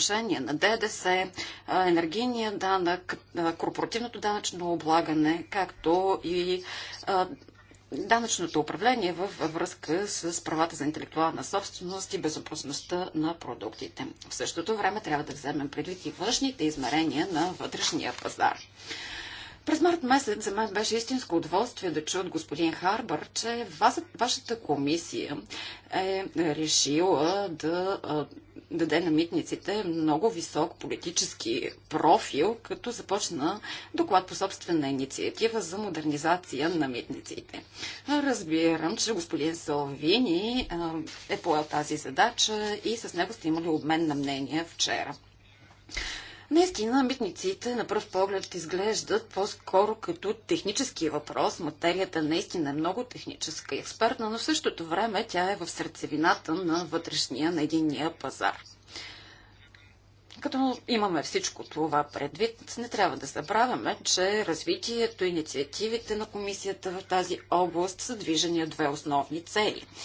отношение на ДДС, енергийния данък, корпоративното данъчно облагане, както и данъчното управление във връзка с правата за интелектуална собственост и безопасността на продуктите. В същото време трябва да вземем предвид и външните измерения на вътрешния пазар. През март месец за мен беше истинско удоволствие да чуя от господин Харбър, че вашата комисия е решила да даде на митниците много висок политически профил, като започна доклад по собствена инициатива за модернизация на митниците. Разбирам, че господин Салвини е поел тази задача и с него сте имали обмен на мнения вчера. Наистина, митниците на пръв поглед изглеждат по-скоро като технически въпрос. Материята наистина е много техническа и експертна, но в същото време тя е в сърцевината на вътрешния, на единния пазар. Като имаме всичко това предвид, не трябва да забравяме, че развитието и инициативите на комисията в тази област са движени от две основни цели –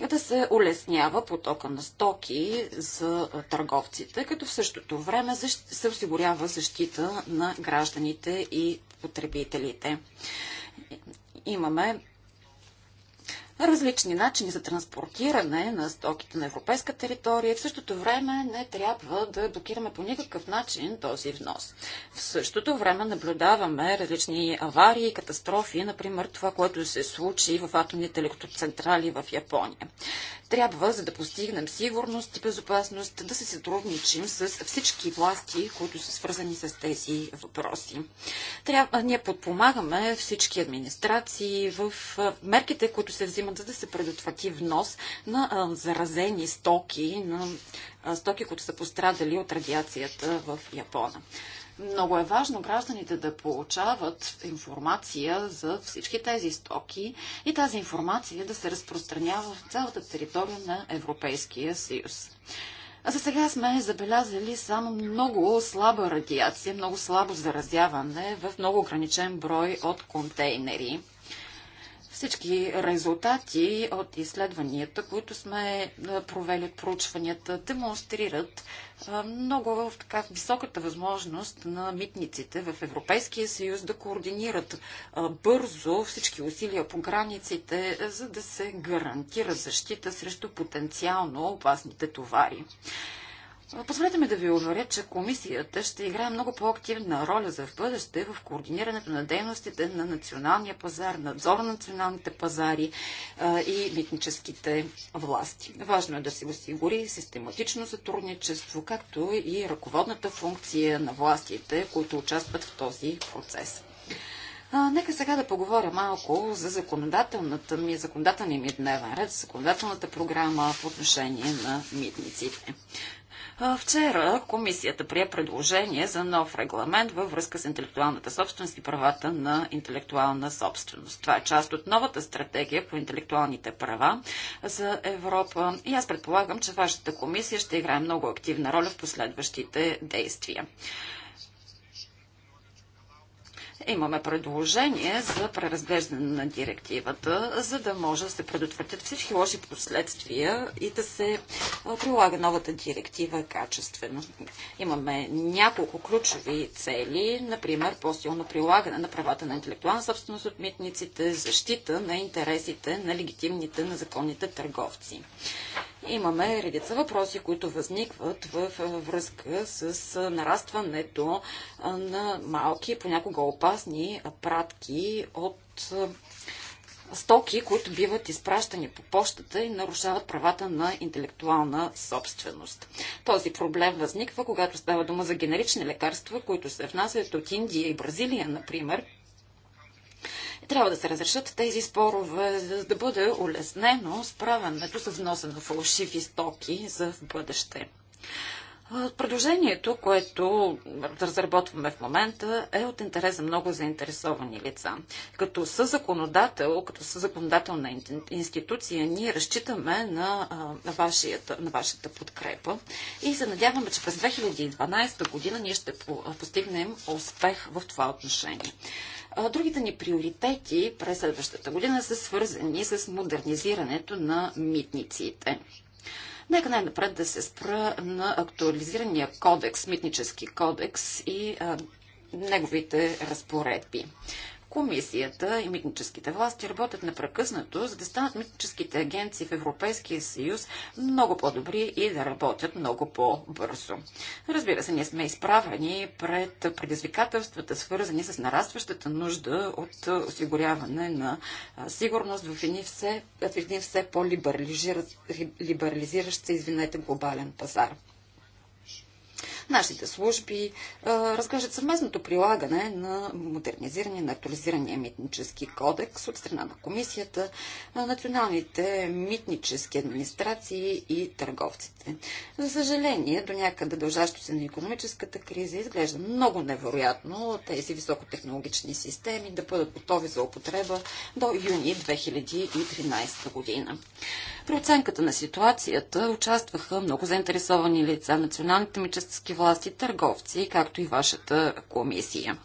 е да се улеснява потока на стоки за търговците, като в същото време се осигурява защита на гражданите и потребителите. Имаме различни начини за транспортиране на стоките на европейска територия. В същото време не трябва да блокираме по никакъв начин този внос. В същото време наблюдаваме различни аварии и катастрофи, например това, което се случи в атомните електроцентрали в Япония трябва, за да постигнем сигурност и безопасност, да се сътрудничим с всички власти, които са свързани с тези въпроси. Трябва, ние подпомагаме всички администрации в мерките, които се взимат, за да се предотврати внос на заразени стоки, на стоки, които са пострадали от радиацията в Япона. Много е важно гражданите да получават информация за всички тези стоки и тази информация да се разпространява в цялата територия на Европейския съюз. А за сега сме забелязали само много слаба радиация, много слабо заразяване в много ограничен брой от контейнери всички резултати от изследванията, които сме провели от проучванията, демонстрират много в така високата възможност на митниците в Европейския съюз да координират бързо всички усилия по границите, за да се гарантира защита срещу потенциално опасните товари. Позволете ми да ви уверя, че комисията ще играе много по-активна роля за в бъдеще в координирането на дейностите на националния пазар, надзор на националните пазари а, и митническите власти. Важно е да се осигури систематично сътрудничество, както и ръководната функция на властите, които участват в този процес. А, нека сега да поговоря малко за законодателната ми, законодателния ми дневен ред, законодателната програма по отношение на митниците. Вчера комисията прие предложение за нов регламент във връзка с интелектуалната собственост и правата на интелектуална собственост. Това е част от новата стратегия по интелектуалните права за Европа и аз предполагам, че вашата комисия ще играе много активна роля в последващите действия. Имаме предложение за преразглеждане на директивата, за да може да се предотвратят всички лоши последствия и да се прилага новата директива качествено. Имаме няколко ключови цели, например по-силно прилагане на правата на интелектуална собственост от митниците, защита на интересите на легитимните на законните търговци. Имаме редица въпроси, които възникват в връзка с нарастването на малки, понякога опасни пратки от стоки, които биват изпращани по почтата и нарушават правата на интелектуална собственост. Този проблем възниква, когато става дума за генерични лекарства, които се внасят от Индия и Бразилия, например, трябва да се разрешат тези спорове, за да бъде улеснено справянето с вноса на фалшиви стоки за в бъдеще. Предложението, което разработваме в момента, е от интерес за много заинтересовани лица. Като съзаконодател, като съзаконодателна институция, ние разчитаме на, на, вашията, на вашата подкрепа и се надяваме, че през 2012 година ние ще постигнем успех в това отношение. Другите ни приоритети през следващата година са свързани с модернизирането на митниците. Нека най-напред да се спра на актуализирания кодекс, митнически кодекс и а, неговите разпоредби. Комисията и митническите власти работят напрекъснато за да станат митническите агенции в Европейския съюз много по-добри и да работят много по-бързо. Разбира се, ние сме изправени пред предизвикателствата, свързани с нарастващата нужда от осигуряване на сигурност в един все, все по-либерализиращ се, извинете, глобален пазар. Нашите служби разглеждат съвместното прилагане на модернизирания, на актуализирания митнически кодекс от страна на комисията, на националните митнически администрации и търговците. За съжаление, до някъде дължащо се на економическата криза, изглежда много невероятно тези високотехнологични системи да бъдат готови за употреба до юни 2013 година. При оценката на ситуацията участваха много заинтересовани лица, националните мечестски власти, търговци, както и вашата комисия.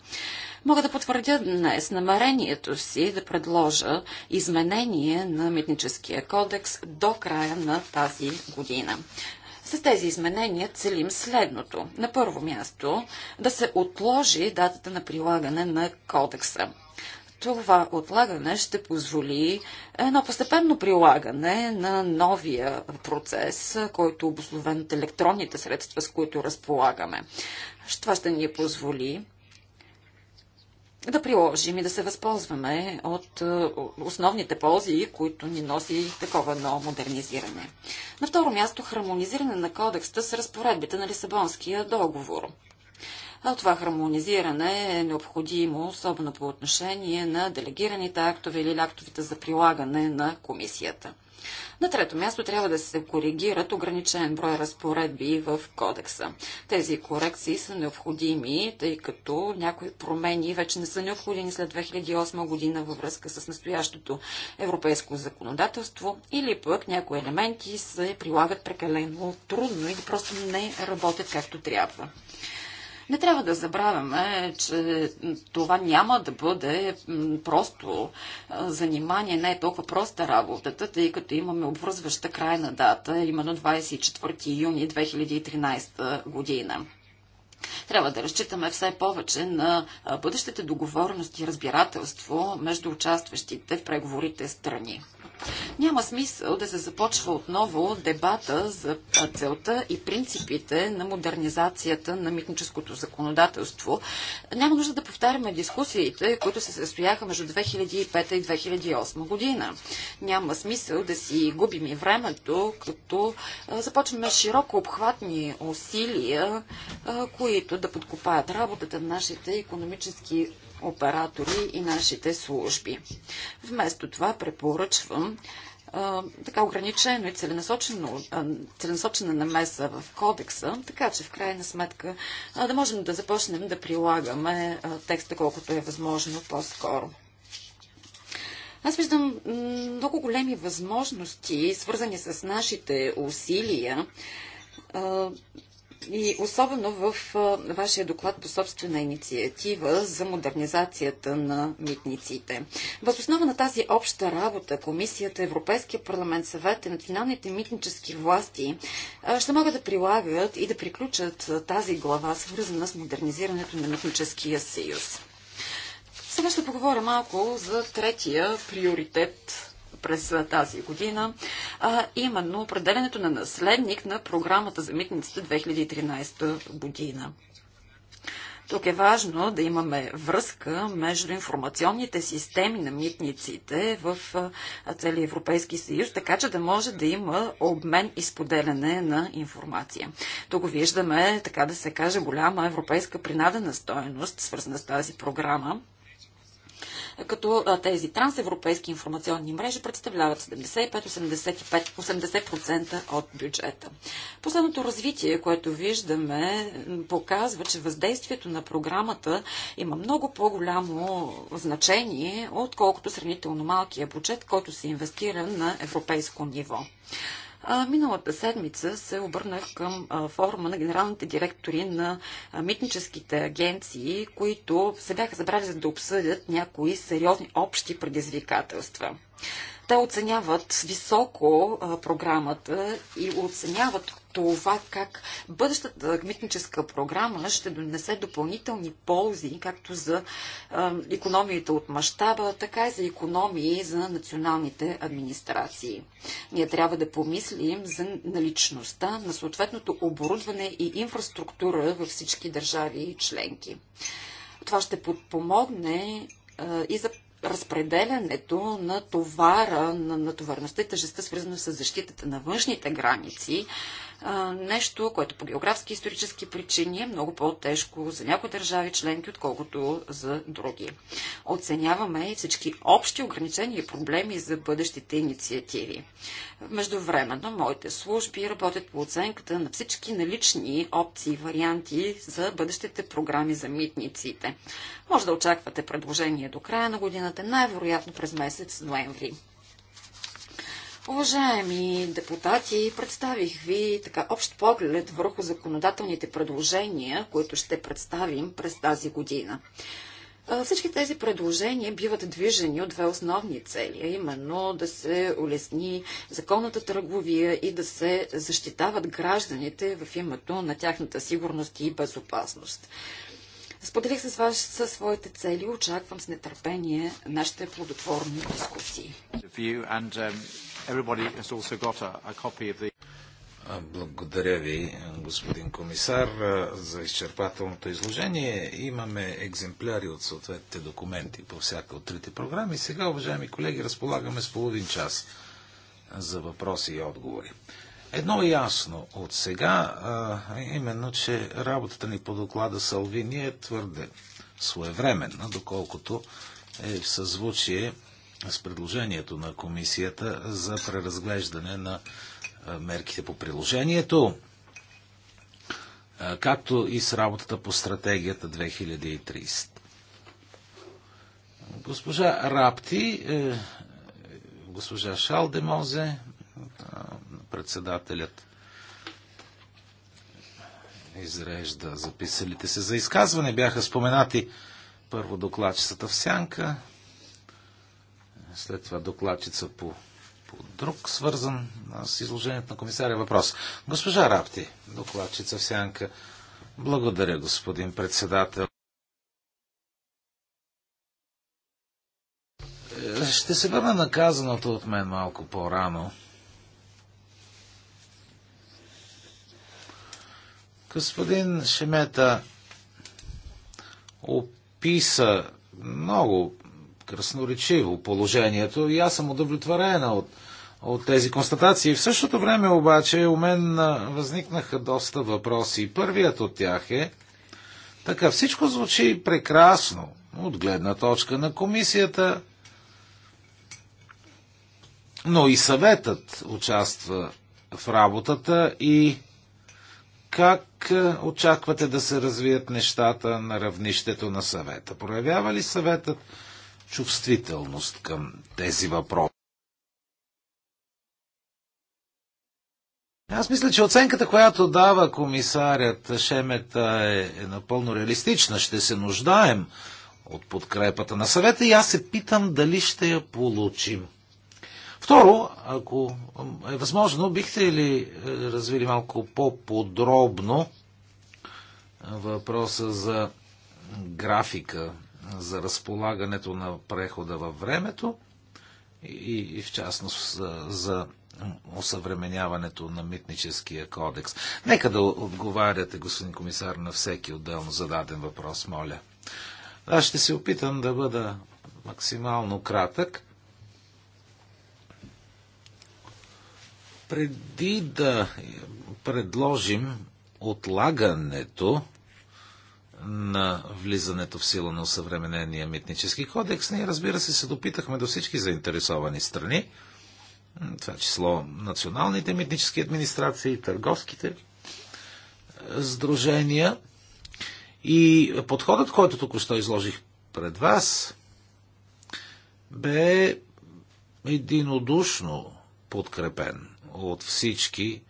Мога да потвърдя днес намерението си да предложа изменение на Митническия кодекс до края на тази година. С тези изменения целим следното. На първо място да се отложи датата на прилагане на кодекса. Това отлагане ще позволи едно постепенно прилагане на новия процес, който е обусловен от електронните средства, с които разполагаме. Това ще ни позволи да приложим и да се възползваме от е, основните ползи, които ни носи такова едно модернизиране. На второ място, хармонизиране на кодекста с разпоредбите на Лисабонския договор. А това хармонизиране е необходимо, особено по отношение на делегираните актове или актовите за прилагане на комисията. На трето място трябва да се коригират ограничен брой разпоредби в кодекса. Тези корекции са необходими, тъй като някои промени вече не са необходими след 2008 година във връзка с настоящото европейско законодателство или пък някои елементи се прилагат прекалено трудно или просто не работят както трябва. Не трябва да забравяме, че това няма да бъде просто занимание, не е толкова проста работата, тъй като имаме обвързваща крайна дата, именно 24 юни 2013 година. Трябва да разчитаме все повече на бъдещите договорности и разбирателство между участващите в преговорите страни. Няма смисъл да се започва отново дебата за целта и принципите на модернизацията на митническото законодателство. Няма нужда да повтаряме дискусиите, които се състояха между 2005 и 2008 година. Няма смисъл да си губим и времето, като започваме широко обхватни усилия, които да подкопаят работата на нашите економически оператори и нашите служби. Вместо това препоръчвам така ограничено и целенасочено, целенасочена намеса в кодекса, така че в крайна сметка да можем да започнем да прилагаме текста колкото е възможно по-скоро. Аз виждам много големи възможности, свързани с нашите усилия и особено в вашия доклад по собствена инициатива за модернизацията на митниците. основа на тази обща работа Комисията, Европейския парламент, съвет и националните митнически власти ще могат да прилагат и да приключат тази глава, свързана с модернизирането на митническия съюз. Сега ще поговоря малко за третия приоритет през тази година, а именно определенето на наследник на програмата за митниците 2013 година. Тук е важно да имаме връзка между информационните системи на митниците в целия Европейски съюз, така че да може да има обмен и споделяне на информация. Тук виждаме, така да се каже, голяма европейска принадена стоеност, свързана с тази програма като тези трансевропейски информационни мрежи представляват 75-80% от бюджета. Последното развитие, което виждаме, показва, че въздействието на програмата има много по-голямо значение, отколкото сравнително малкия бюджет, който се инвестира на европейско ниво. Миналата седмица се обърнах към форума на генералните директори на митническите агенции, които се бяха забрали за да обсъдят някои сериозни общи предизвикателства. Те оценяват високо програмата и оценяват това как бъдещата митническа програма ще донесе допълнителни ползи, както за економията от мащаба, така и за економии за националните администрации. Ние трябва да помислим за наличността на съответното оборудване и инфраструктура във всички държави и членки. Това ще подпомогне и за разпределянето на товара, на натоварността и тъжестта, свързана с защитата на външните граници, нещо, което по географски и исторически причини е много по-тежко за някои държави членки, отколкото за други. Оценяваме и всички общи ограничения и проблеми за бъдещите инициативи. Междувременно, моите служби работят по оценката на всички налични опции и варианти за бъдещите програми за митниците. Може да очаквате предложение до края на годината, най-вероятно през месец ноември. Уважаеми депутати, представих ви така общ поглед върху законодателните предложения, които ще представим през тази година. Всички тези предложения биват движени от две основни цели, а именно да се улесни законната търговия и да се защитават гражданите в името на тяхната сигурност и безопасност. Споделих с вас със своите цели и очаквам с нетърпение нашите плодотворни дискусии everybody has also got a, a copy of the... Благодаря ви, господин комисар, за изчерпателното изложение. Имаме екземпляри от съответните документи по всяка от трите програми. Сега, уважаеми колеги, разполагаме с половин час за въпроси и отговори. Едно е ясно от сега, а именно, че работата ни по доклада Салвини е твърде своевременна, доколкото е в съзвучие с предложението на комисията за преразглеждане на мерките по приложението, както и с работата по стратегията 2030. Госпожа Рапти, е, госпожа Шалдемозе, е, председателят изрежда записалите се за изказване. Бяха споменати първо докладчицата в сянка, след това докладчица по, по друг, свързан с изложението на комисаря въпрос. Госпожа Рапти, докладчица в сянка. Благодаря, господин председател. Е, ще се върна на казаното от мен малко по-рано. Господин Шемета описа много красноречиво положението и аз съм удовлетворена от, от тези констатации. В същото време обаче у мен възникнаха доста въпроси. Първият от тях е, така всичко звучи прекрасно от гледна точка на комисията, но и съветът участва в работата и как очаквате да се развият нещата на равнището на съвета? Проявява ли съветът чувствителност към тези въпроси. Аз мисля, че оценката, която дава комисарят Шемета е, е напълно реалистична. Ще се нуждаем от подкрепата на съвета и аз се питам дали ще я получим. Второ, ако е възможно, бихте ли е, развили малко по-подробно въпроса за графика за разполагането на прехода във времето и, и в частност за, за осъвременяването на митническия кодекс. Нека да отговаряте, господин комисар, на всеки отделно зададен въпрос, моля. Аз ще се опитам да бъда максимално кратък. Преди да предложим отлагането на влизането в сила на усъвременения митнически кодекс, ние разбира се се допитахме до всички заинтересовани страни, това число националните митнически администрации, търговските е, сдружения. И подходът, който току-що изложих пред вас, бе единодушно подкрепен от всички е,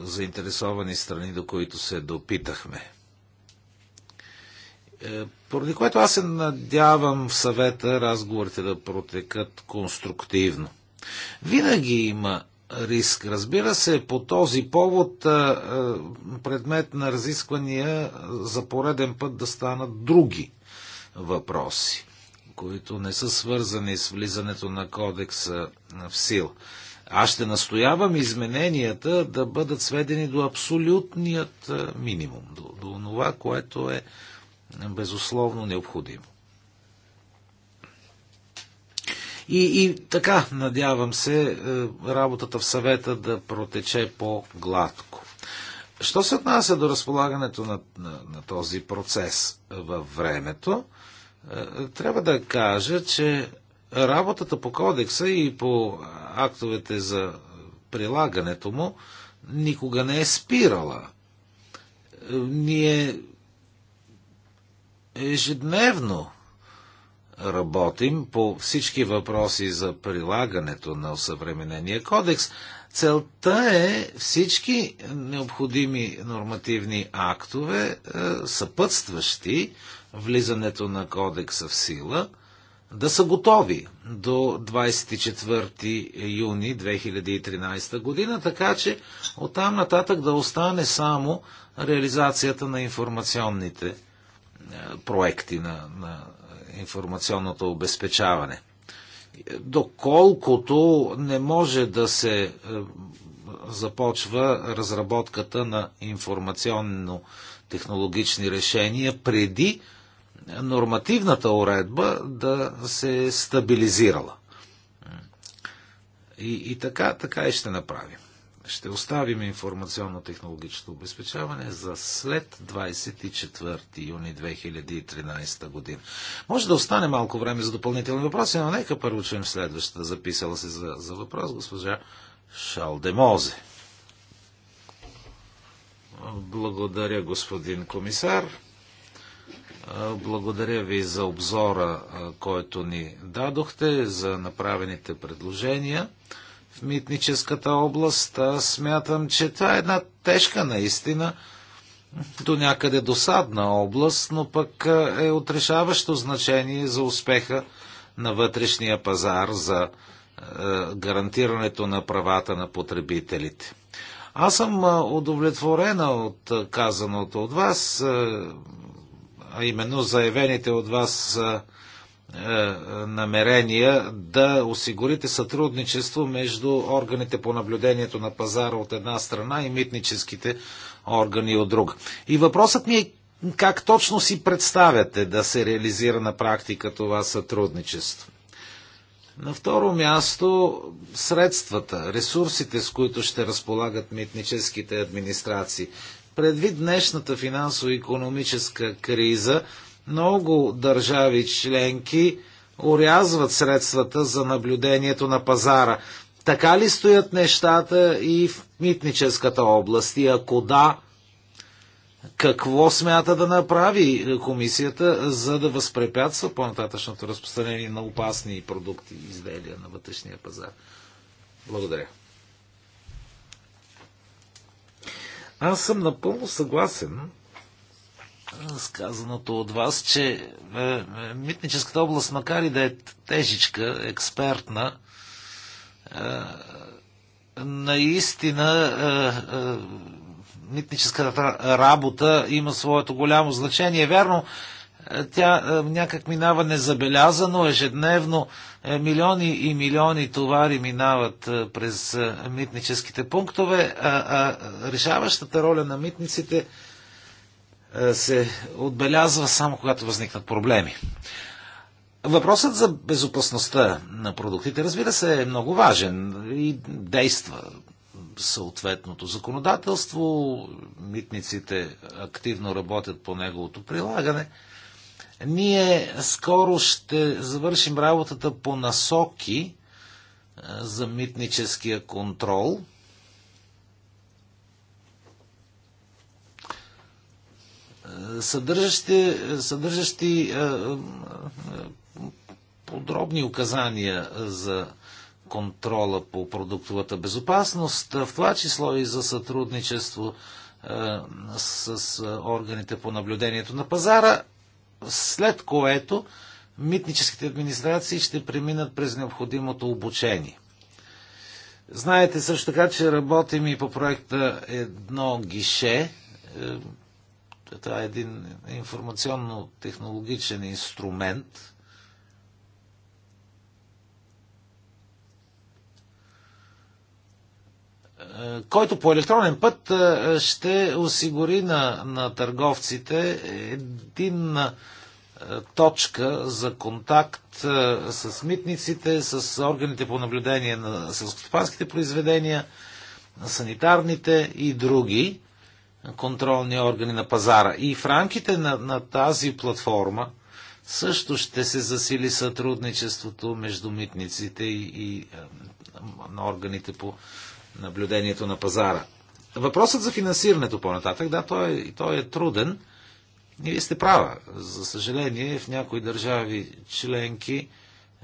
заинтересовани страни, до които се допитахме. Е, поради което аз се надявам в съвета разговорите да протекат конструктивно. Винаги има риск. Разбира се, по този повод е, е, предмет на разисквания за пореден път да станат други въпроси, които не са свързани с влизането на кодекса в сила. Аз ще настоявам измененията да бъдат сведени до абсолютният минимум, до, до това, което е безусловно необходимо. И, и така, надявам се, е, работата в съвета да протече по-гладко. Що се отнася до разполагането на, на, на този процес във времето, е, трябва да кажа, че работата по кодекса и по актовете за прилагането му никога не е спирала. Е, ние ежедневно работим по всички въпроси за прилагането на съвременения кодекс. Целта е всички необходими нормативни актове, е, съпътстващи влизането на кодекса в сила, да са готови до 24 юни 2013 година, така че оттам нататък да остане само реализацията на информационните проекти на, на информационното обезпечаване. Доколкото не може да се е, започва разработката на информационно-технологични решения преди нормативната уредба да се е стабилизирала. И, и така, така и ще направим ще оставим информационно-технологичното обезпечаване за след 24 юни 2013 година. Може да остане малко време за допълнителни въпроси, но нека първо чуем следващата записала се за, за въпрос госпожа Шалдемозе. Благодаря, господин комисар. Благодаря ви за обзора, който ни дадохте, за направените предложения в митническата област. Смятам, че това е една тежка наистина, до някъде досадна област, но пък е, е отрешаващо значение за успеха на вътрешния пазар, за е, гарантирането на правата на потребителите. Аз съм е, удовлетворена от казаното от вас, а именно заявените от вас е, е, намерения да осигурите сътрудничество между органите по наблюдението на пазара от една страна и митническите органи от друга. И въпросът ми е как точно си представяте да се реализира на практика това сътрудничество? На второ място средствата, ресурсите, с които ще разполагат митническите администрации. Предвид днешната финансово-економическа криза, много държави членки урязват средствата за наблюдението на пазара. Така ли стоят нещата и в митническата област? И ако да, какво смята да направи комисията, за да възпрепятства по-нататъчното разпространение на опасни продукти и изделия на вътрешния пазар? Благодаря. Аз съм напълно съгласен сказаното от вас, че е, е, митническата област, макар и да е тежичка, експертна, е, наистина митническата работа има своето голямо значение. Вярно, тя някак минава незабелязано, ежедневно милиони и милиони товари минават през митническите пунктове, а, а решаващата роля на митниците – е, се отбелязва само когато възникнат проблеми. Въпросът за безопасността на продуктите, разбира се, е много важен и действа съответното законодателство. Митниците активно работят по неговото прилагане. Ние скоро ще завършим работата по насоки е, за митническия контрол – съдържащи, съдържащи е, е, подробни указания за контрола по продуктовата безопасност, в това число и за сътрудничество е, с органите по наблюдението на пазара, след което митническите администрации ще преминат през необходимото обучение. Знаете също така, че работим и по проекта Едно гише, това е един информационно-технологичен инструмент, е, който по електронен път е, ще осигури на, на търговците един е, точка за контакт с митниците, с органите по наблюдение на селскостопанските произведения, на санитарните и други контролни органи на пазара. И в рамките на, на тази платформа също ще се засили сътрудничеството между митниците и, и е, на органите по наблюдението на пазара. Въпросът за финансирането по-нататък, да, той, е, той е труден. И вие сте права. За съжаление, в някои държави членки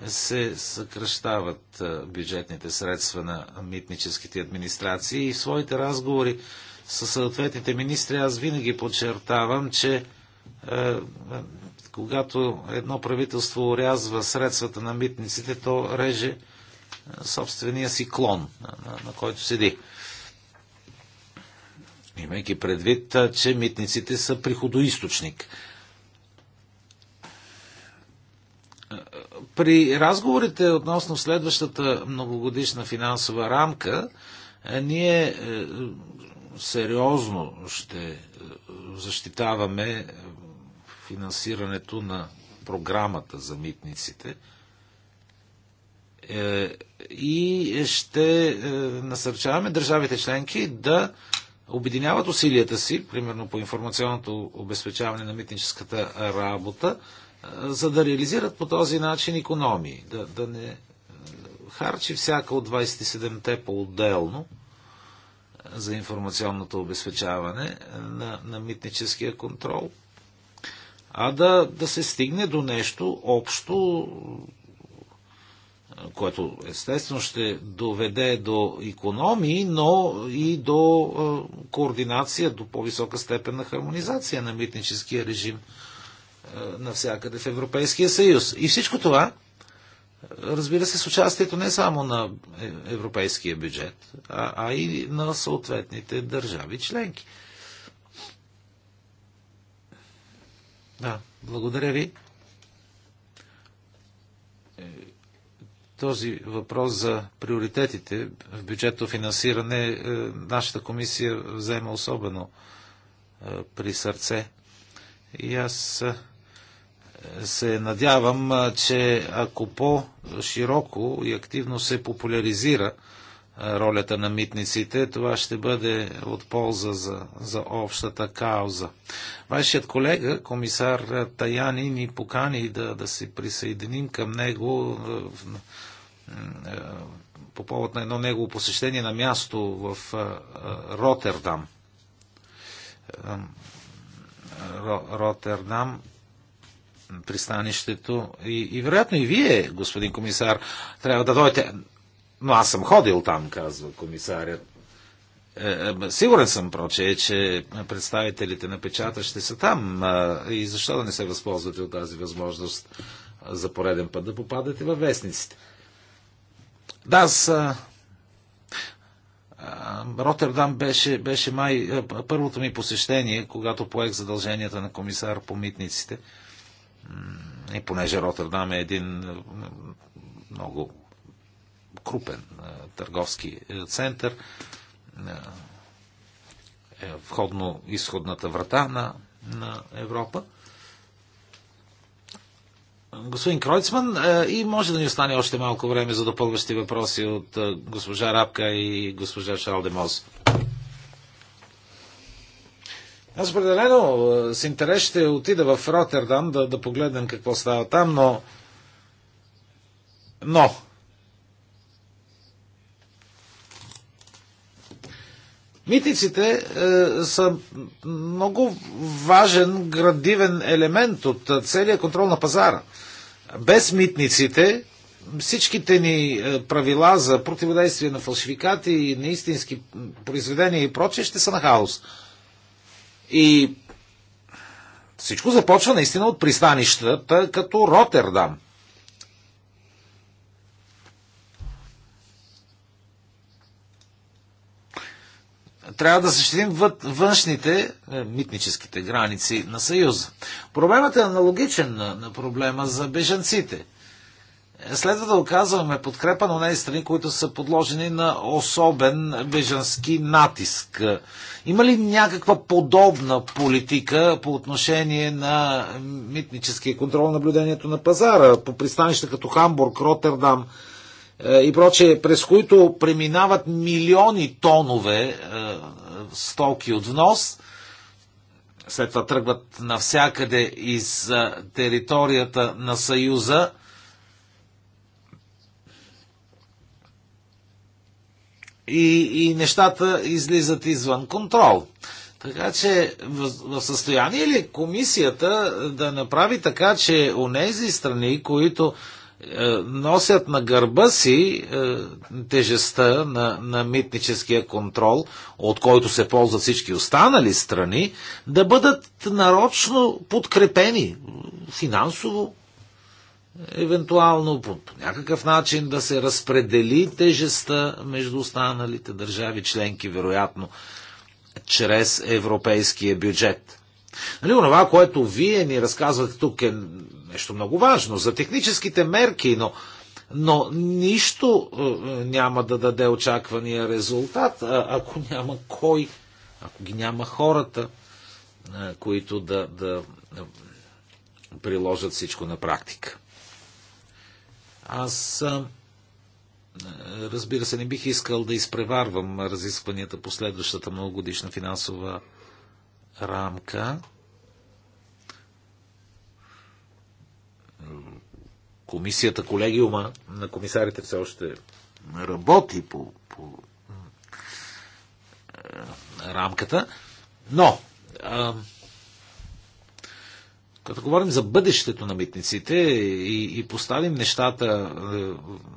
се съкръщават е, бюджетните средства на митническите администрации и в своите разговори със съответните министри, аз винаги подчертавам, че е, когато едно правителство урязва средствата на митниците, то реже е, собствения си клон, на, на който седи. Имайки предвид, е, че митниците са приходоисточник. Е, при разговорите относно следващата многогодишна финансова рамка, ние сериозно ще е, защитаваме е, финансирането на програмата за митниците е, и ще насърчаваме държавите членки да обединяват усилията си, примерно по информационното обезпечаване на митническата работа, за да реализират по този начин економии, да, да не харчи всяка от 27-те по-отделно, за информационното обезпечаване е, на, на митническия контрол, а да, да се стигне до нещо общо, което естествено ще доведе до економии, но и до е, координация, до по-висока степен на хармонизация на митническия режим е, навсякъде в Европейския съюз. И всичко това разбира се, с участието не само на е, европейския бюджет, а, а и на съответните държави членки. Да, благодаря ви. Е, този въпрос за приоритетите в бюджетно финансиране е, нашата комисия взема особено при сърце. И аз се надявам, че ако по-широко и активно се популяризира ролята на митниците, това ще бъде от полза за, за общата кауза. Вашият колега, комисар Таяни, ни покани да, да се присъединим към него по повод на едно негово посещение на място в Ротердам. Ротердам пристанището. И, и вероятно и вие, господин комисар, трябва да дойдете. Но аз съм ходил там, казва комисарят. Е, е, сигурен съм, проче, че представителите на печата ще са там. И защо да не се възползвате от тази възможност за пореден път да попадате във вестниците? Да, аз... Ротердам беше, беше май първото ми посещение, когато поех задълженията на комисар по митниците – и понеже Роттердам е един е, много крупен е, търговски е, център, е входно-изходната врата на, на Европа. Господин Кройцман, и може да ни остане още малко време за допълващи въпроси от госпожа Рапка и госпожа Шалдемоз. Аз определено е, с интерес ще отида в Роттердам да, да погледнем какво става там, но... Но... Митниците е, са много важен градивен елемент от е, целия контрол на пазара. Без митниците всичките ни е, правила за противодействие на фалшификати, неистински произведения и прочие ще са на хаос. И всичко започва наистина от пристанищата, като Ротердам. трябва да защитим външните е, митническите граници на Съюза. Проблемът е аналогичен на, проблема за бежанците. Следва да оказваме подкрепа на тези страни, които са подложени на особен бежански натиск. Има ли някаква подобна политика по отношение на митническия контрол на наблюдението на пазара по пристанища като Хамбург, Роттердам е, и прочее, през които преминават милиони тонове е, стоки от внос – след това тръгват навсякъде из е, територията на Съюза и, и нещата излизат извън контрол. Така че в, в състояние ли комисията да направи така, че у нези страни, които е, носят на гърба си е, тежестта на, на митническия контрол, от който се ползват всички останали страни, да бъдат нарочно подкрепени финансово, евентуално по, по някакъв начин да се разпредели тежеста между останалите държави членки, вероятно, чрез европейския бюджет. Нали, онова, което вие ни разказвате тук е нещо много важно за техническите мерки, но, но нищо е, е, няма да даде очаквания резултат, ако няма кой, ако ги няма хората, е, които да, да приложат всичко на практика. Аз разбира се, не бих искал да изпреварвам разискванията по следващата многогодишна финансова рамка. Комисията, колегиума на комисарите все още работи по, по е, рамката. Но, а, като говорим за бъдещето на митниците и, и поставим нещата е,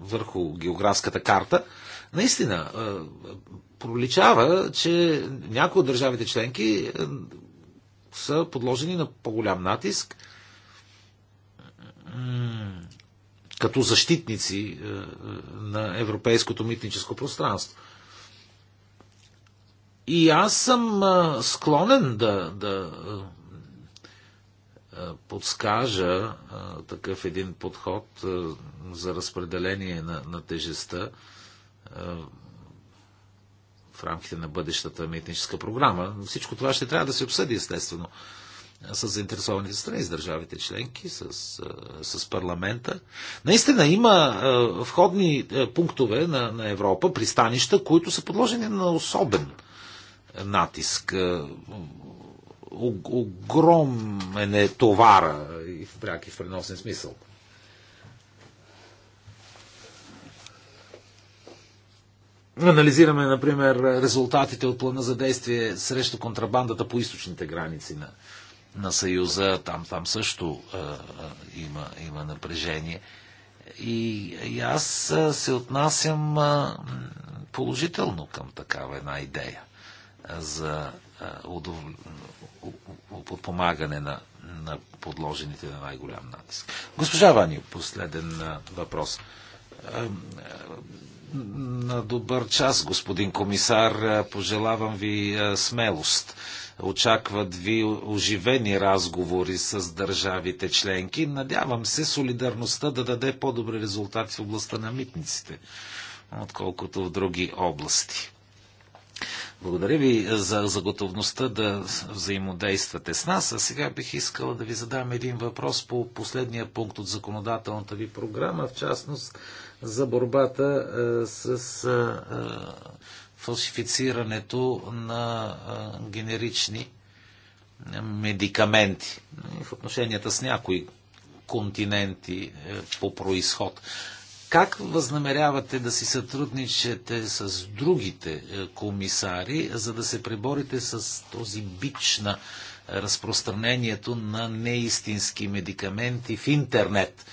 върху географската карта, наистина е, проличава, че някои от държавите членки е, са подложени на по-голям натиск като защитници на европейското митническо пространство. И аз съм склонен да, да подскажа такъв един подход за разпределение на, на тежестта в рамките на бъдещата митническа програма. Всичко това ще трябва да се обсъди, естествено, с заинтересованите страни, с държавите членки, с, с парламента. Наистина има входни пунктове на, на Европа, пристанища, които са подложени на особен натиск огромен е товара и в пряк и в преносен смисъл. Анализираме, например, резултатите от плана за действие срещу контрабандата по източните граници на, на Съюза. Там, там също е, е, има, има напрежение. И, и аз се отнасям положително към такава една идея за подпомагане на, на подложените на най-голям натиск. Госпожа Вани, последен въпрос. На добър час, господин комисар, пожелавам ви смелост. Очакват ви оживени разговори с държавите членки. Надявам се солидарността да даде по-добри резултати в областта на митниците, отколкото в други области. Благодаря ви за, за готовността да взаимодействате с нас. А сега бих искала да ви задам един въпрос по последния пункт от законодателната ви програма, в частност за борбата е, с е, е, фалшифицирането на генерични медикаменти в отношенията с някои континенти по происход. Как възнамерявате да си сътрудничете с другите е, комисари, за да се преборите с този бич на разпространението на неистински медикаменти в интернет?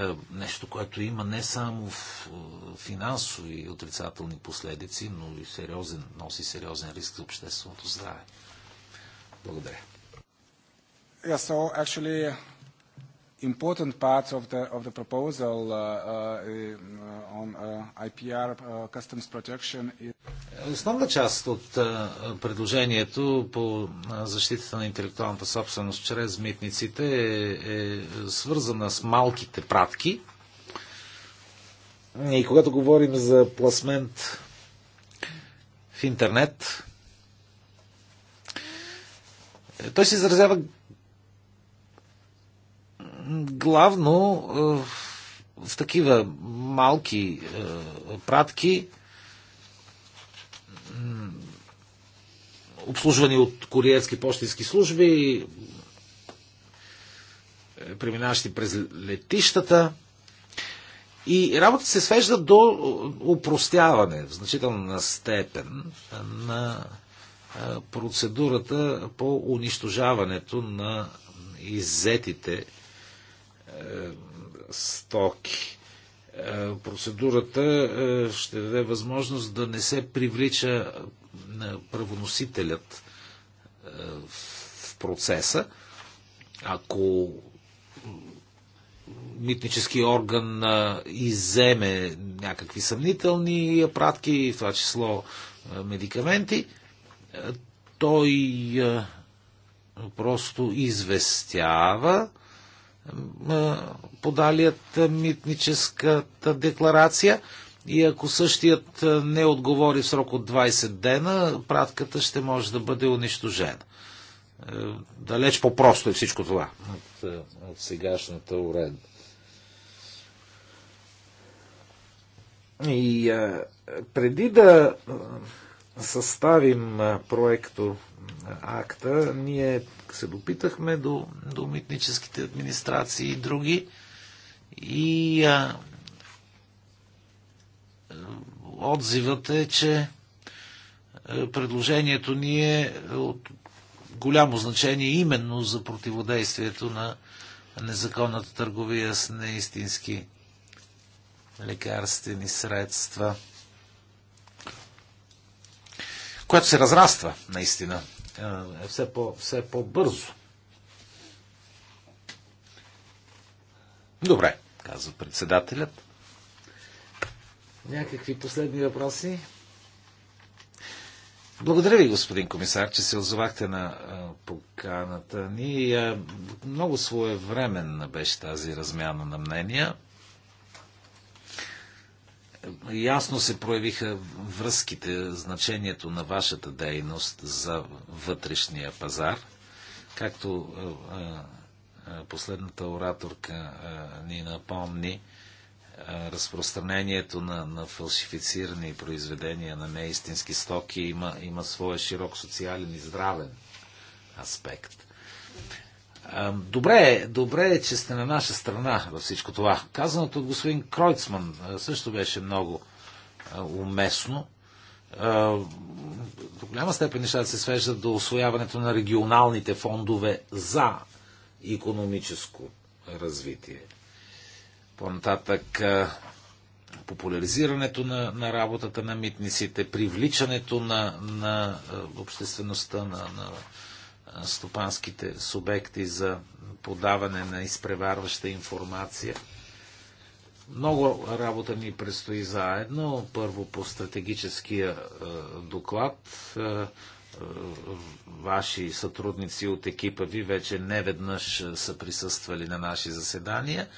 Е, нещо, което има не само в е, финансови отрицателни последици, но и сериозен, носи сериозен риск за общественото здраве. Благодаря. Yeah, so actually important parts of the of the proposal uh, uh, on uh, IPR customs protection is... Основна част от предложението по защитата на интелектуалната собственост чрез митниците е, е свързана с малките пратки. И когато говорим за пласмент в интернет, е, той се изразява главно е, в такива малки е, пратки, обслужвани от куриерски почтенски служби, е, преминаващи през летищата. И работа се свежда до упростяване в значителна степен на процедурата по унищожаването на иззетите е, стоки. Е, процедурата е, ще даде възможност да не се привлича правоносителят в процеса. Ако митнически орган иземе някакви съмнителни пратки, в това число медикаменти, той просто известява подалият митническата декларация и ако същият не отговори в срок от 20 дена, пратката ще може да бъде унищожена. Е, далеч по-просто е всичко това от, е, от сегашната уредба. И а, е, преди да съставим проекто акта, ние се допитахме до, до митническите администрации и други и а, отзивът е, че предложението ни е от голямо значение именно за противодействието на незаконната търговия с неистински лекарствени средства която се разраства наистина е все, по, все по-бързо. Добре, казва председателят. Някакви последни въпроси? Благодаря ви, господин комисар, че се озовахте на поканата ни. Много своевременна беше тази размяна на мнения ясно се проявиха връзките, значението на вашата дейност за вътрешния пазар, както е, е, е, последната ораторка ни напомни, разпространението на, на фалшифицирани произведения на неистински стоки има, има своя широк социален и здравен аспект. Добре, добре е, че сте на наша страна във всичко това. Казаното от господин Кройцман също беше много уместно. До голяма степен нещата се свеждат до освояването на регионалните фондове за економическо развитие. По-нататък популяризирането на, на работата на митниците, привличането на, на обществеността, на, на стопанските субекти за подаване на изпреварваща информация. Много работа ни предстои заедно. Първо по стратегическия доклад. Ваши сътрудници от екипа ви вече не веднъж са присъствали на наши заседания.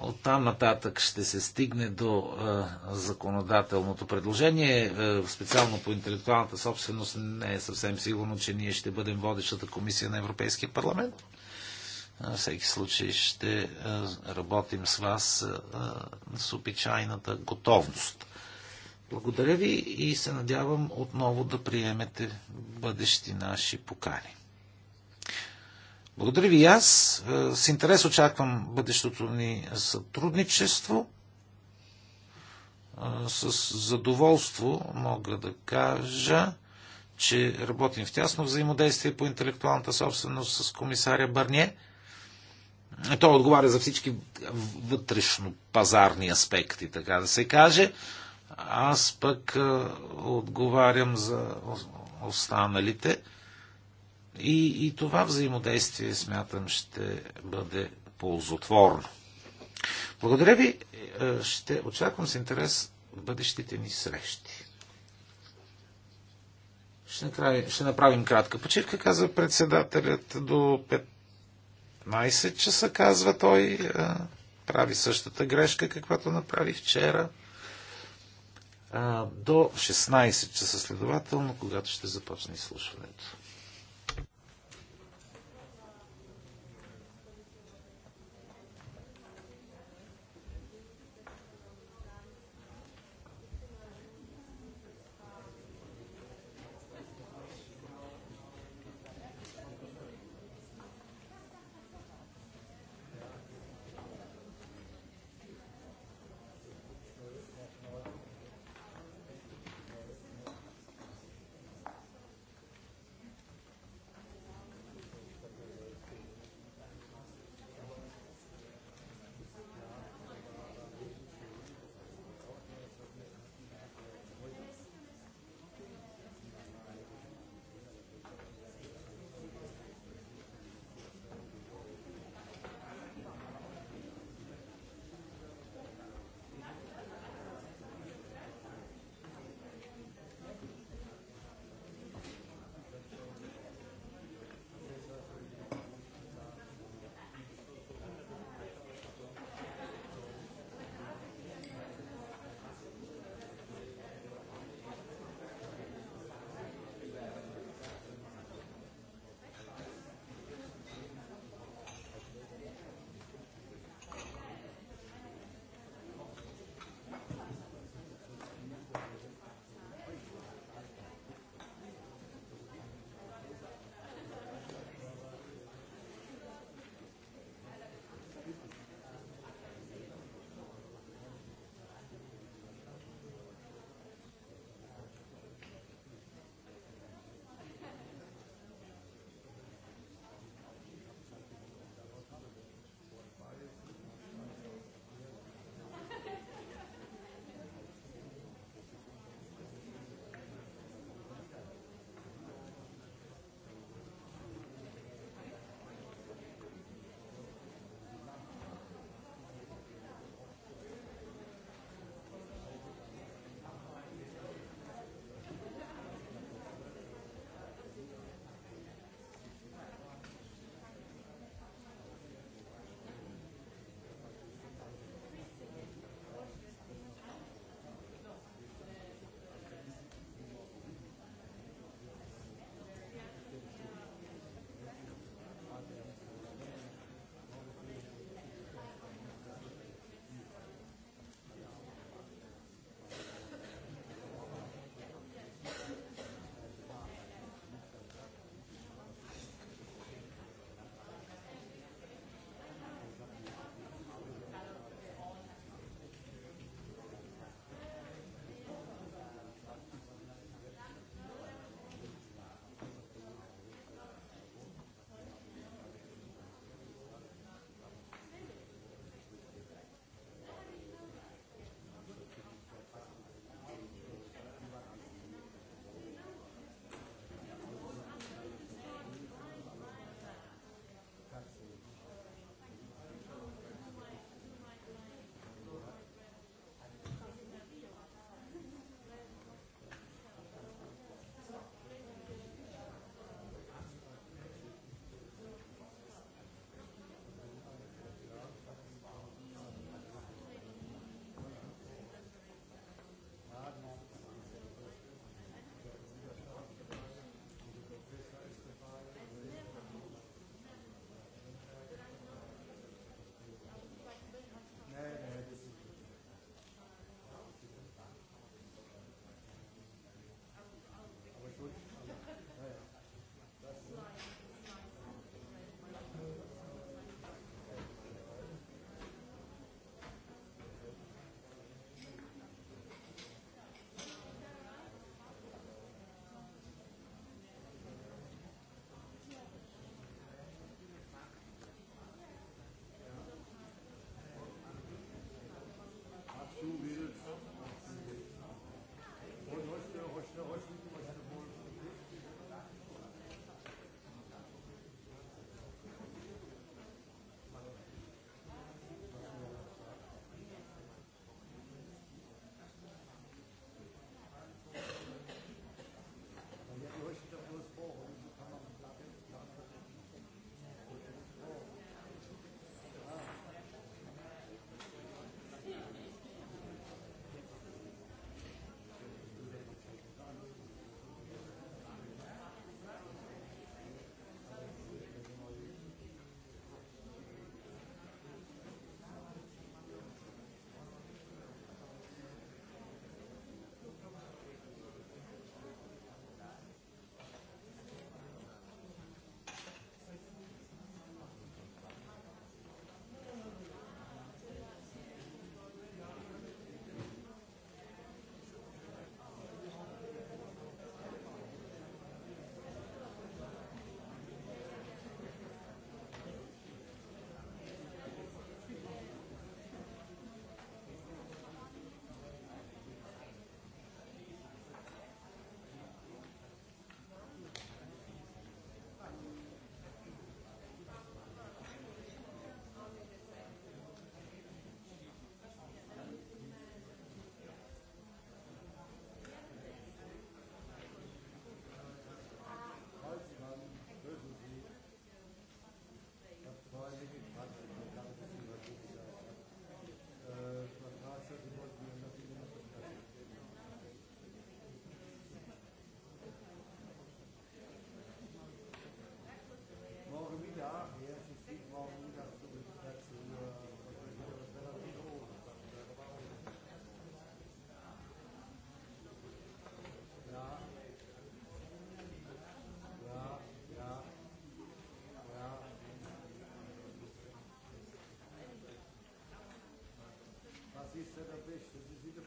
От там нататък ще се стигне до законодателното предложение. специално по интелектуалната собственост не е съвсем сигурно, че ние ще бъдем водещата комисия на Европейския парламент. На всеки случай ще работим с вас с обичайната готовност. Благодаря ви и се надявам отново да приемете бъдещи наши покани. Благодаря ви аз. Е, с интерес очаквам бъдещото ни сътрудничество. Е, с задоволство мога да кажа, че работим в тясно взаимодействие по интелектуалната собственост с комисаря Барние. Той отговаря за всички вътрешно пазарни аспекти, така да се каже. Аз пък е, отговарям за останалите и, и това взаимодействие, смятам, ще бъде ползотворно. Благодаря ви. Е, ще очаквам с интерес бъдещите ни срещи. Ще направим, ще направим кратка почивка, казва председателят. До 15 часа, казва той. Е, прави същата грешка, каквато направи вчера. Е, до 16 часа следователно, когато ще започне изслушването.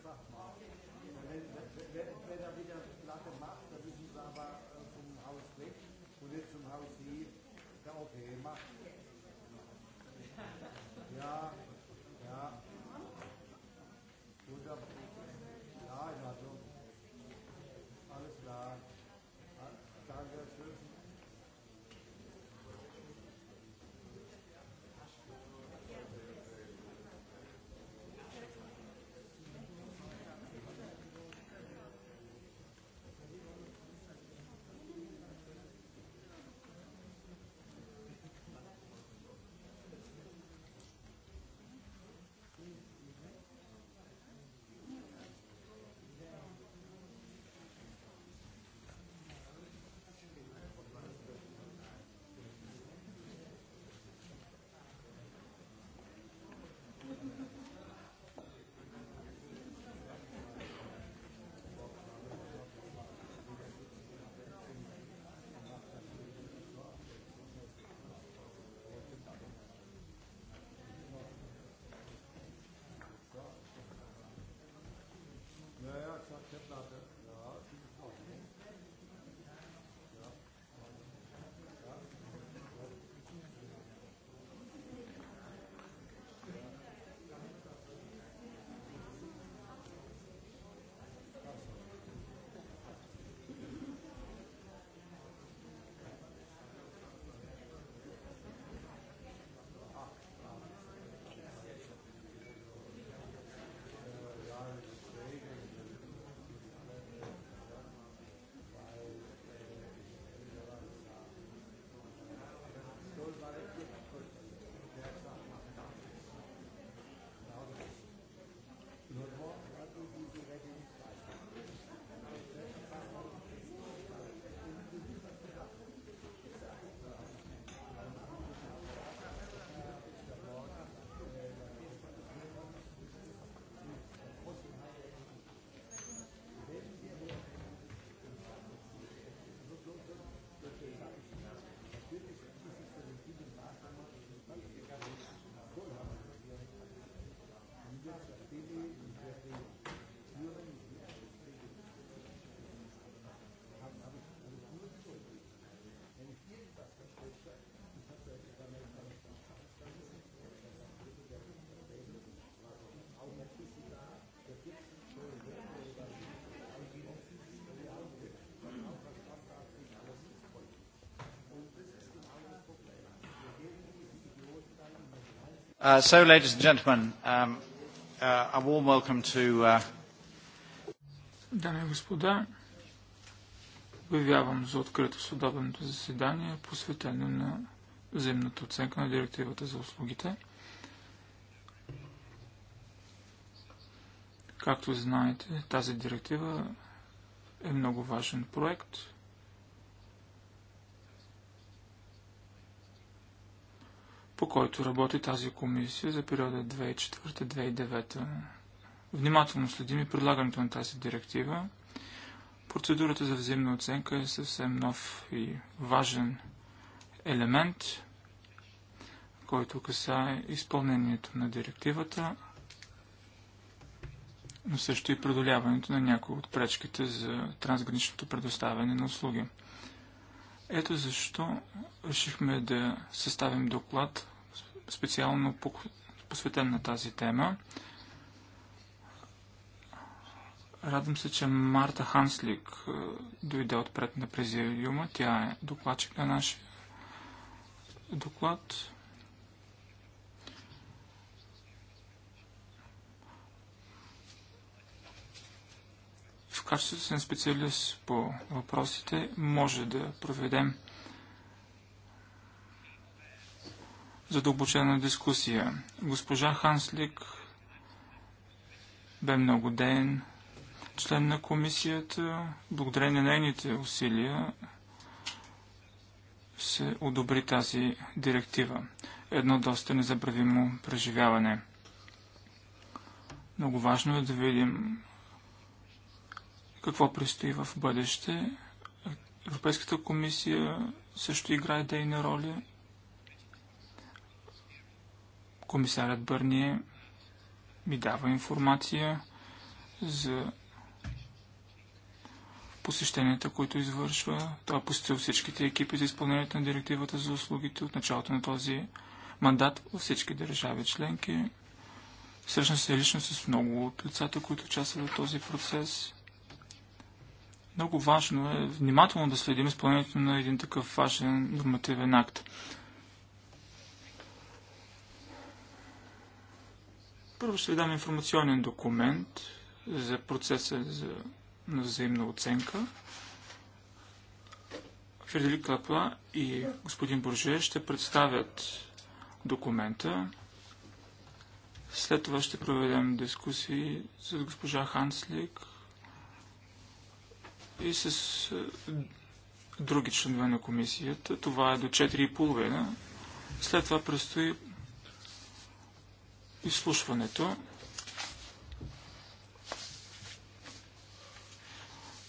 Sachen. Wenn, wenn, wenn er wieder Platte macht, dann müssen sie aber zum Haus weg und nicht zum Haus die der okay, macht. Ja, Uh, so, ladies and gentlemen, um, uh, a warm welcome to... Uh, Дами и господа, обявявам за открито съдобното заседание, посветено на взаимната оценка на директивата за услугите. Както знаете, тази директива е много важен проект – по който работи тази комисия за периода 2004-2009. Внимателно следим и предлагането на тази директива. Процедурата за взаимна оценка е съвсем нов и важен елемент, който касае изпълнението на директивата, но също и преодоляването на някои от пречките за трансграничното предоставяне на услуги. Ето защо решихме да съставим доклад специално посветен на тази тема. Радвам се, че Марта Ханслик е, дойде отпред на президиума. Тя е докладчик на нашия доклад. качеството си на специалист по въпросите може да проведем задълбочена дискусия. Госпожа Ханслик бе много ден член на комисията. Благодарение на нейните усилия се одобри тази директива. Едно доста незабравимо преживяване. Много важно е да видим какво предстои в бъдеще. Европейската комисия също играе дейна роля. Комисарят Бърния ми дава информация за посещенията, които извършва. Той е посетил всичките екипи за изпълнението на директивата за услугите от началото на този мандат във всички държави членки. Срещна се лично с много от лицата, които участват в този процес. Много важно е внимателно да следим изпълнението на един такъв важен нормативен акт. Първо ще ви дам информационен документ за процеса за, на взаимна оценка. Фредерик Лапла и господин Борже ще представят документа. След това ще проведем дискусии с госпожа Ханслик, и с е, други членове на комисията. Това е до 4,5. След това предстои изслушването.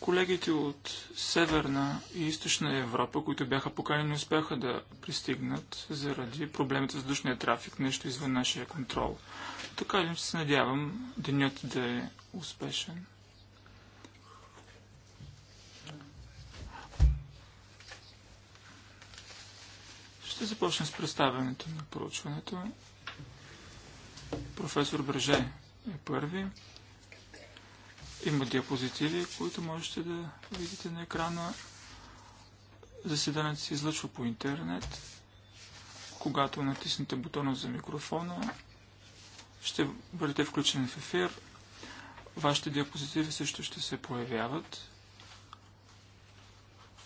Колегите от Северна и Източна Европа, които бяха поканени, не успяха да пристигнат заради проблемите с душния трафик, нещо извън нашия контрол. Така ли се надявам денят да е успешен? Ще започнем с представянето на проучването. Професор Бреже е първи. Има диапозитиви, които можете да видите на екрана. Заседанието се излъчва по интернет. Когато натиснете бутона за микрофона, ще бъдете включени в ефир. Вашите диапозитиви също ще се появяват.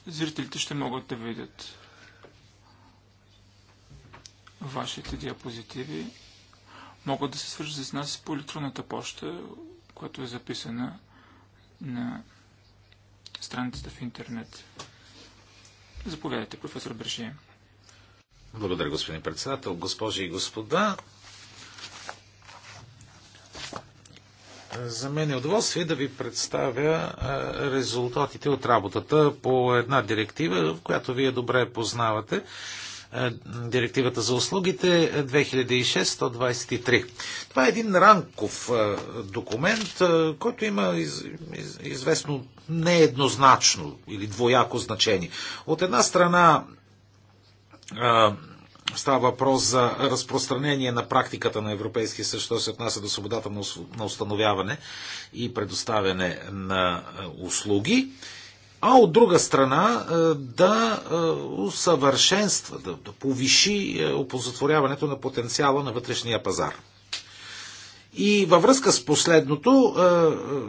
Зрителите ще могат да видят вашите диапозитиви могат да се свържат с нас по електронната почта, която е записана на страницата в интернет. Заповядайте, професор Брешие. Благодаря, господин председател. Госпожи и господа, за мен е удоволствие да ви представя резултатите от работата по една директива, която вие добре познавате е, директивата за услугите 2006-123. Е, Това е един ранков е, документ, който има из, из, известно нееднозначно или двояко значение. От една страна Става въпрос за разпространение на практиката на Европейския съюз, що се отнася до свободата на установяване и предоставяне на услуги а от друга страна е, да е, усъвършенства, да, да повиши е, опозотворяването на потенциала на вътрешния пазар. И във връзка с последното,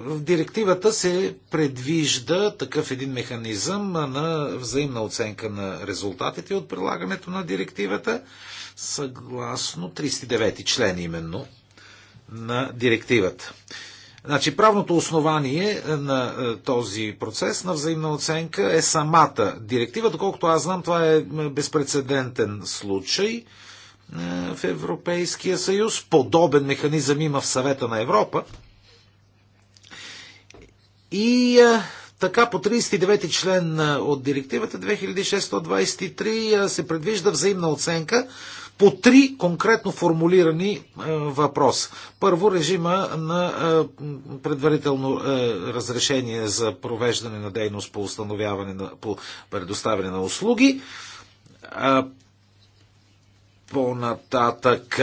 в директивата се предвижда такъв един механизъм на взаимна оценка на резултатите от прилагането на директивата, съгласно 39 ти член именно на директивата. Значи правното основание е, на е, този процес на взаимна оценка е самата директива. Доколкото аз знам, това е, е безпредседентен случай в Европейския съюз. Подобен механизъм има в съвета на Европа. И така по 39 член от директивата 2623 се предвижда взаимна оценка по три конкретно формулирани е, въпроса. Първо, режима на е, предварително е, разрешение за провеждане на дейност по установяване на, по предоставяне на услуги по-нататък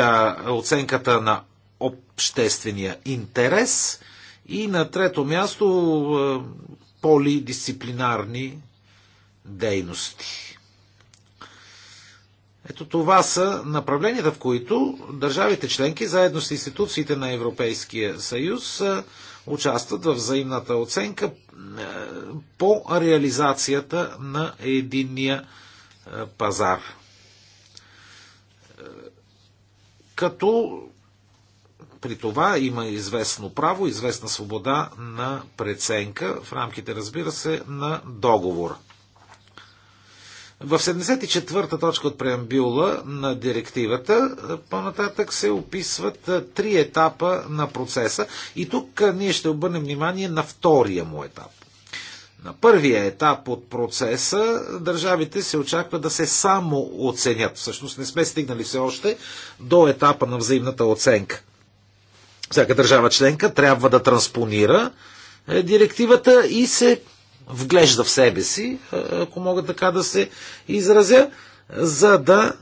оценката на обществения интерес и на трето място полидисциплинарни дейности. Ето това са направленията, в които държавите членки, заедно с институциите на Европейския съюз, е, участват в взаимната оценка е, по реализацията на единния е, пазар. Като при това има известно право, известна свобода на преценка в рамките, разбира се, на договора. В 74-та точка от преамбюла на директивата по-нататък се описват три етапа на процеса и тук ние ще обърнем внимание на втория му етап. На първия етап от процеса държавите се очаква да се само оценят. Всъщност не сме стигнали все още до етапа на взаимната оценка. Всяка държава членка трябва да транспонира е, директивата и се вглежда в себе си, ако мога така да се изразя, за да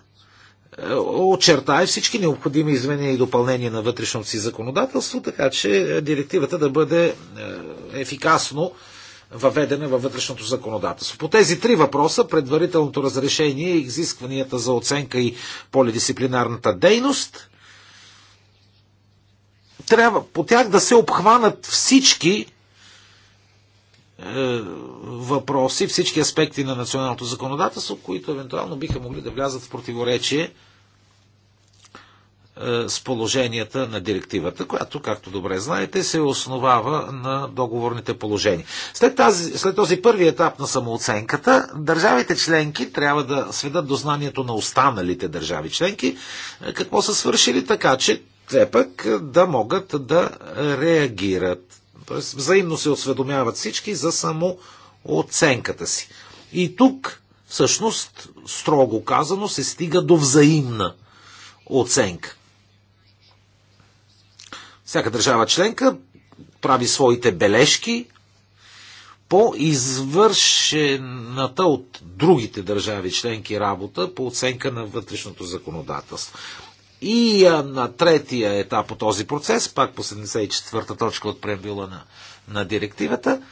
очертае всички необходими изменения и допълнения на вътрешното си законодателство, така че директивата да бъде ефикасно въведена във вътрешното законодателство. По тези три въпроса, предварителното разрешение, изискванията за оценка и полидисциплинарната дейност, трябва по тях да се обхванат всички е, въпроси, всички аспекти на националното законодателство, които евентуално биха могли да влязат в противоречие е, с положенията на директивата, която, както добре знаете, се основава на договорните положения. След, тази, след този първи етап на самооценката, държавите членки трябва да сведат до знанието на останалите държави членки е, какво са свършили така, че те пък да могат да реагират т.е. взаимно се осведомяват всички за само оценката си. И тук, всъщност, строго казано, се стига до взаимна оценка. Всяка държава членка прави своите бележки по извършената от другите държави членки работа по оценка на вътрешното законодателство. И а, на третия етап от този процес, пак по 74-та точка от преамбюла на, на директивата,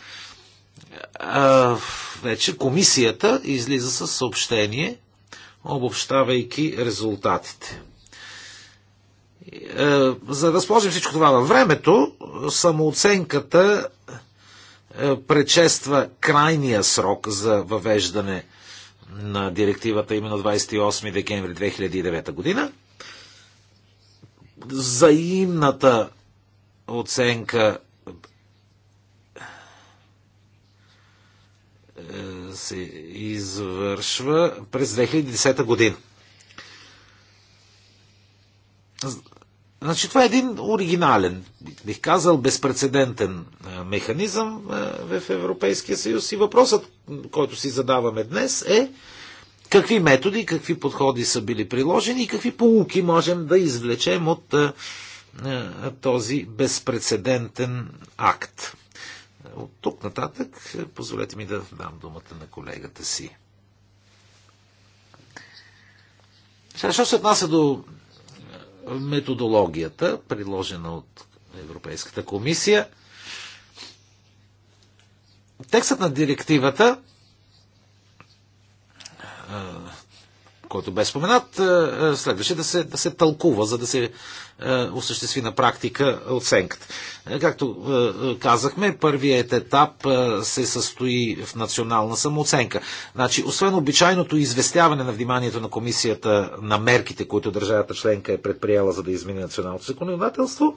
а, вече комисията излиза с съобщение, обобщавайки резултатите. А, е, за да сложим всичко това във времето, самооценката е, пречества крайния срок за въвеждане на директивата именно 28 декември 2009 година взаимната оценка е, се извършва през 2010 година. Значи това е един оригинален, бих казал, безпредседентен е, механизъм е, в Европейския съюз и въпросът, който си задаваме днес е какви методи, какви подходи са били приложени и какви полуки можем да извлечем от този безпредседентен акт. От тук нататък е, позволете ми да дам думата на колегата си. Сега, що се отнася до методологията, предложена от Европейската комисия, текстът на директивата който бе споменат, следваше да се, да се тълкува, за да се осъществи на практика оценката. Както казахме, първият етап се състои в национална самооценка. Значи, освен обичайното известяване на вниманието на комисията на мерките, които държавата членка е предприела за да измени националното законодателство,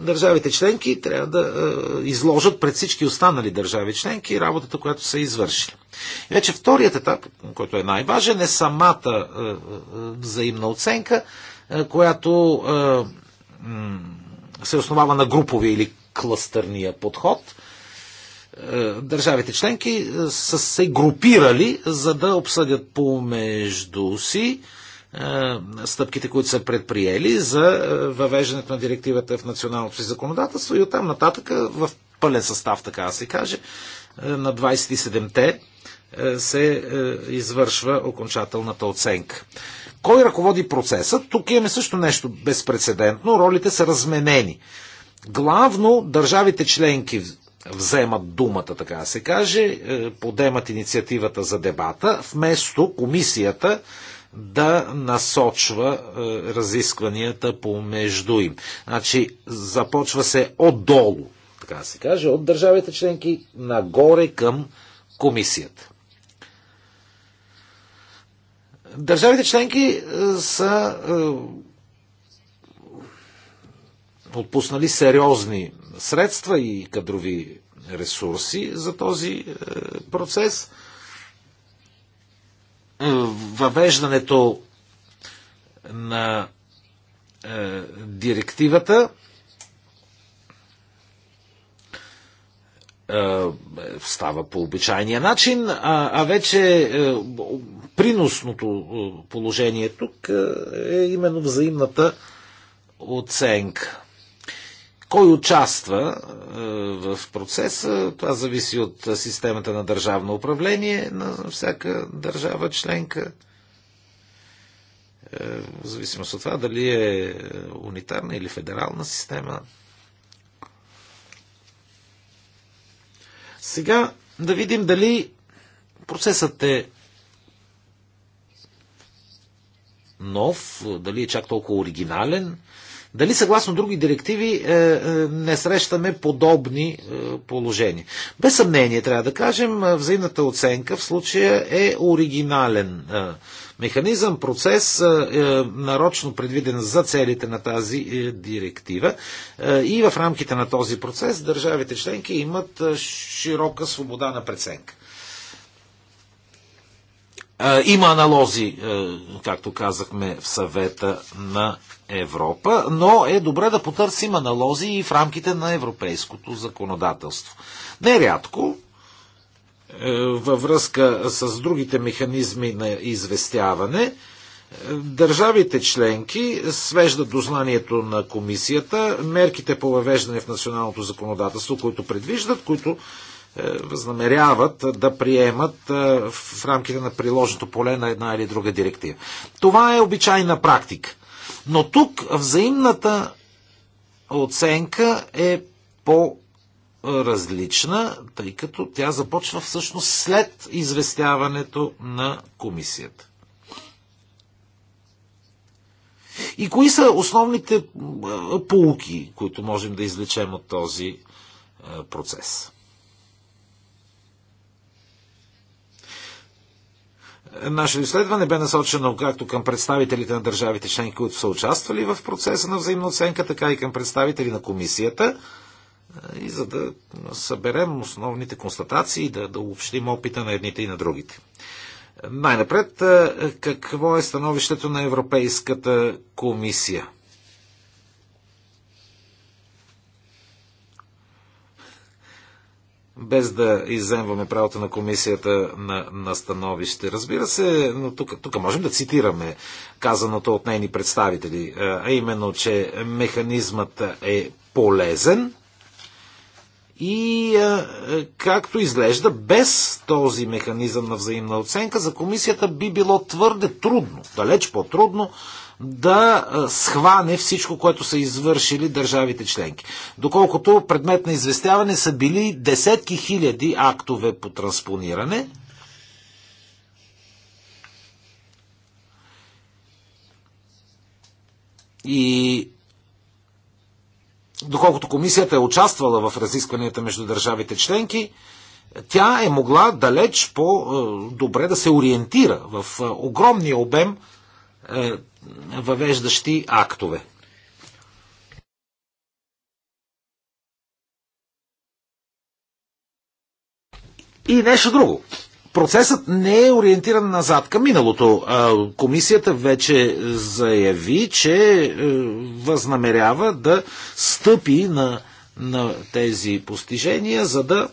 държавите членки трябва да е, изложат пред всички останали държави членки работата, която са извършили. И вече вторият етап, който е най-важен, е самата е, е, взаимна оценка, която се основава на груповия или кластърния подход. Държавите членки са се групирали, за да обсъдят помежду си е, стъпките, които са предприели за е, въвеждането на директивата в националното си законодателство и оттам нататък в пълен състав, така да се каже, е, на 27-те се извършва окончателната оценка. Кой ръководи процеса? Тук имаме също нещо безпредседентно. Ролите са разменени. Главно държавите членки вземат думата, така да се каже, подемат инициативата за дебата, вместо комисията да насочва е, разискванията помежду им. Значи започва се отдолу, така се каже, от държавите членки нагоре към комисията. Държавите членки е, са е, отпуснали сериозни средства и кадрови ресурси за този е, процес. Е, въвеждането на е, директивата е, става по обичайния начин, а, вече приносното положение тук е именно взаимната оценка. Кой участва е, в процеса, това зависи от системата на държавно управление на всяка държава членка. Е, в зависимост от това дали е унитарна или федерална система. Сега да видим дали процесът е нов, дали е чак толкова оригинален дали съгласно други директиви е, е, не срещаме подобни е, положения? Без съмнение, трябва да кажем, взаимната оценка в случая е оригинален механизъм, процес, нарочно предвиден за целите на тази директива. И в рамките на този процес държавите членки имат широка свобода на преценка. Е, има аналози, е, както казахме, в съвета на Европа, но е добре да потърсим аналози и в рамките на европейското законодателство. Нерядко, е, във връзка с другите механизми на известяване, Държавите членки свеждат до знанието на комисията мерките по въвеждане в националното законодателство, които предвиждат, които е, възнамеряват да приемат е, в рамките на приложното поле на една или друга директива. Това е обичайна практика. Но тук взаимната оценка е по-различна, тъй като тя започва всъщност след известяването на комисията. И кои са основните е, полуки, които можем да извлечем от този процес? Наше изследване бе насочено както към представителите на държавите членки, които са участвали в процеса на взаимна оценка, така и към представители на комисията. Е, и за да съберем основните констатации, да, да общим опита на едните и на другите. Най-напред, е, какво е становището на Европейската комисия? без да изземваме правото на комисията на, на становище. Разбира се, но тук, тук можем да цитираме казаното от нейни представители, е, а именно, че механизмът е полезен и е, е, както изглежда, без този механизъм на взаимна оценка за комисията би било твърде трудно, далеч по-трудно да схване всичко, което са извършили държавите членки. Доколкото предмет на известяване са били десетки хиляди актове по транспониране, И доколкото комисията е участвала в разискванията между държавите членки, тя е могла далеч по-добре да се ориентира в огромния обем е, въвеждащи актове. И нещо друго. Процесът не е ориентиран назад към миналото. Комисията вече заяви, че е, възнамерява да стъпи на, на тези постижения, за да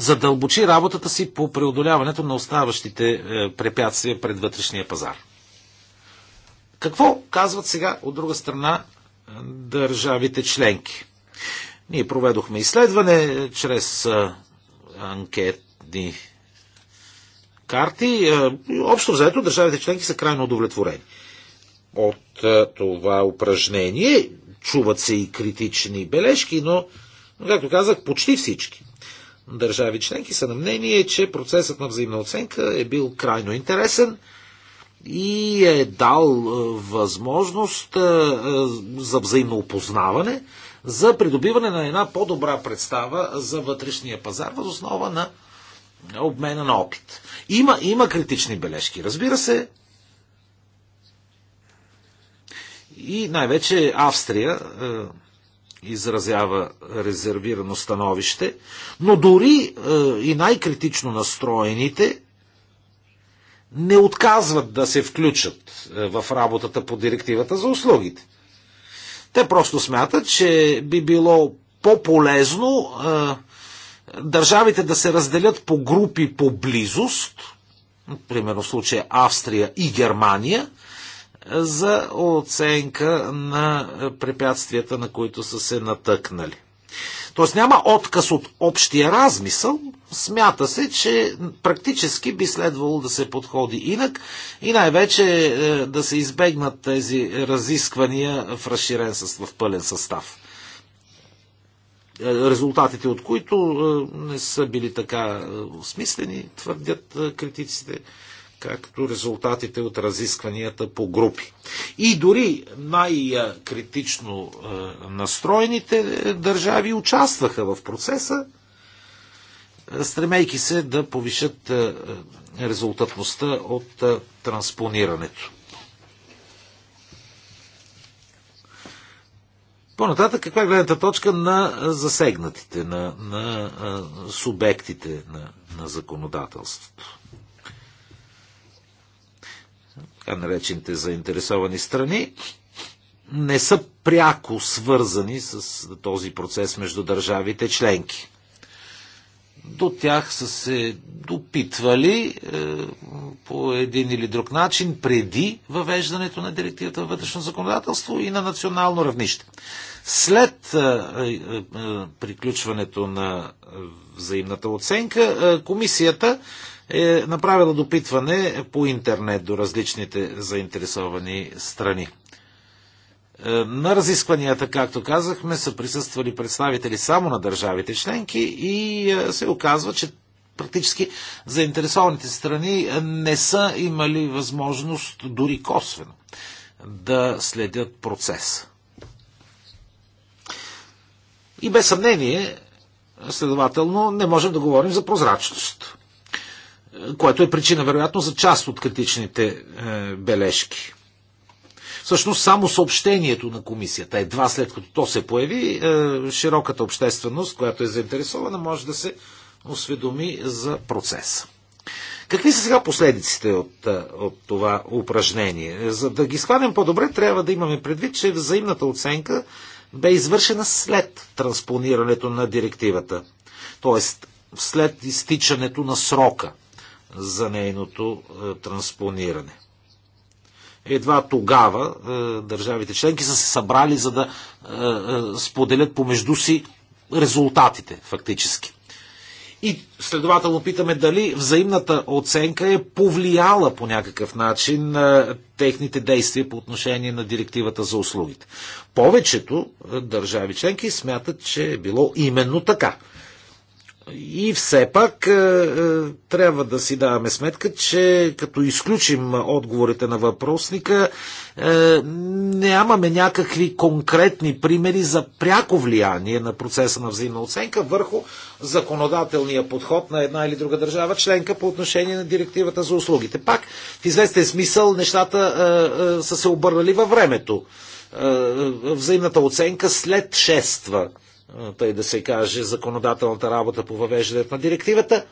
задълбочи работата си по преодоляването на оставащите е, препятствия пред вътрешния пазар. Какво казват сега от друга страна е, държавите членки? Ние проведохме изследване е, чрез анкетни карти. Общо взето държавите членки са крайно удовлетворени от това упражнение. Чуват се и критични бележки, но, както казах, почти всички държави членки са на мнение, че процесът на взаимна оценка е бил крайно интересен и е дал е, възможност е, е, за взаимно опознаване, за придобиване на една по-добра представа за вътрешния пазар, въз основа на обмена на опит. Има, има критични бележки, разбира се. И най-вече Австрия изразява резервирано становище, но дори е, и най-критично настроените не отказват да се включат е, в работата по директивата за услугите. Те просто смятат, че би било по-полезно е, държавите да се разделят по групи по близост, примерно в случая Австрия и Германия – за оценка на препятствията, на които са се натъкнали. Тоест няма отказ от общия размисъл, смята се, че практически би следвало да се подходи инак и най-вече е, да се избегнат тези разисквания в разширен в пълен състав. Е, резултатите от които е, не са били така осмислени, твърдят критиците както резултатите от разискванията по групи. И дори най-критично е, настроените е, държави участваха в процеса, е, стремейки се да повишат резултатността от транспонирането. По-нататък, каква е гледната точка на засегнатите, на, на субектите на, на законодателството? така наречените заинтересовани страни, не са пряко свързани с този процес между държавите членки. До тях са се допитвали е, по един или друг начин преди въвеждането на директивата вътрешно законодателство и на национално равнище. След е, е, е приключването на взаимната оценка, е, комисията е, е направила допитване по интернет до различните заинтересовани страни. Е, на разискванията, както казахме, са присъствали представители само на държавите членки и е, се оказва, че практически заинтересованите страни не са имали възможност дори косвено да следят процес. И без съмнение, следователно, не можем да говорим за прозрачност което е причина, вероятно, за част от критичните е, бележки. Всъщност само съобщението на комисията, едва след като то се появи, е, широката общественост, която е заинтересована, може да се осведоми за процеса. Какви са сега последиците от, е, от това упражнение? За да ги схванем по-добре, трябва да имаме предвид, че взаимната оценка бе извършена след транспонирането на директивата, т.е. след изтичането на срока за нейното е, транспониране. Едва тогава е, държавите членки са се събрали за да е, споделят помежду си резултатите, фактически. И следователно питаме дали взаимната оценка е повлияла по някакъв начин на техните действия по отношение на директивата за услугите. Повечето държави членки смятат, че е било именно така. И все пак е, е, трябва да си даваме сметка, че като изключим отговорите на въпросника, е, нямаме някакви конкретни примери за пряко влияние на процеса на взаимна оценка върху законодателния подход на една или друга държава членка по отношение на директивата за услугите. Пак в известен смисъл нещата са се обърнали във времето. Взаимната оценка след шества тъй да се каже, законодателната работа по въвеждането на директивата.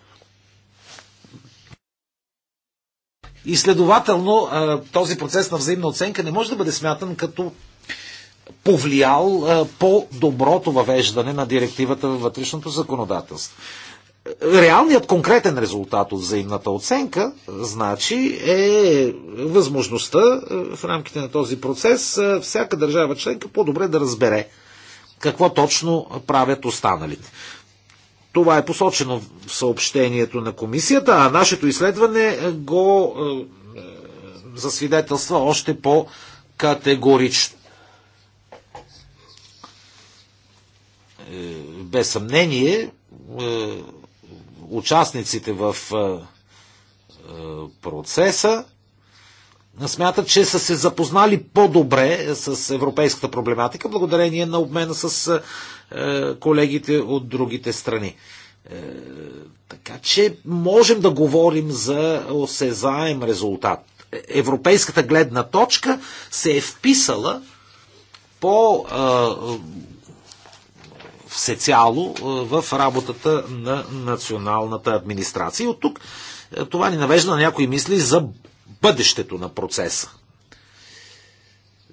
И следователно този процес на взаимна оценка не може да бъде смятан като повлиял по-доброто въвеждане на директивата във вътрешното законодателство. Реалният конкретен резултат от взаимната оценка, значи, е възможността в рамките на този процес всяка държава членка по-добре да разбере какво точно правят останалите. Това е посочено в съобщението на комисията, а нашето изследване е, го е, е, засвидетелства още по-категорично. Е, без съмнение, участниците в процеса смятат, че са се запознали по-добре с европейската проблематика, благодарение на обмена с е, колегите от другите страни. Е, така че можем да говорим за осезаем резултат. Европейската гледна точка се е вписала по е, всецяло в работата на националната администрация. И от тук това ни навежда на някои мисли за бъдещето на процеса.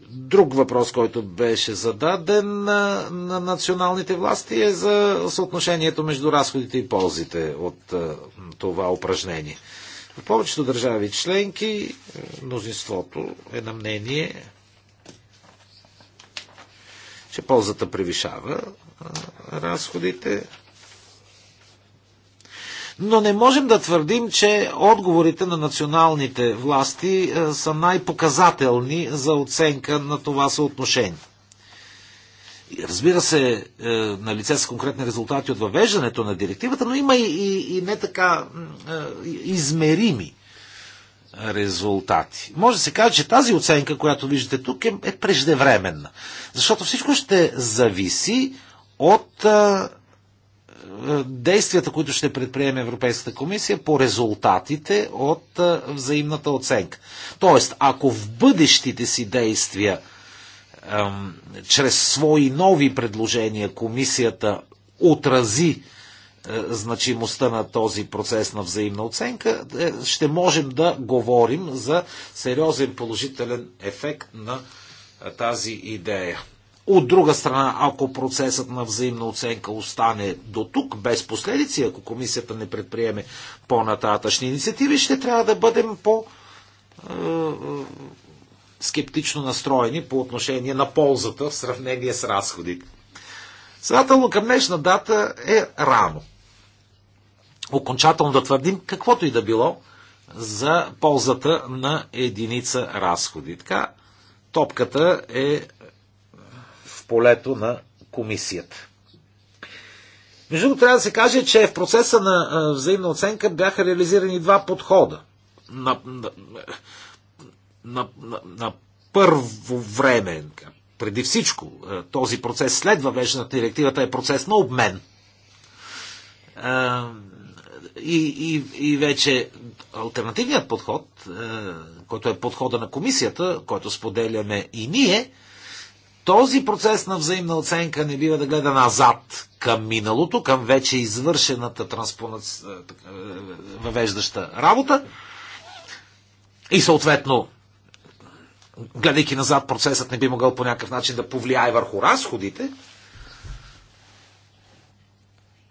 Друг въпрос, който беше зададен на, на националните власти е за съотношението между разходите и ползите от а, е, това упражнение. В повечето държави членки е, мнозинството е на мнение, че ползата превишава а, е, разходите. Но не можем да твърдим, че отговорите на националните власти е, са най-показателни за оценка на това съотношение. Разбира се, е, на лице са конкретни резултати от въвеждането на директивата, но има и, и, и не така е, измерими резултати. Може да се каже, че тази оценка, която виждате тук, е, преждевременна. Защото всичко ще зависи от действията, които ще предприеме Европейската комисия по резултатите от взаимната оценка. Тоест, ако в бъдещите си действия чрез свои нови предложения комисията отрази значимостта на този процес на взаимна оценка, е, ще можем да говорим за сериозен положителен ефект на тази идея. От друга страна, ако процесът на взаимна оценка остане до тук, без последици, ако комисията не предприеме по-нататъчни инициативи, ще трябва да бъдем по- е, е, скептично настроени по отношение на ползата в сравнение с разходите. Следателно, към днешна дата е рано. Окончателно да твърдим каквото и да било за ползата на единица разходи. Така, топката е полето на комисията. Между другото, трябва да се каже, че в процеса на взаимна оценка бяха реализирани два подхода. На, на, на, на, на първо време, преди всичко, този процес след въвеждането на директивата е процес на обмен. И, и, и вече альтернативният подход, който е подхода на комисията, който споделяме и ние, този процес на взаимна оценка не бива да гледа назад към миналото, към вече извършената е, е, е, въвеждаща работа и съответно гледайки назад процесът не би могъл по някакъв начин да повлияе върху разходите,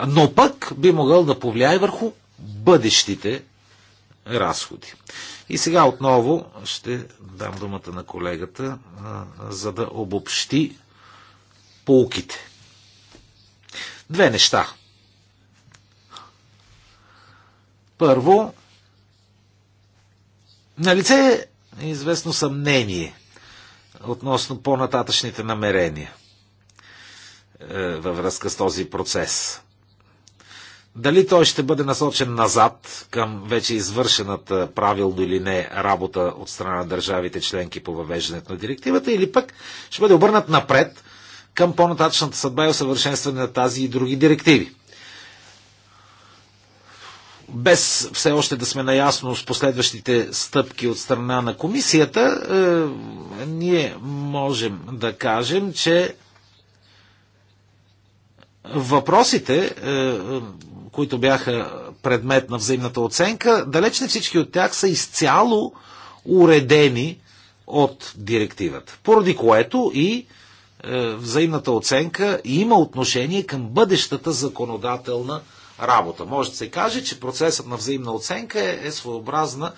но пък би могъл да повлияе върху бъдещите разходи. И сега отново ще дам думата на колегата, за да обобщи полуките. Две неща. Първо, на лице е известно съмнение относно по-нататъчните намерения е, във връзка с този процес. Дали той ще бъде насочен назад към вече извършената правилно или не работа от страна на държавите членки по въвеждането на директивата, или пък ще бъде обърнат напред към по-нататъчната съдба и усъвършенстване на тази и други директиви. Без все още да сме наясно с последващите стъпки от страна на комисията, е, ние можем да кажем, че въпросите, е, е, които бяха предмет на взаимната оценка, далеч не всички от тях са изцяло уредени от директивата. Поради което и е, взаимната оценка има отношение към бъдещата законодателна работа. Може да се каже, че процесът на взаимна оценка е, своеобразна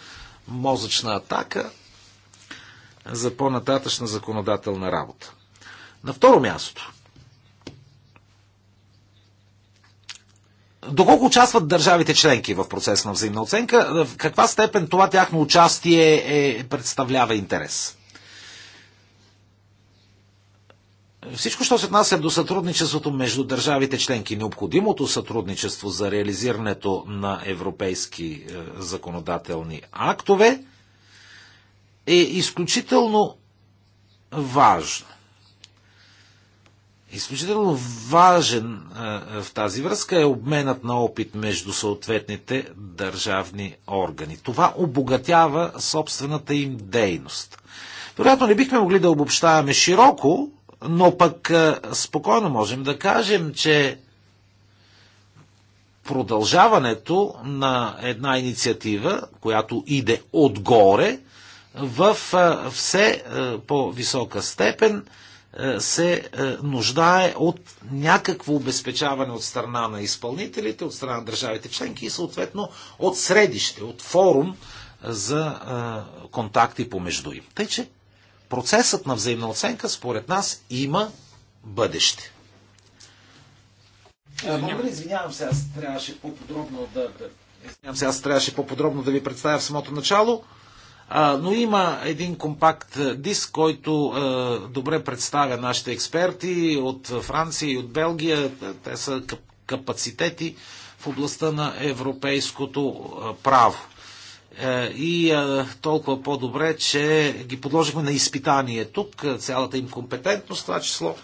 мозъчна атака за по-нататъчна законодателна работа. На второ място, доколко участват държавите членки в процес на взаимна оценка, в каква степен това тяхно участие е, представлява интерес? Всичко, що се отнася до сътрудничеството между държавите членки, необходимото сътрудничество за реализирането на европейски е, законодателни актове, е изключително важно. Изключително важен в тази връзка е обменът на опит между съответните държавни органи. Това обогатява собствената им дейност. Вероятно не бихме могли да обобщаваме широко, но пък спокойно можем да кажем, че продължаването на една инициатива, която иде отгоре, в все по-висока степен – е, се е, нуждае от някакво обезпечаване от страна на изпълнителите, от страна на държавите членки и съответно от средище, от форум за е, контакти помежду им. Тъй, че процесът на взаимна оценка според нас има бъдеще. Мога ли, извинявам се, аз трябваше по-подробно да, да... Извинявам се, аз трябваше по-подробно да ви представя в самото начало но има един компакт диск, който добре представя нашите експерти от Франция и от Белгия. Те са капацитети в областта на европейското право. Е, и толкова по-добре, че ги подложихме на изпитание тук, цялата им компетентност, това число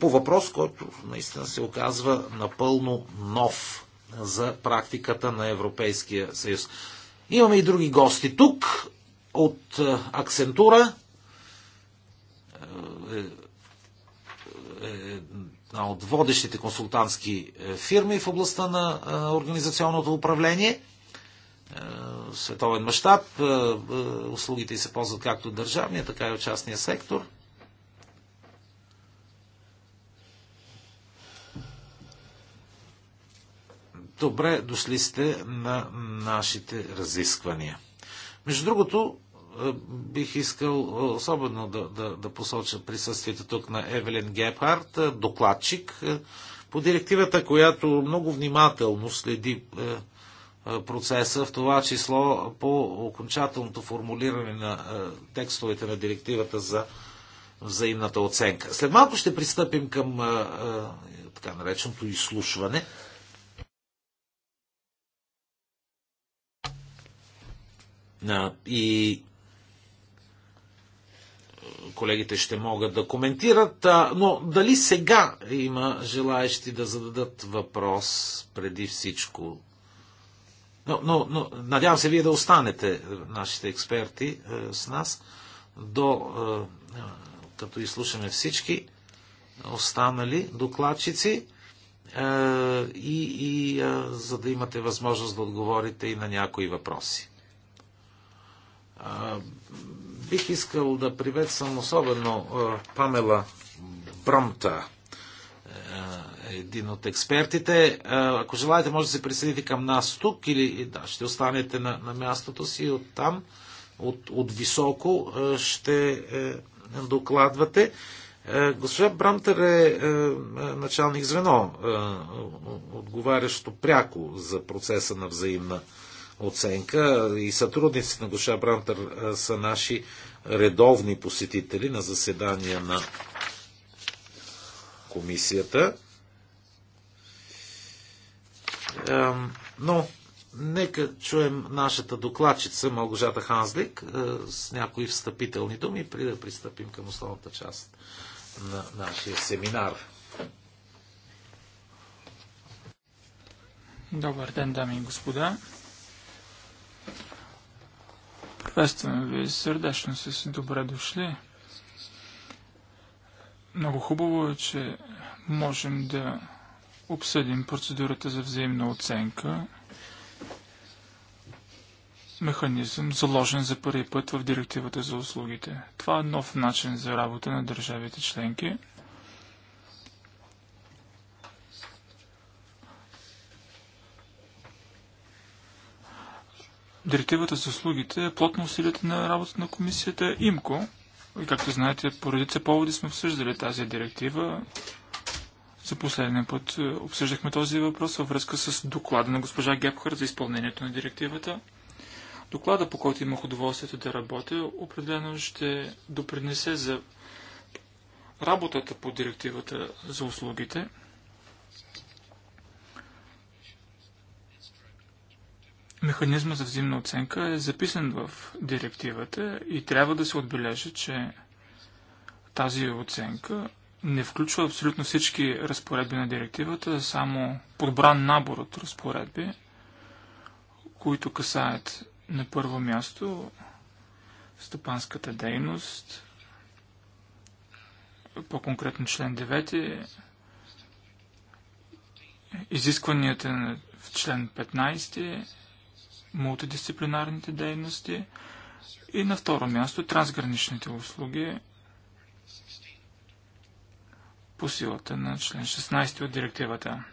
по въпрос, който наистина се оказва напълно нов за практиката на Европейския съюз. Имаме и други гости тук от е, Акцентура, е, е, една от водещите консултантски фирми в областта на организационното управление, световен мащаб, услугите се ползват както от държавния, така и от частния сектор. Добре дошли сте на нашите разисквания. Между другото, е, бих искал е, особено да, да, да посоча присъствието тук на Евелин Гепхарт, е, докладчик по директивата, която много внимателно следи процеса, в това число по окончателното формулиране на текстовете на директивата за взаимната оценка. След малко ще пристъпим към така нареченото изслушване И колегите ще могат да коментират, но дали сега има желаещи да зададат въпрос преди всичко? Но, но, но надявам се вие да останете, е, нашите експерти, е, с нас, до е, като изслушаме всички останали докладчици и, и за да имате възможност да отговорите и на някои въпроси. Бих искал да приветствам особено Памела Бромта, един от експертите. Ако желаете, може да се присъедините към нас тук или да, ще останете на, на мястото си от там, от, от високо ще е, докладвате. Госпожа Брамтер е, е началник звено, е, отговарящо пряко за процеса на взаимна оценка и сътрудниците на Гоша Брантър са наши редовни посетители на заседания на комисията. Но нека чуем нашата докладчица Малгожата Ханзлик с някои встъпителни думи, преди да пристъпим към основната част на нашия семинар. Добър ден, дами и господа. Приветствам ви сърдечно с добре дошли. Много хубаво е, че можем да обсъдим процедурата за взаимна оценка. Механизъм, заложен за първи път в директивата за услугите. Това е нов начин за работа на държавите членки – Директивата за услугите е плотно усилията на работата на комисията ИМКО. И както знаете, по редица поводи сме обсъждали тази директива. За последния път е, обсъждахме този въпрос във връзка с доклада на госпожа Гепхар за изпълнението на директивата. Доклада, по който имах удоволствието да работя, определено ще допринесе за работата по директивата за услугите – Механизма за взаимна оценка е записан в директивата и трябва да се отбележи, че тази оценка не включва абсолютно всички разпоредби на директивата, само подбран набор от разпоредби, които касаят на първо място стопанската дейност, по-конкретно член 9, изискванията в член 15, мултидисциплинарните дейности и на второ място трансграничните услуги по силата на член 16 от директивата.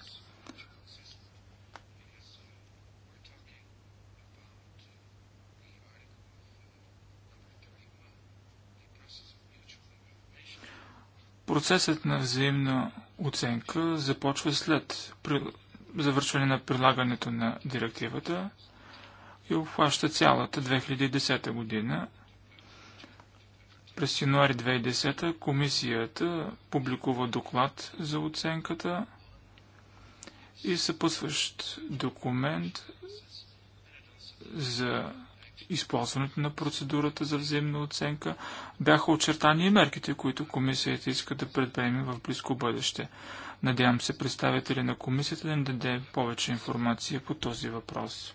Процесът на взаимна оценка започва след завършване на прилагането на директивата и обхваща цялата 2010 година. През януари 2010 комисията публикува доклад за оценката и съпъсващ документ за използването на процедурата за взаимна оценка бяха очертани и мерките, които комисията иска да предприеме в близко бъдеще. Надявам се представители на комисията да ни даде повече информация по този въпрос.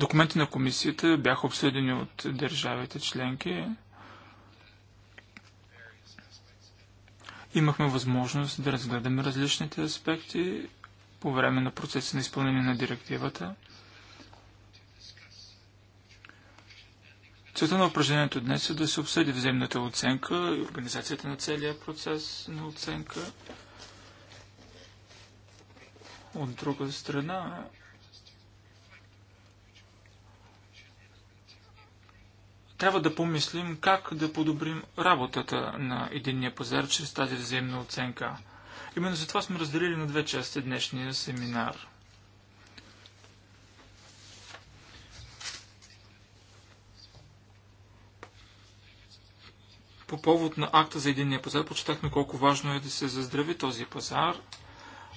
Документи на комисията бяха обсъдени от държавите членки. Имахме възможност да разгледаме различните аспекти по време на процеса на изпълнение на директивата. Целта на упражнението днес е да се обсъди взаимната оценка и организацията на целия процес на оценка. От друга страна, трябва да помислим как да подобрим работата на единния пазар чрез тази взаимна оценка. Именно за това сме разделили на две части днешния семинар. По повод на акта за единния пазар, почитахме колко важно е да се заздрави този пазар.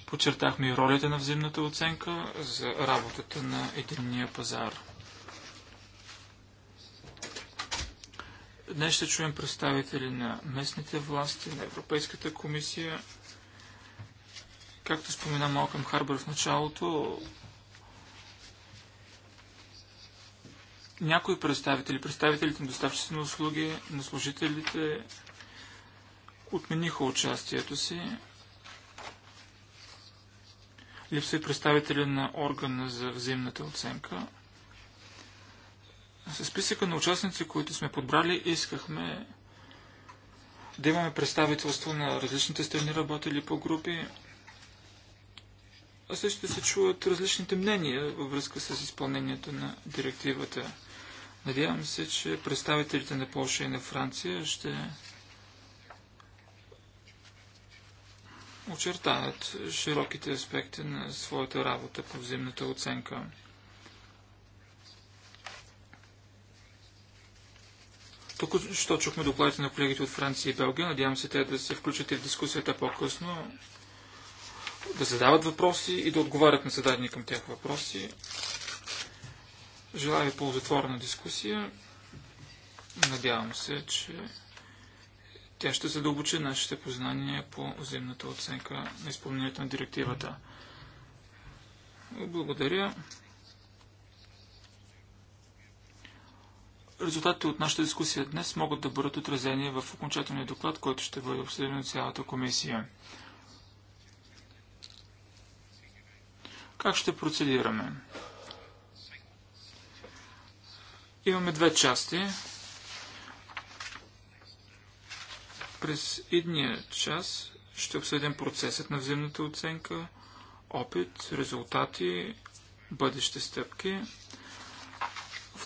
Почертахме и ролята на взаимната оценка за работата на единния пазар. Днес ще чуем представители на местните власти, на Европейската комисия. Както спомена Малкам Харбър в началото, някои представители, представителите на доставчици на услуги, на служителите, отмениха участието си. Липсва и представители на органа за взаимната оценка. С списъка на участници, които сме подбрали, искахме да имаме представителство на различните страни, работили по групи. А също се чуват различните мнения във връзка с изпълнението на директивата. Надявам се, че представителите на Польша и на Франция ще очертаят широките аспекти на своята работа по взаимната оценка. Тук що чухме докладите на колегите от Франция и Белгия. Надявам се те да се включат и в дискусията по-късно. Да задават въпроси и да отговарят на зададени към тях въпроси. Желая ви ползотворна дискусия. Надявам се, че тя ще задълбочи нашите познания по взаимната оценка на изпълнението на директивата. Благодаря. Резултатите от нашата дискусия днес могат да бъдат отразени в окончателния доклад, който ще бъде обсъден от цялата комисия. Как ще процедираме? Имаме две части. През идния час ще обсъдим процесът на взаимната оценка, опит, резултати, бъдещи стъпки –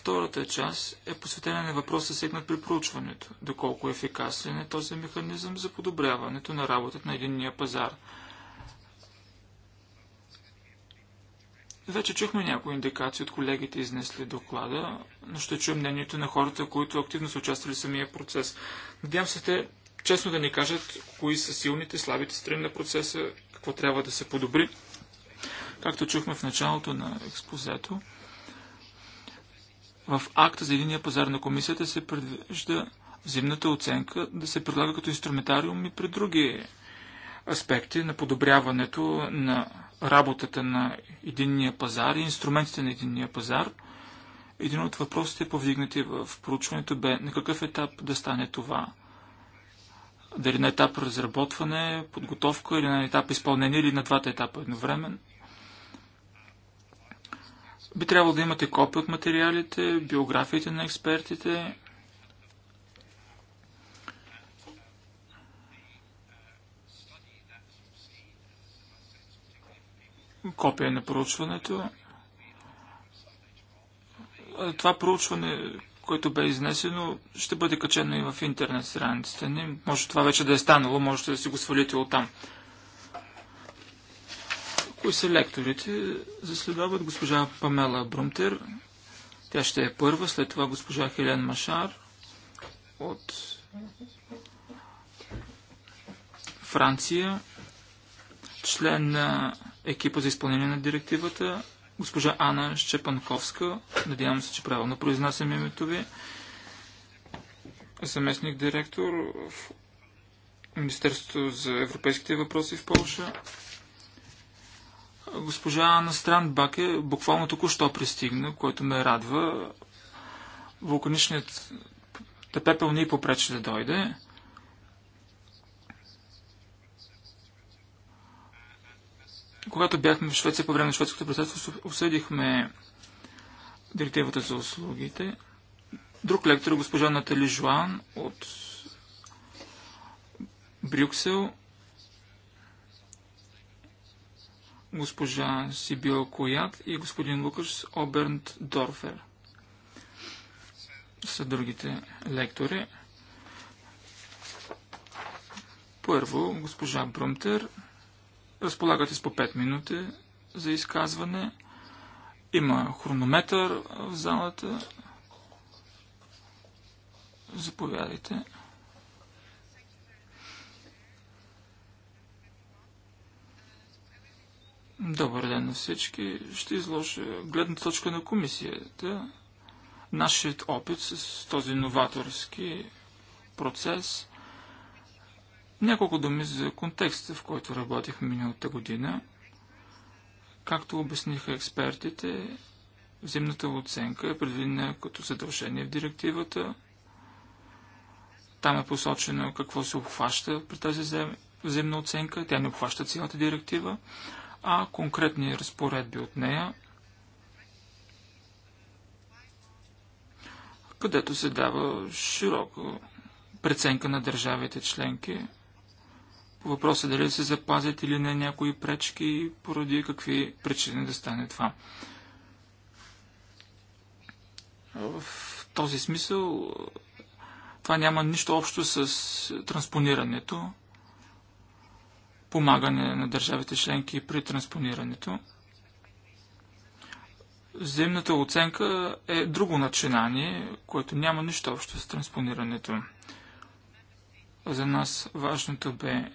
Втората част е посветена на въпроса сегнат при проучването, доколко е ефикасен е този механизъм за подобряването на работата на единния пазар. Вече чухме някои индикации от колегите изнесли доклада, но ще чуем мнението на хората, които активно са участвали в самия процес. Надявам се те честно да ни кажат кои са силните, слабите страни на процеса, какво трябва да се подобри. Както чухме в началото на експозето, в акта за единия пазар на комисията се предвижда взимната оценка да се предлага като инструментариум и при други аспекти на подобряването на работата на единния пазар и инструментите на единния пазар. Един от въпросите, повдигнати в проучването, бе на какъв етап да стане това. Дали на етап разработване, подготовка или на етап изпълнение или на двата етапа едновременно. Би трябвало да имате копия от материалите, биографиите на експертите. Копия на проучването. Това проучване, което бе изнесено, ще бъде качено и в интернет страницата ни. Може това вече да е станало, можете да си го свалите оттам. там. Кои са лекторите? Заследават госпожа Памела Брумтер. Тя ще е първа, след това госпожа Хелен Машар от Франция, член на екипа за изпълнение на директивата, госпожа Ана Щепанковска, надявам се, че правилно произнасям името ви, заместник директор в Министерството за европейските въпроси в Польша, Госпожа Настран Баке буквално току-що пристигна, което ме радва. Вулканичният пепел ни попречи да дойде. Когато бяхме в Швеция по време на шведското председателство, обсъдихме директивата за услугите. Друг лектор, госпожа Натали Жуан от Брюксел, госпожа Сибил Коят и господин Лукаш Обернт Дорфер. Са другите лектори. Първо, госпожа Брумтер, разполагате с по 5 минути за изказване. Има хронометър в залата. Заповядайте. Добър ден на всички. Ще изложа гледната точка на комисията. Нашият опит с този новаторски процес. Няколко думи за контекста, в който работих миналата година. Както обясниха експертите, взимната оценка е предвидена като задължение в директивата. Там е посочено какво се обхваща при тази взимна оценка. Тя не обхваща цялата директива а конкретни разпоредби от нея, където се дава широко преценка на държавите членки по въпроса дали се запазят или не някои пречки и поради какви причини да стане това. В този смисъл това няма нищо общо с транспонирането помагане на държавите членки при транспонирането. Взаимната оценка е друго начинание, което няма нищо общо с транспонирането. За нас важното бе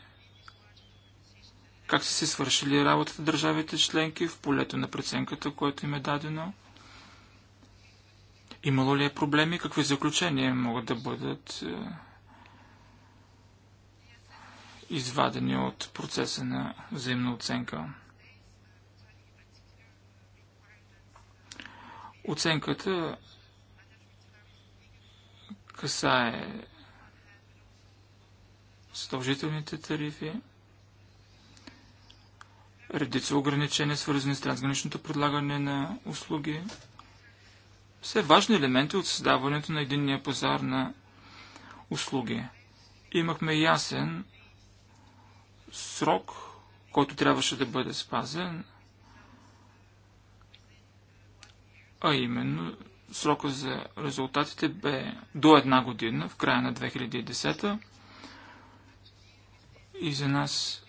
как са си свършили работата държавите членки в полето на преценката, което им е дадено. Имало ли е проблеми, какви заключения могат да бъдат е, извадени от процеса на взаимна оценка. Оценката касае задължителните тарифи, редица ограничения, свързани с трансграничното предлагане на услуги, все важни елементи от създаването на единния пазар на услуги. Имахме ясен срок, който трябваше да бъде спазен, а именно срока за резултатите бе до една година, в края на 2010 и за нас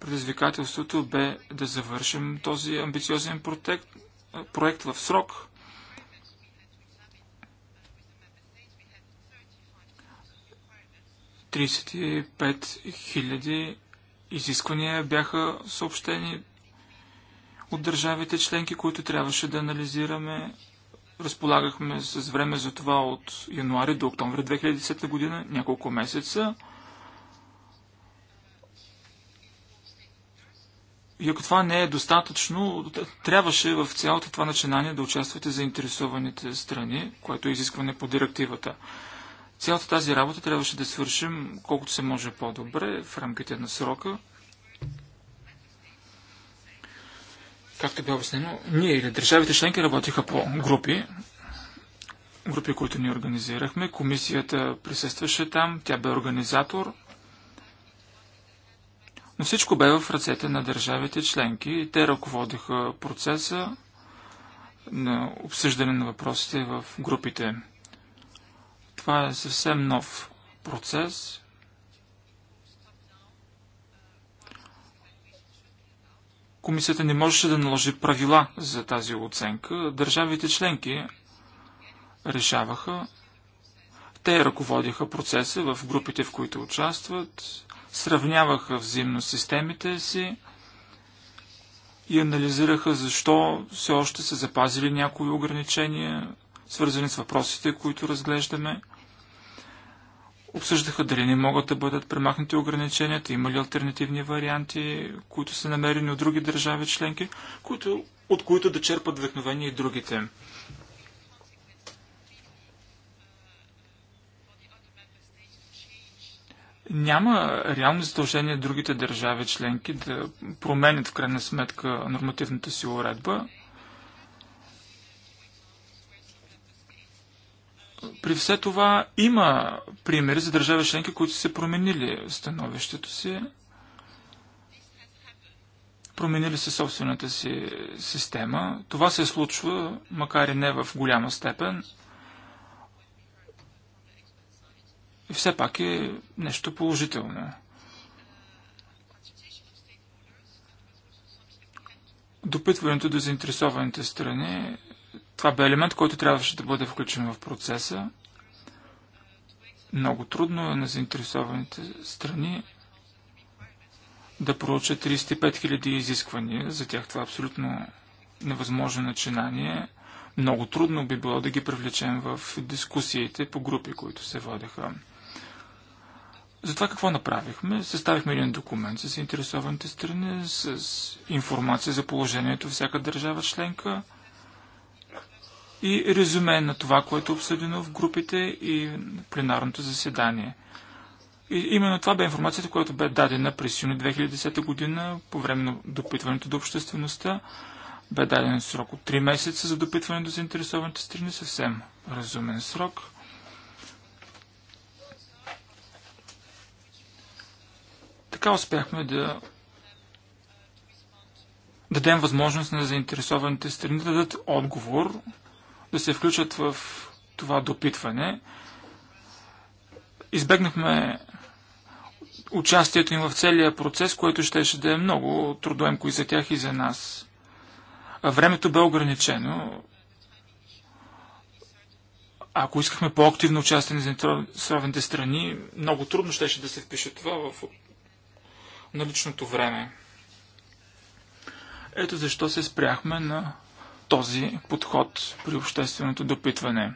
предизвикателството бе да завършим този амбициозен проект, проект в срок. 35 000 изисквания бяха съобщени от държавите членки, които трябваше да анализираме. Разполагахме с време за това от януари до октомври 2010 година, няколко месеца. И ако това не е достатъчно, трябваше в цялото това начинание да участвате заинтересованите страни, което е изискване по директивата. Цялата тази работа трябваше да свършим колкото се може по-добре в рамките на срока. Както бе обяснено, ние или държавите членки работиха по групи, групи, които ни организирахме. Комисията присъстваше там, тя бе организатор. Но всичко бе в ръцете на държавите членки. Те ръководиха процеса на обсъждане на въпросите в групите. Това е съвсем нов процес. Комисията не можеше да наложи правила за тази оценка. Държавите членки решаваха. Те ръководиха процеса в групите, в които участват, сравняваха взаимно системите си и анализираха защо все още са запазили някои ограничения, свързани с въпросите, които разглеждаме. Обсъждаха дали не могат да бъдат премахнати ограниченията, има ли альтернативни варианти, които са намерени от други държави членки, които, от които да черпат вдъхновение и другите. Няма реално задължение другите държави членки да променят в крайна сметка нормативната си уредба. При все това има примери за държави членки, които са променили становището си, променили се собствената си система. Това се случва, макар и не в голяма степен. И все пак е нещо положително. Допитването до заинтересованите страни това бе елемент, който трябваше да бъде включен в процеса. Много трудно е на заинтересованите страни да проучат 35 000 изисквания. За тях това е абсолютно невъзможно начинание. Много трудно би било да ги привлечем в дискусиите по групи, които се водеха. Затова какво направихме? Съставихме един документ с заинтересованите страни, с информация за положението в всяка държава членка – и резюме на това, което е обсъдено в групите и пленарното заседание. И именно това бе информацията, която бе дадена през юни 2010 година по време на допитването до обществеността. Бе даден срок от 3 месеца за допитване до заинтересованите страни, съвсем разумен срок. Така успяхме да дадем възможност на заинтересованите страни да дадат отговор да се включат в това допитване. Избегнахме участието им в целия процес, което щеше да е много трудоемко и за тях, и за нас. Времето бе ограничено. Ако искахме по-активно участие на заинтересованите страни, много трудно щеше да се впише това в наличното време. Ето защо се спряхме на този подход при общественото допитване.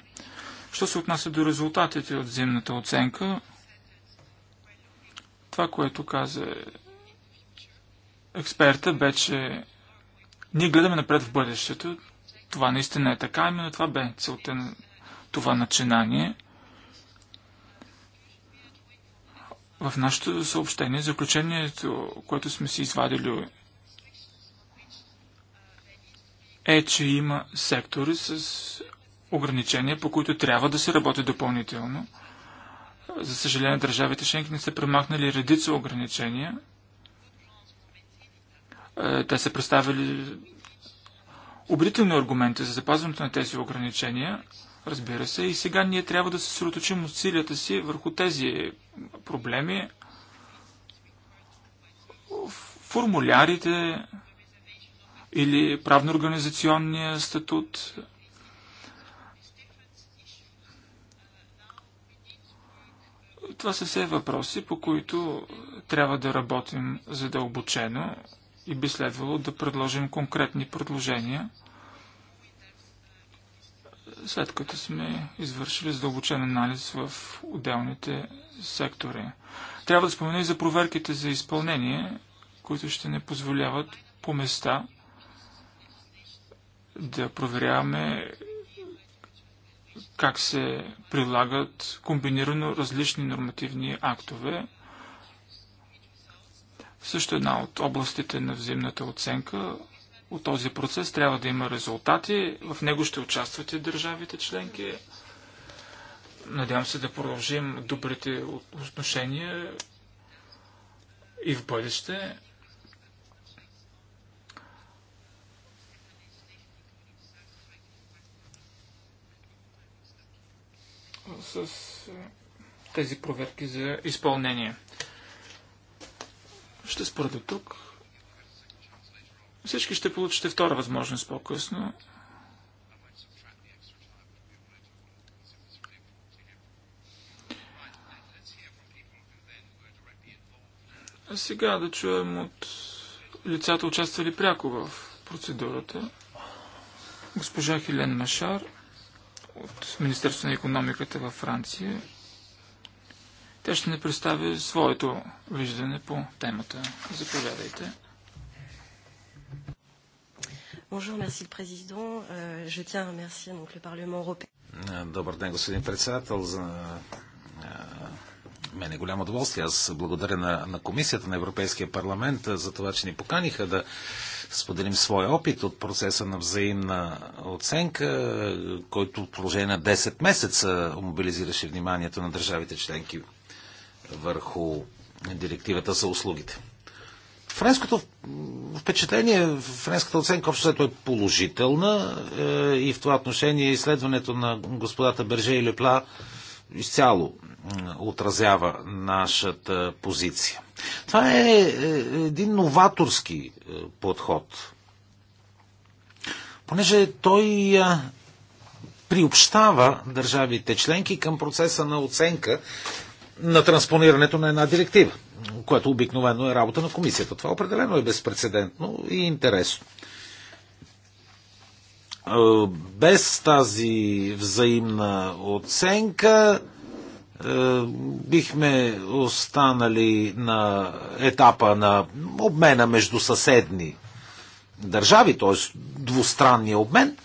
Що се отнася до резултатите от зимната оценка, това, което каза експерта, бе, че ние гледаме напред в бъдещето. Това наистина е така, именно това бе целта на това начинание. В нашето съобщение, заключението, което сме си извадили е, че има сектори с ограничения, по които трябва да се работи допълнително. За съжаление, държавите Шенки не са премахнали редица ограничения. Е, те са представили убедителни аргументи за запазването на тези ограничения, разбира се, и сега ние трябва да се съсредоточим усилията си върху тези проблеми, формулярите, или правно-организационния статут. Това са все въпроси, по които трябва да работим задълбочено и би следвало да предложим конкретни предложения, след като сме извършили задълбочен анализ в отделните сектори. Трябва да спомена и за проверките за изпълнение, които ще не позволяват по места да проверяваме как се прилагат комбинирано различни нормативни актове. Също една от областите на взаимната оценка от този процес трябва да има резултати. В него ще участват и държавите членки. Надявам се да продължим добрите отношения и в бъдеще. с е, тези проверки за изпълнение. Ще спра до тук. Всички ще получите втора възможност по-късно. А сега да чуем от лицата, участвали пряко в процедурата. Госпожа Хилен Машар от Министерството на економиката във Франция. Тя ще ни представи своето виждане по темата. Заповядайте. Bonjour, merci le Président. Euh, je tiens à remercier donc, le Parlement européen. Е, добър ден, господин председател. За е, мен е голямо удоволствие. Аз благодаря на, на Комисията на Европейския парламент е, за това, че ни поканиха да споделим своя опит от процеса на взаимна оценка, който в продължение на 10 месеца мобилизираше вниманието на държавите членки върху директивата за услугите. Френското впечатление, френската оценка общо след е положителна е, и в това отношение изследването на господата Берже и Лепла изцяло отразява нашата позиция. Това е, е един новаторски е, подход, понеже той е, приобщава държавите членки към процеса на оценка на транспонирането на една директива, което обикновено е работа на комисията. Това определено е безпредседентно и интересно. Е, без тази взаимна оценка е, бихме останали на етапа на обмена между съседни държави, т.е. двустранния обмен,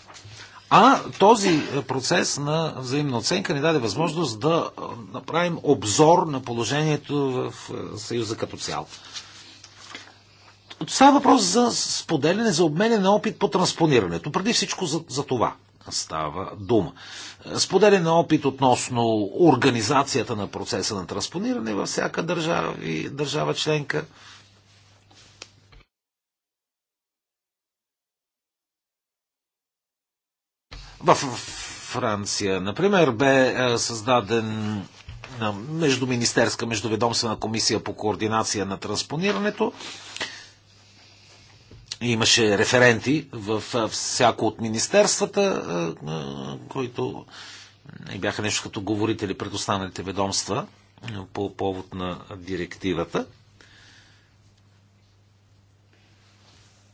а този процес на взаимна оценка ни даде възможност да направим обзор на положението в е, Съюза като цяло. Става е въпрос за споделяне, за обмене на опит по транспонирането. Преди всичко за, за това става дума. Споделяне на опит относно организацията на процеса на транспониране във всяка държава и държава членка. В Франция, например, бе е, създаден е, междуминистерска, междуведомствена комисия по координация на транспонирането. Имаше референти в всяко от министерствата, които бяха нещо като говорители пред останалите ведомства по повод на директивата.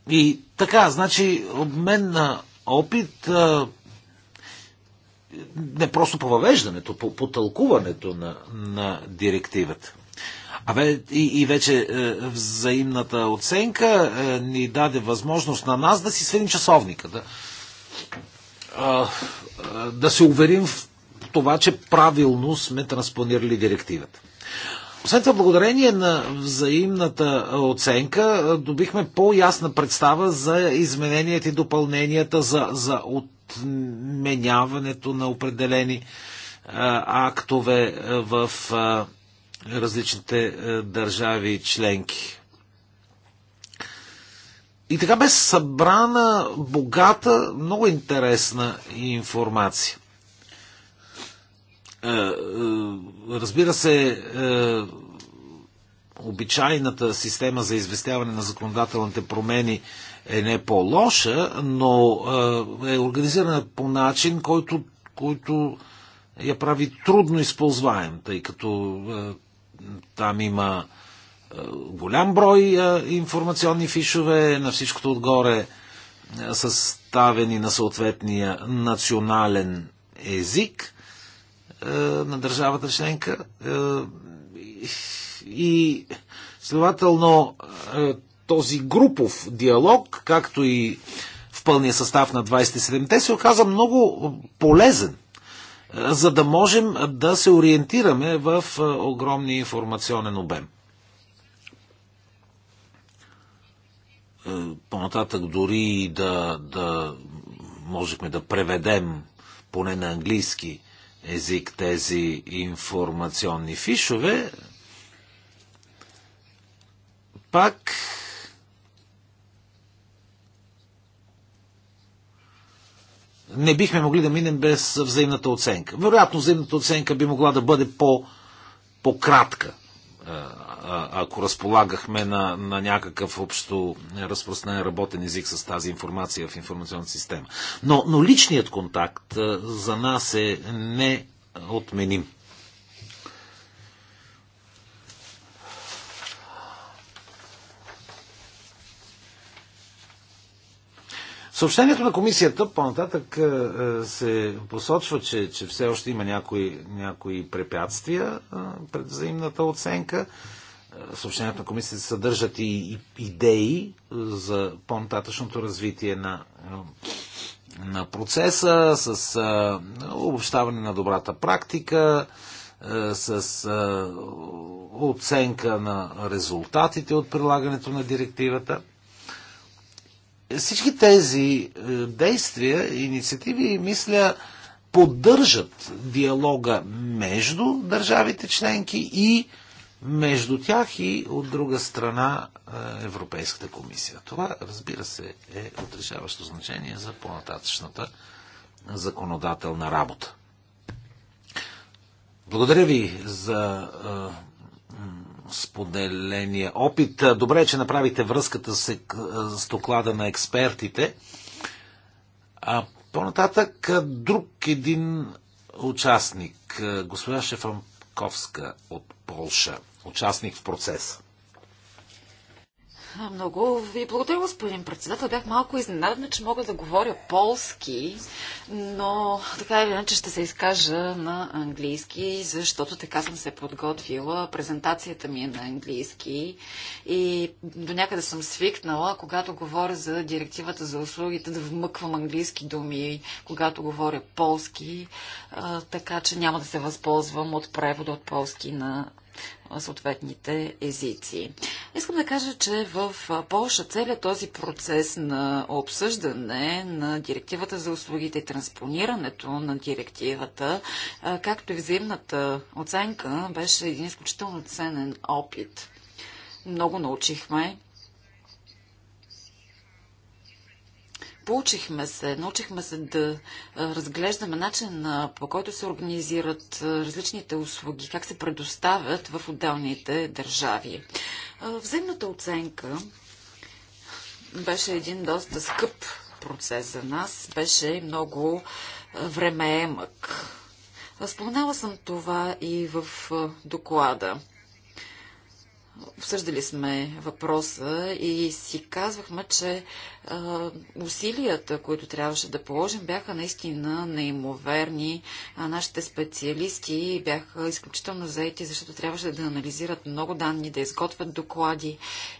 И така, значи, обмен на опит не просто по въвеждането, по, по тълкуването на, на директивата. Абе, и, и вече е, взаимната оценка е, ни даде възможност на нас да си свирим часовника, да, е, да се уверим в това, че правилно сме транспонирали директивата. Освен това, благодарение на взаимната оценка, е, добихме по-ясна представа за измененията и допълненията, за, за отменяването на определени а, е, актове е, в а, различните е, държави членки. И така бе събрана богата, много интересна информация. Е, е, разбира се, обичайната система за известяване на законодателните промени е не по-лоша, но е организирана по начин, който, който я прави трудно използваем, тъй като там има е, голям брой е, информационни фишове, на всичкото отгоре е, съставени на съответния национален език на държавата членка. И следователно този групов диалог, както и в пълния състав на 27-те, се оказа много полезен за да можем да се ориентираме в огромния информационен обем. По-нататък дори да, да можехме да преведем поне на английски език тези информационни фишове, пак не бихме могли да минем без взаимната оценка. Вероятно, взаимната оценка би могла да бъде по, по-кратка, е, ако разполагахме на, на някакъв общо разпространен работен език с тази информация в информационната система. Но, но личният контакт е, за нас е неотменим. Съобщението на комисията по-нататък е, е, се посочва, че, че все още има някои, някои препятствия е, пред взаимната оценка. Съобщението на комисията съдържат и идеи за по-нататъчното развитие на, на процеса, с обобщаване на добрата практика, с оценка на резултатите от прилагането на директивата – всички тези е, действия, инициативи, мисля, поддържат диалога между държавите членки и между тях и от друга страна е, Европейската комисия. Това, разбира се, е отрешаващо значение за по-нататъчната законодателна работа. Благодаря ви за е, споделения опит. Добре, е, че направите връзката с, с доклада на експертите. А по-нататък друг един участник, госпожа Шефанковска от Полша, участник в процеса. Много ви благодаря, господин председател. Бях малко изненадана, че мога да говоря полски, но така или иначе ще се изкажа на английски, защото така съм се подготвила. Презентацията ми е на английски и до някъде съм свикнала, когато говоря за директивата за услугите, да вмъквам английски думи, когато говоря полски, така че няма да се възползвам от превода от полски на съответните езици. Искам да кажа, че в Польша целият този процес на обсъждане на директивата за услугите и транспонирането на директивата, както и взаимната оценка, беше един изключително ценен опит. Много научихме, Получихме се, научихме се да разглеждаме начин по който се организират различните услуги, как се предоставят в отделните държави. Взаимната оценка беше един доста скъп процес за нас, беше много времеемък. Споменала съм това и в доклада. Обсъждали сме въпроса и си казвахме, че а, усилията, които трябваше да положим, бяха наистина неимоверни. А нашите специалисти бяха изключително заети, защото трябваше да анализират много данни, да изготвят доклади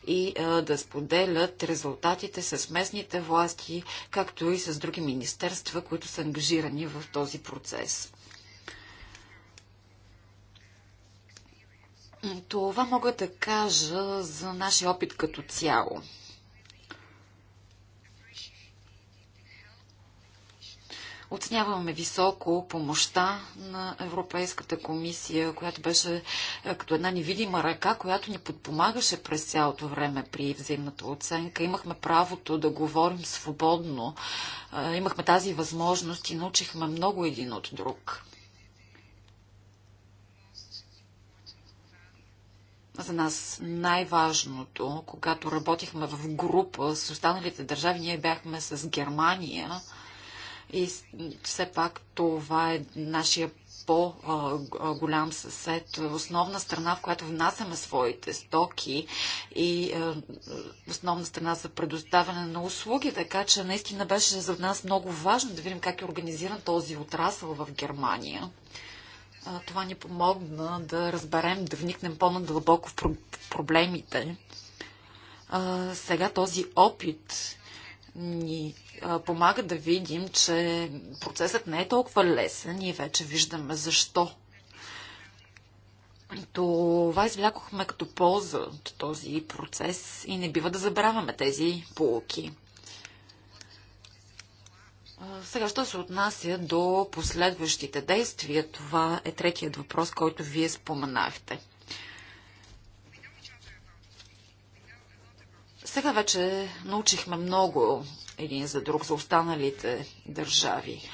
и а, да споделят резултатите с местните власти, както и с други министерства, които са ангажирани в този процес. Това мога да кажа за нашия опит като цяло. Оценяваме високо помощта на Европейската комисия, която беше е, като една невидима ръка, която ни подпомагаше през цялото време при взаимната оценка. Имахме правото да говорим свободно, е, имахме тази възможност и научихме много един от друг. за нас най-важното, когато работихме в група с останалите държави, ние бяхме с Германия и все пак това е нашия по-голям съсед, основна страна, в която внасяме своите стоки и е, основна страна за предоставяне на услуги, така че наистина беше за нас много важно да видим как е организиран този отрасъл в Германия. Това ни помогна да разберем, да вникнем по-надълбоко в проблемите. Сега този опит ни помага да видим, че процесът не е толкова лесен и вече виждаме защо. Това извлякохме като полза от този процес и не бива да забравяме тези полуки. Сега, що се отнася до последващите действия, това е третият въпрос, който вие споменахте. Сега вече научихме много един за друг за останалите държави.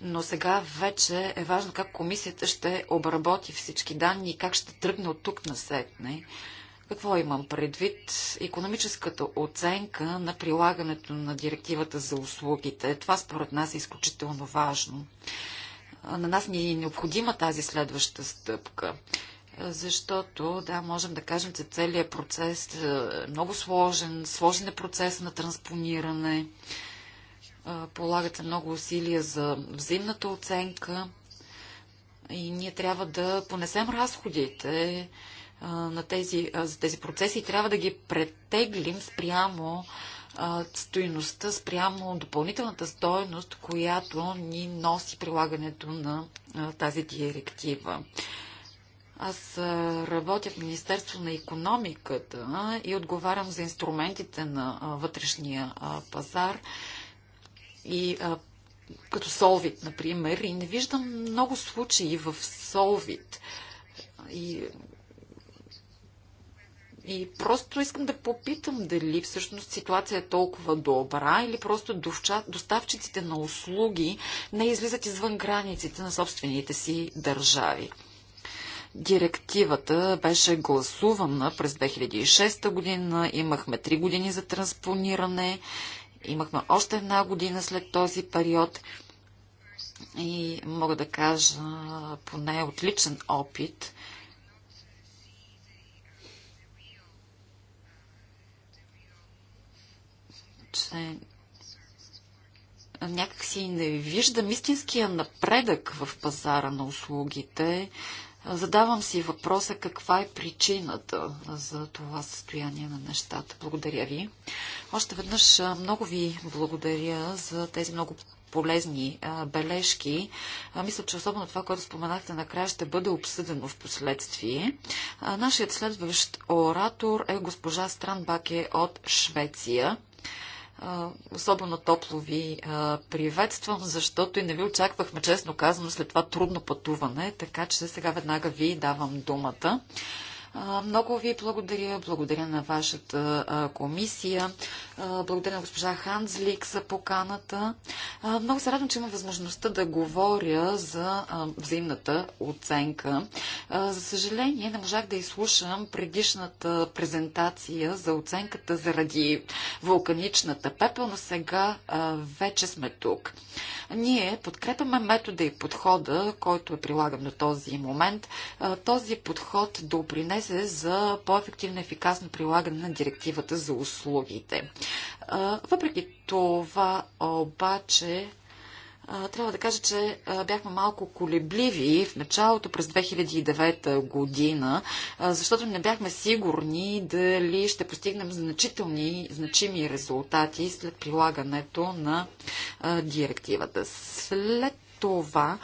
Но сега вече е важно как комисията ще обработи всички данни и как ще тръгне от тук насетне, какво имам предвид? Економическата оценка на прилагането на директивата за услугите. Това според нас е изключително важно. На нас ни е необходима тази следваща стъпка защото, да, можем да кажем, че целият процес е много сложен, сложен е процес на транспониране, полагат се много усилия за взаимната оценка и ние трябва да понесем разходите на тези, за тези процеси и трябва да ги претеглим спрямо стоиността, спрямо допълнителната стоеност, която ни носи прилагането на тази директива. Аз работя в Министерство на економиката и отговарям за инструментите на вътрешния пазар и като Солвит, например, и не виждам много случаи в Солвит. И и просто искам да попитам дали всъщност ситуация е толкова добра или просто доставчиците на услуги не излизат извън границите на собствените си държави. Директивата беше гласувана през 2006 година, имахме 3 години за транспониране, имахме още една година след този период и мога да кажа поне отличен опит че някакси не виждам истинския напредък в пазара на услугите. Задавам си въпроса каква е причината за това състояние на нещата. Благодаря ви. Още веднъж много ви благодаря за тези много полезни бележки. мисля, че особено това, което споменахте накрая, ще бъде обсъдено в последствие. нашият следващ оратор е госпожа Странбаке от Швеция. Особено топло ви приветствам, защото и не ви очаквахме, честно казано, след това трудно пътуване, така че сега веднага ви давам думата. Много ви благодаря. Благодаря на вашата комисия. Благодаря на госпожа Ханзлик за поканата. Много се радвам, че има възможността да говоря за взаимната оценка. За съжаление, не можах да изслушам предишната презентация за оценката заради вулканичната пепел, но сега вече сме тук. Ние подкрепяме метода и подхода, който е прилаган на този момент. Този подход допринесе се за по-ефективно и ефикасно прилагане на директивата за услугите. Въпреки това, обаче, трябва да кажа, че бяхме малко колебливи в началото през 2009 година, защото не бяхме сигурни дали ще постигнем значителни, значими резултати след прилагането на директивата. След това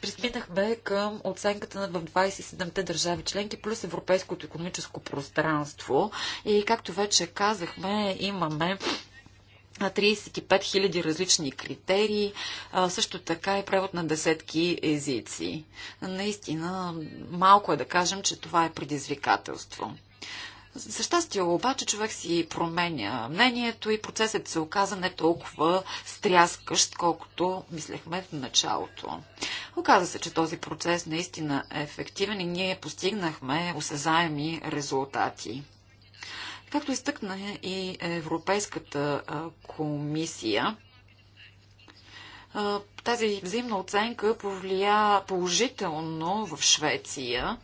пристигнахме към оценката в 27-те държави членки плюс Европейското економическо пространство. И както вече казахме, имаме 35 000 различни критерии, също така и превод на десетки езици. Наистина, малко е да кажем, че това е предизвикателство. За щастие обаче човек си променя мнението и процесът се оказа не толкова стряскащ, колкото мислехме в началото. Оказа се, че този процес наистина е ефективен и ние постигнахме осезаеми резултати. Както изтъкна и Европейската комисия, тази взаимна оценка повлия положително в Швеция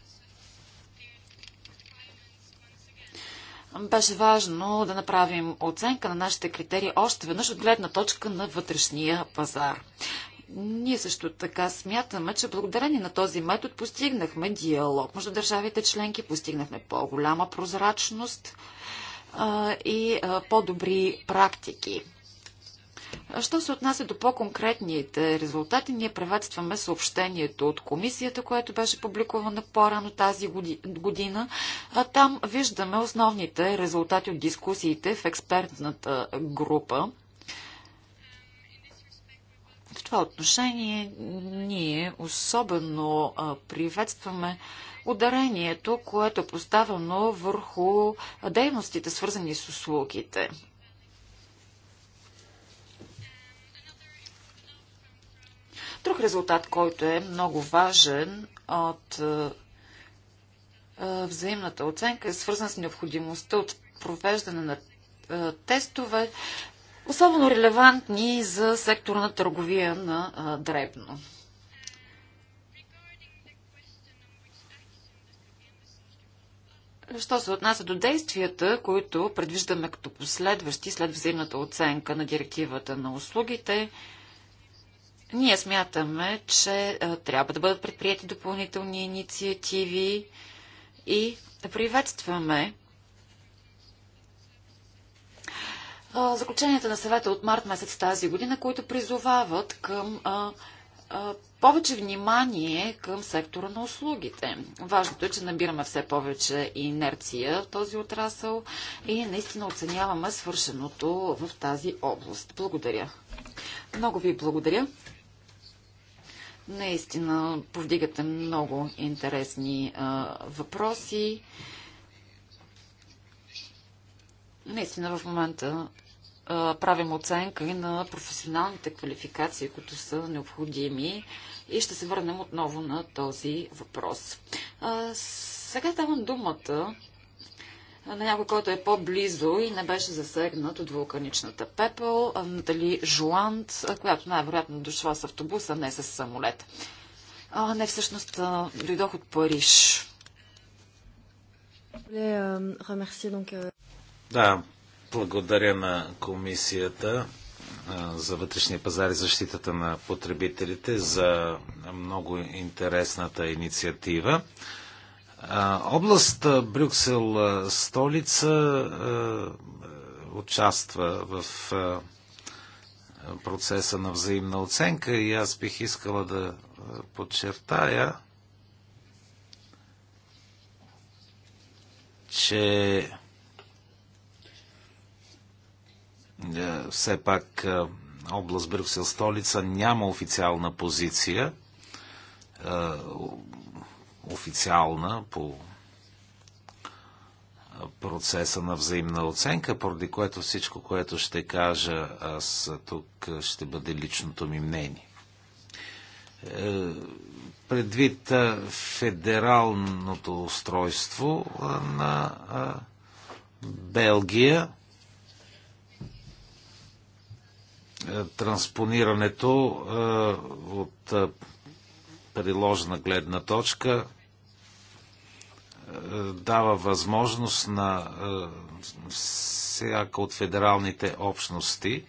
беше важно да направим оценка на нашите критерии още веднъж от гледна точка на вътрешния пазар. Ние също така смятаме, че благодарение на този метод постигнахме диалог между държавите членки, постигнахме по-голяма прозрачност а, и по-добри практики. Що се отнася до по-конкретните резултати, ние приветстваме съобщението от комисията, което беше публикувано по-рано тази година. Там виждаме основните резултати от дискусиите в експертната група. В това отношение ние особено приветстваме ударението, което е поставено върху дейностите, свързани с услугите. Друг резултат, който е много важен от е, е, взаимната оценка е свързан с необходимостта от провеждане на е, тестове, особено релевантни за сектора на търговия на дребно. Що се отнася до действията, които предвиждаме като последващи след взаимната оценка на директивата на услугите, ние смятаме, че трябва да бъдат предприяти допълнителни инициативи и да приветстваме заключенията на съвета от март месец тази година, които призовават към а, а, повече внимание към сектора на услугите. Важното е, че набираме все повече инерция в този отрасъл и наистина оценяваме свършеното в тази област. Благодаря. Много ви благодаря. Наистина повдигате много интересни а, въпроси. Наистина в момента а, правим оценка и на професионалните квалификации, които са необходими и ще се върнем отново на този въпрос. А, сега давам думата на някой, който е по-близо и не беше засегнат от вулканичната пепел, дали Жуант, която най-вероятно дошла с автобуса, не с самолет. А, не, всъщност дойдох от Париж. Е, да, благодаря на комисията за вътрешния пазар и защитата на потребителите за много интересната инициатива. Област Брюксел столица участва в процеса на взаимна оценка и аз бих искала да подчертая, че все пак област Брюксел столица няма официална позиция официална по процеса на взаимна оценка, поради което всичко, което ще кажа аз тук, ще бъде личното ми мнение. Е, предвид федералното устройство на Белгия, е, транспонирането е, от приложна гледна точка е, дава възможност на е, всяка от федералните общности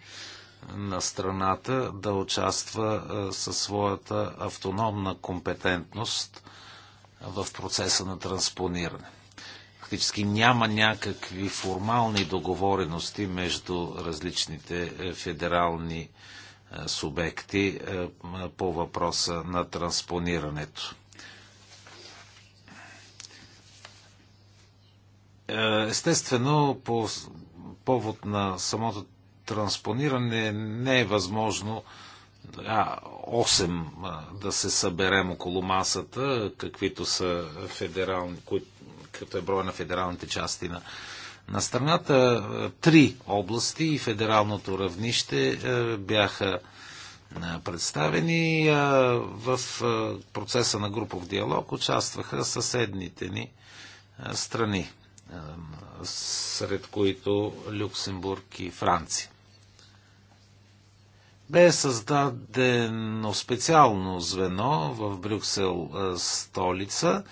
на страната да участва е, със своята автономна компетентност в процеса на транспониране. Фактически няма някакви формални договорености между различните федерални общности е, субекти е, по въпроса на транспонирането. Е, естествено, по повод на самото транспониране не е възможно а, 8 да се съберем около масата, каквито са федерални, които, като е броя на федералните части на на страната. Е, три области и федералното равнище е, бяха е, представени. В процеса на групов диалог участваха съседните ни страни, сред които Люксембург и Франция. Бе създадено специално звено в Брюксел столица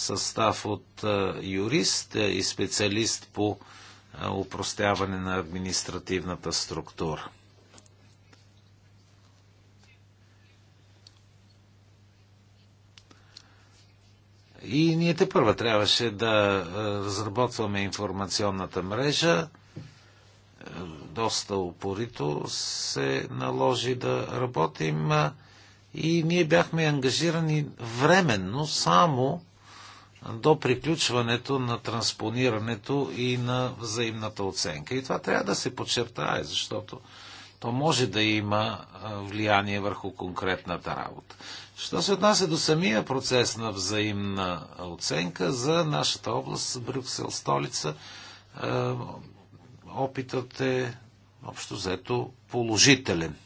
състав от юрист и специалист по упростяване на административната структура. И ние те първа трябваше да разработваме информационната мрежа. Доста упорито се наложи да работим и ние бяхме ангажирани временно само до приключването на транспонирането и на взаимната оценка. И това трябва да се подчертае, защото то може да има влияние върху конкретната работа. Що се отнася до самия процес на взаимна оценка за нашата област, Брюксел, столица, опитът е общо взето положителен.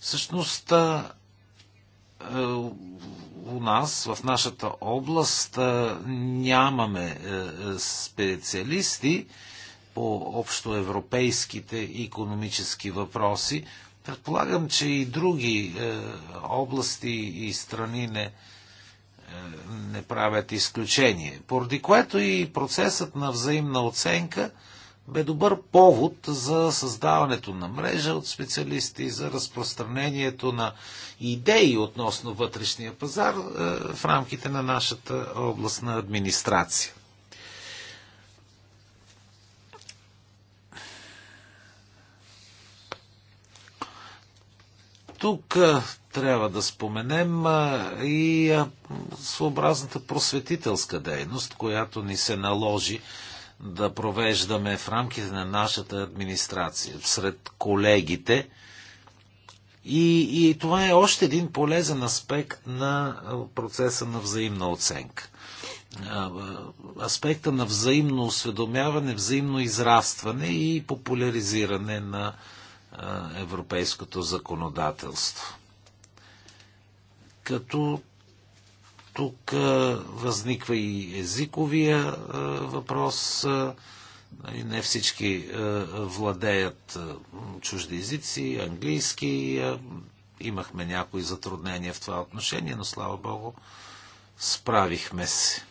Всъщност, у нас, в нашата област, нямаме е, е, специалисти по общоевропейските економически въпроси. Предполагам, че и други е, области и страни не, не правят изключение, поради което и процесът на взаимна оценка – бе добър повод за създаването на мрежа от специалисти, за разпространението на идеи относно вътрешния пазар е, в рамките на нашата областна администрация. Тук е, трябва да споменем е, и своеобразната просветителска дейност, която ни се наложи да провеждаме в рамките на нашата администрация, сред колегите. И, и това е още един полезен аспект на процеса на взаимна оценка. Аспекта на взаимно осведомяване, взаимно израстване и популяризиране на европейското законодателство. Като тук възниква и езиковия въпрос. Не всички владеят чужди езици, английски. Имахме някои затруднения в това отношение, но слава Богу, справихме се.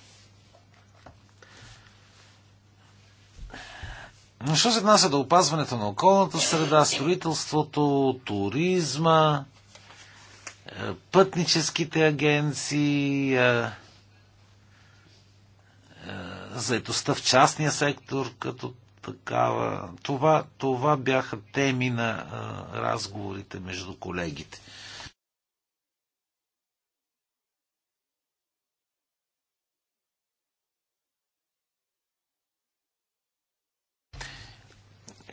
Но що се отнася до опазването на околната среда, строителството, туризма, е, пътническите агенции, е, е, заедостта в частния сектор като такава. Това, това бяха теми на разговорите между колегите.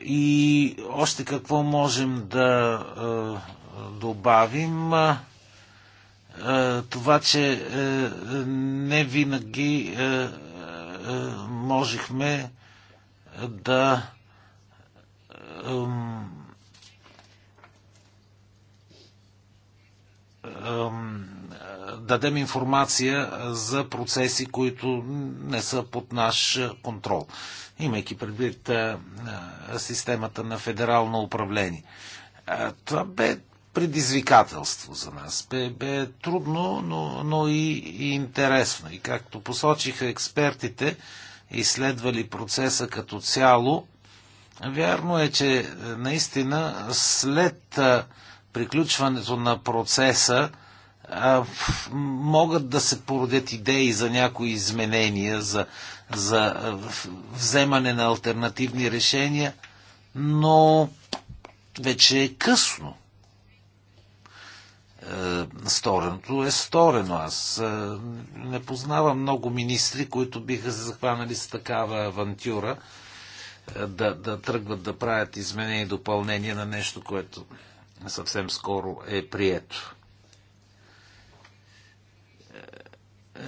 И още какво можем да е, добавим? Е, това, че е, не винаги можехме да дадем информация за процеси, които не са под наш контрол, имайки предвид системата на федерално управление. Това бе предизвикателство за нас. Бе, бе трудно, но, но и, и интересно. И както посочиха експертите, изследвали процеса като цяло, вярно е, че наистина след приключването на процеса а, могат да се породят идеи за някои изменения, за, за вземане на альтернативни решения, но вече е късно. Е, стореното е сторено. Аз е, не познавам много министри, които биха се захванали с такава авантюра е, да, да тръгват да правят изменения и допълнения на нещо, което съвсем скоро е прието.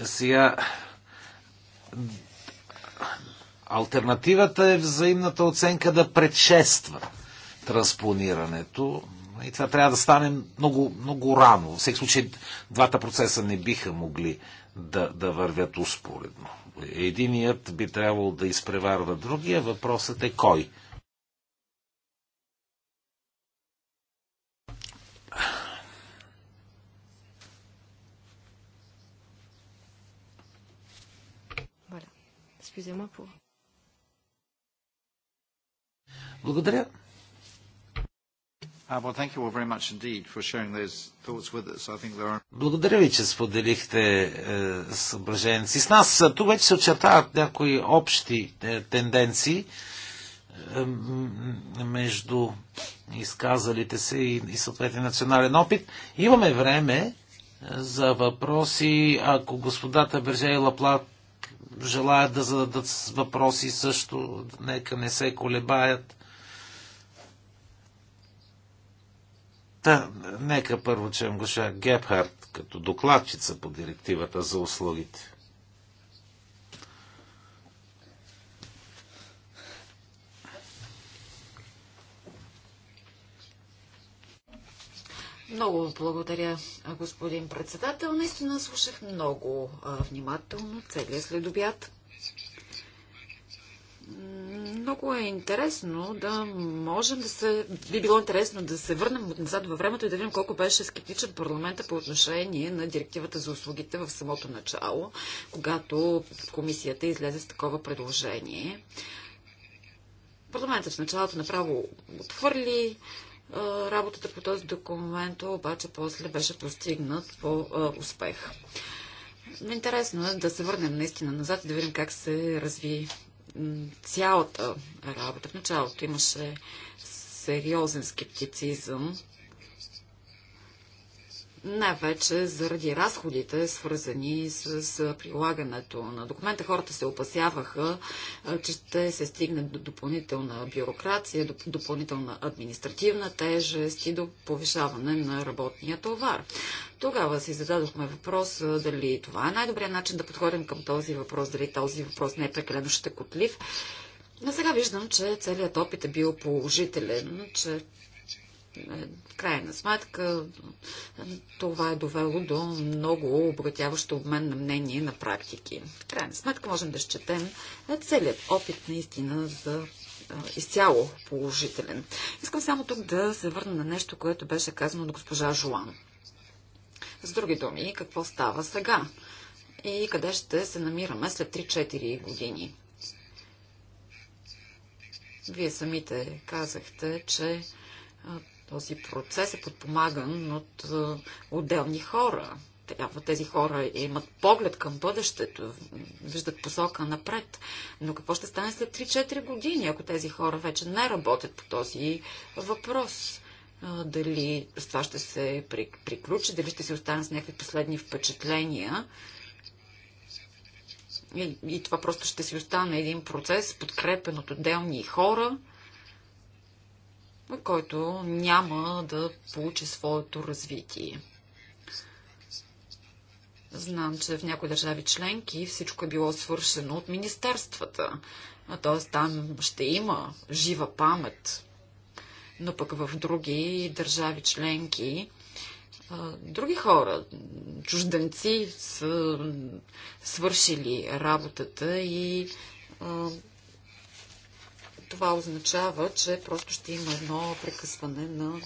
Сега Альтернативата е взаимната оценка да предшества транспонирането. И това трябва да стане много, много рано. В всеки случай, двата процеса не биха могли да, да вървят успоредно. Единият би трябвало да изпреварва другия. Въпросът е кой. Excusez-moi pour. Благодаря. Ah, Благодаря ви, че споделихте е, съображението си с нас. Е, тук вече се очертават някои общи е, тенденции между изказалите се и, и съответния национален опит. Имаме време за въпроси. Ако господата Берже и Лаплат желаят да зададат въпроси също, нека не се колебаят. Та, нека първо чуем госпожа Гепхарт като докладчица по директивата за услугите. Много благодаря, господин председател. Наистина слушах много а, внимателно целия следобят. Много е интересно да можем да се... Би било интересно да се върнем назад във времето и да видим колко беше скептичен парламента по отношение на директивата за услугите в самото начало, когато комисията излезе с такова предложение. Парламентът в началото направо отхвърли Работата по този документ обаче после беше постигнат по успех. Интересно е да се върнем наистина назад и да видим как се разви цялата работа. В началото имаше сериозен скептицизъм най-вече заради разходите, свързани с прилагането на документа. Хората се опасяваха, че ще се стигне до допълнителна бюрокрация, до допълнителна административна тежест и до повишаване на работния товар. Тогава си зададохме въпрос дали това е най-добрият начин да подходим към този въпрос, дали този въпрос не е прекалено щекотлив. Но сега виждам, че целият опит е бил положителен, че е, крайна сметка това е довело до много обратяващо обмен на мнение на практики. Крайна сметка можем да счетем е, целият опит наистина за е, изцяло положителен. Искам само тук да се върна на нещо, което беше казано от госпожа Жуан. С други думи, какво става сега? И къде ще се намираме след 3-4 години? Вие самите казахте, че този процес е подпомаган от е, отделни хора. Трябва тези хора имат поглед към бъдещето, виждат посока напред. Но какво ще стане след 3-4 години, ако тези хора вече не работят по този въпрос? Е, дали с това ще се приключи, дали ще се остане с някакви последни впечатления? И, и това просто ще си остане един процес, подкрепен от отделни хора – който няма да получи своето развитие. Знам, че в някои държави членки всичко е било свършено от министерствата. Т.е. там ще има жива памет. Но пък в други държави членки други хора, чужденци са свършили работата и това означава, че просто ще има едно прекъсване на,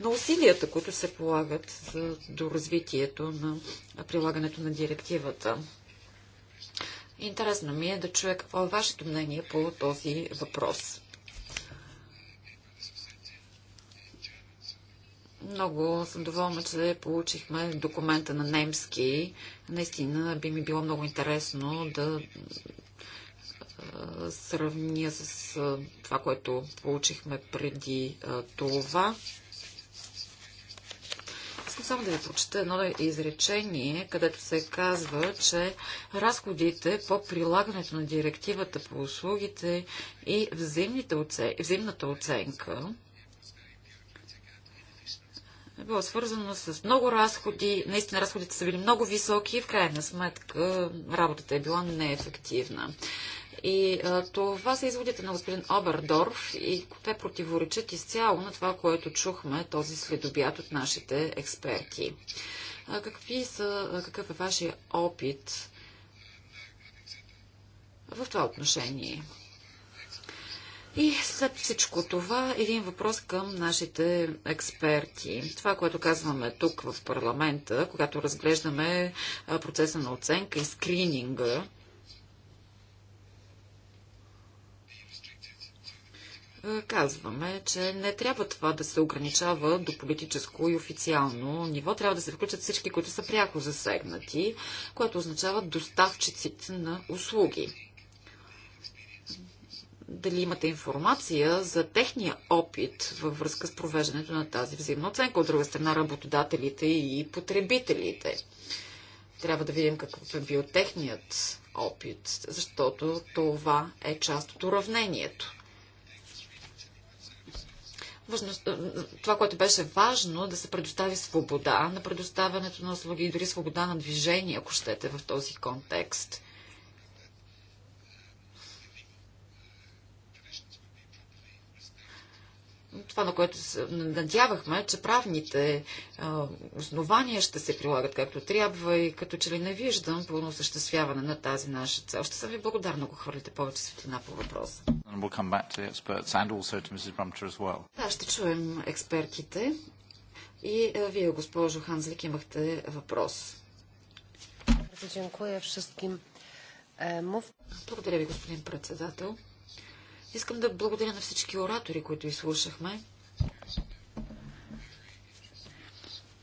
на усилията, които се полагат за доразвитието на прилагането на директивата. Интересно ми е да чуя какво е вашето мнение по този въпрос. Много съм доволна, че получихме документа на немски. Наистина би ми било много интересно да сравня с това, което получихме преди това. Искам само да ви прочета едно изречение, където се казва, че разходите по прилагането на директивата по услугите и взаимната оценка е било свързано с много разходи. Наистина разходите са били много високи и в крайна сметка работата е била неефективна. И а, това са изводите на господин Обердорф и те противоречат изцяло на това, което чухме този следобят от нашите експерти. А, какви са, а, какъв е вашия опит в това отношение? И след всичко това, един въпрос към нашите експерти. Това, което казваме тук в парламента, когато разглеждаме процеса на оценка и скрининга, Е, казваме, че не трябва това да се ограничава до политическо и официално ниво. Трябва да се включат всички, които са пряко засегнати, което означава доставчиците на услуги. Дали имате информация за техния опит във връзка с провеждането на тази взаимна оценка, от друга страна работодателите и потребителите. Трябва да видим какъв е бил техният опит, защото това е част от уравнението. Е, е, това, което беше важно, да се предостави свобода на предоставянето на услуги и дори свобода на движение, ако щете, в този контекст. това, на което се надявахме, че правните а, основания ще се прилагат както трябва и като че ли не виждам пълно осъществяване на тази наша цел. Ще съм ви благодарна, ако хвърлите повече светлина по въпроса. Well. Да, ще чуем експертите. И а, вие, госпожо Ханзлик, имахте въпрос. Е, Благодаря ви, господин председател. Искам да благодаря на всички оратори, които изслушахме.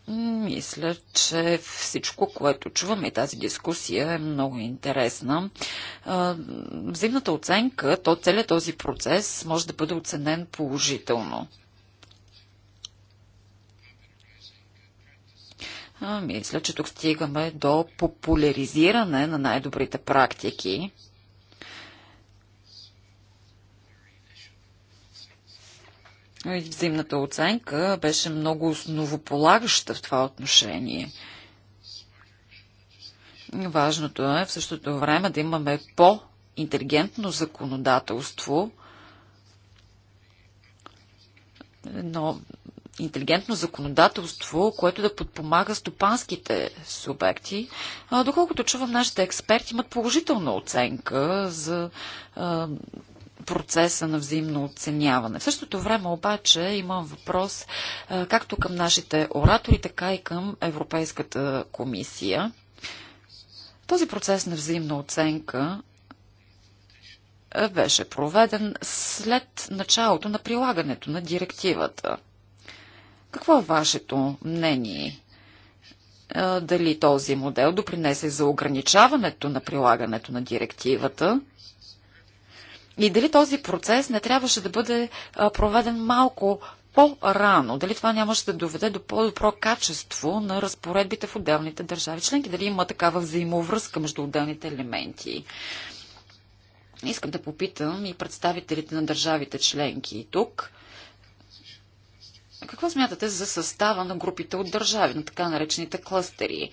Мисля, че всичко, което чуваме и тази дискусия е много интересна. Взимната оценка, то целият този процес може да бъде оценен положително. Мисля, че тук стигаме до популяризиране на най-добрите практики Взимната оценка беше много основополагаща в това отношение. Важното е в същото време да имаме по-интелигентно законодателство, но интелигентно законодателство, което да подпомага стопанските субекти. доколкото чувам, нашите експерти имат положителна оценка за а, процеса на взаимно оценяване. В същото време обаче имам въпрос е, както към нашите оратори, така и към Европейската комисия. Този процес на взаимна оценка е, беше проведен след началото на прилагането на директивата. Какво е вашето мнение? Е, дали този модел допринесе за ограничаването на прилагането на директивата – и дали този процес не трябваше да бъде проведен малко по-рано? Дали това нямаше да доведе до по-добро качество на разпоредбите в отделните държави членки? Дали има такава взаимовръзка между отделните елементи? Искам да попитам и представителите на държавите членки и тук. Какво смятате за състава на групите от държави, на така наречените кластери?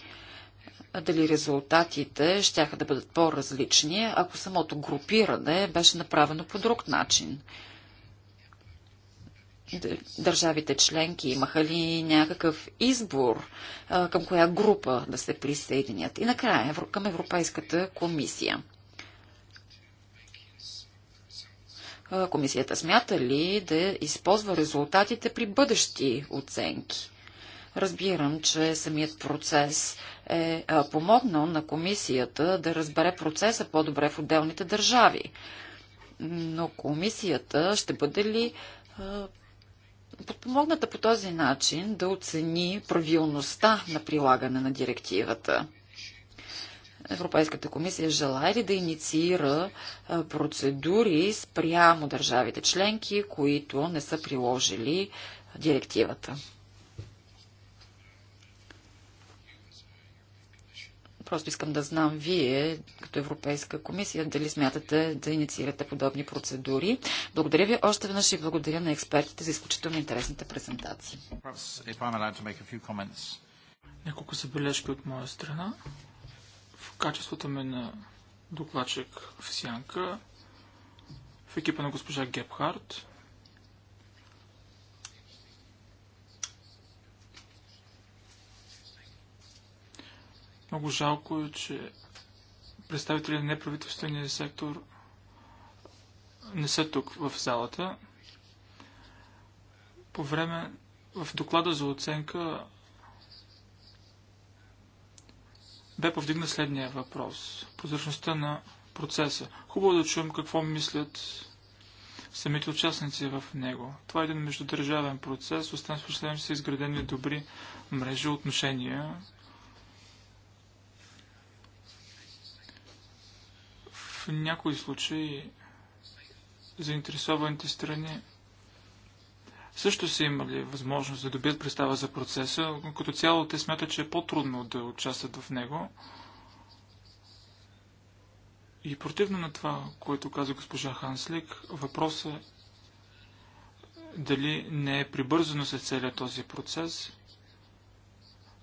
дали резултатите ще да бъдат по-различни, ако самото групиране беше направено по друг начин. Държавите членки имаха ли някакъв избор а, към коя група да се присъединят? И накрая към Европейската комисия. комисията смята ли да използва резултатите при бъдещи оценки? Разбирам, че самият процес е помогнал на комисията да разбере процеса по-добре в отделните държави. Но комисията ще бъде ли подпомогната по този начин да оцени правилността на прилагане на директивата? Европейската комисия желая ли да инициира процедури спрямо държавите членки, които не са приложили директивата? Просто искам да знам вие, като Европейска комисия, дали смятате да инициирате подобни процедури. Благодаря ви още веднъж и благодаря на експертите за изключително интересните презентации. Няколко забележки от моя страна. В качеството ми на докладчик в Сянка, в екипа на госпожа Гепхарт, Много жалко е, че представители на неправителствения сектор не са тук в залата. По време в доклада за оценка бе повдигна следния въпрос. Прозрачността на процеса. Хубаво да чуем какво мислят самите участници в него. Това е един междудържавен процес. Оставам с са изградени добри мрежи отношения някои случаи заинтересованите страни също са имали възможност да добият представа за процеса, като цяло те смятат, че е по-трудно да участват в него. И противно на това, което каза госпожа Ханслик, въпросът е дали не е прибързано се целият този процес,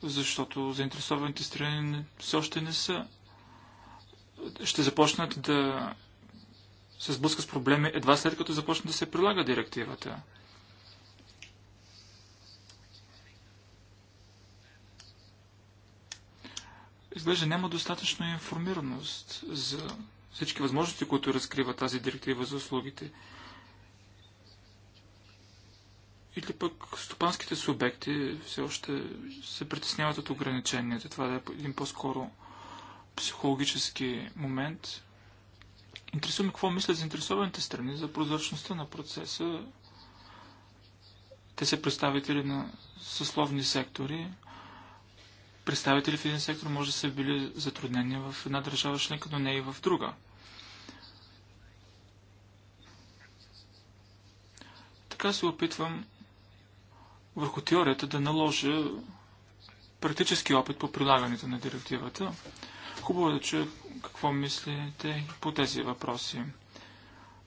защото заинтересованите страни все още не са ще започнат да се сблъскат с проблеми едва след като започне да се прилага директивата. Изглежда няма достатъчно информираност за всички възможности, които разкрива тази директива за услугите. Или пък стопанските субекти все още се притесняват от ограниченията. Това да е един по-скоро психологически момент. Интересуваме какво мислят заинтересованите страни за прозрачността на процеса. Те са представители на съсловни сектори. Представители в един сектор може да са били затруднени в една държава членка, но не и в друга. Така се опитвам върху теорията да наложа практически опит по прилагането на директивата. Хубаво е да чуя какво мислите по тези въпроси.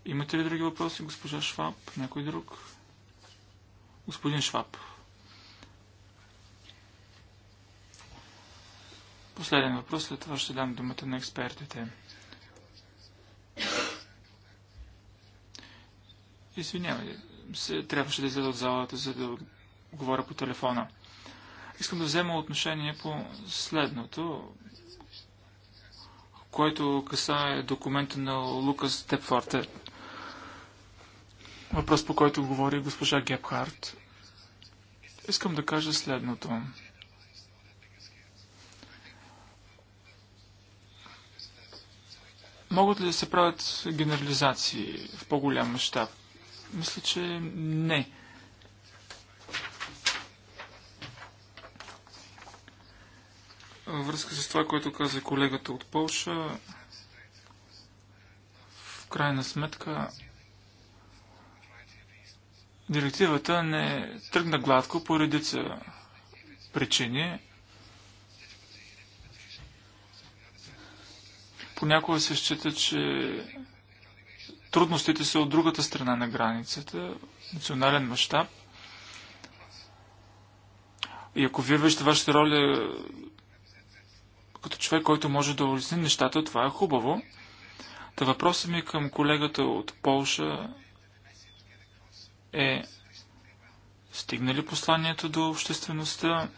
Имате ли други въпроси, госпожа Шваб? Някой друг? Господин Шваб. Последен въпрос, след това ще дам думата на експертите. Извинявайте, се, трябваше да изледа от залата, за да говоря по телефона. Искам да взема отношение по следното което касае документа на Лукас Степфорте. Въпрос, по който говори госпожа Гепхарт. Искам да кажа следното. Могат ли да се правят генерализации в по-голям мащаб? Мисля, че не. Във връзка с това, което каза колегата от Полша, в крайна сметка директивата не тръгна гладко по редица причини. Понякога се счита, че трудностите са от другата страна на границата, национален мащаб. И ако вие виждате вашата роля е като човек, който може да улесни нещата, това е хубаво. Та въпросът ми към колегата от Полша е стигна ли посланието до обществеността?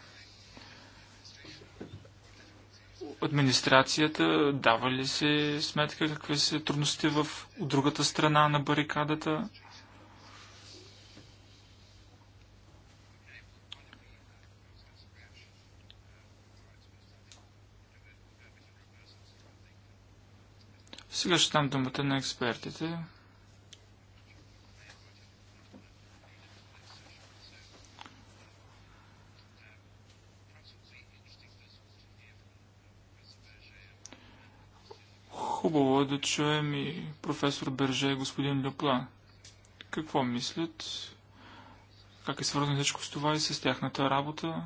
Администрацията дава ли се сметка какви са трудности в другата страна на барикадата? Сега ще дам думата на експертите. Хубаво е да чуем и професор Берже и господин Люпла. Какво мислят? Как е свързано всичко с това и с тяхната работа?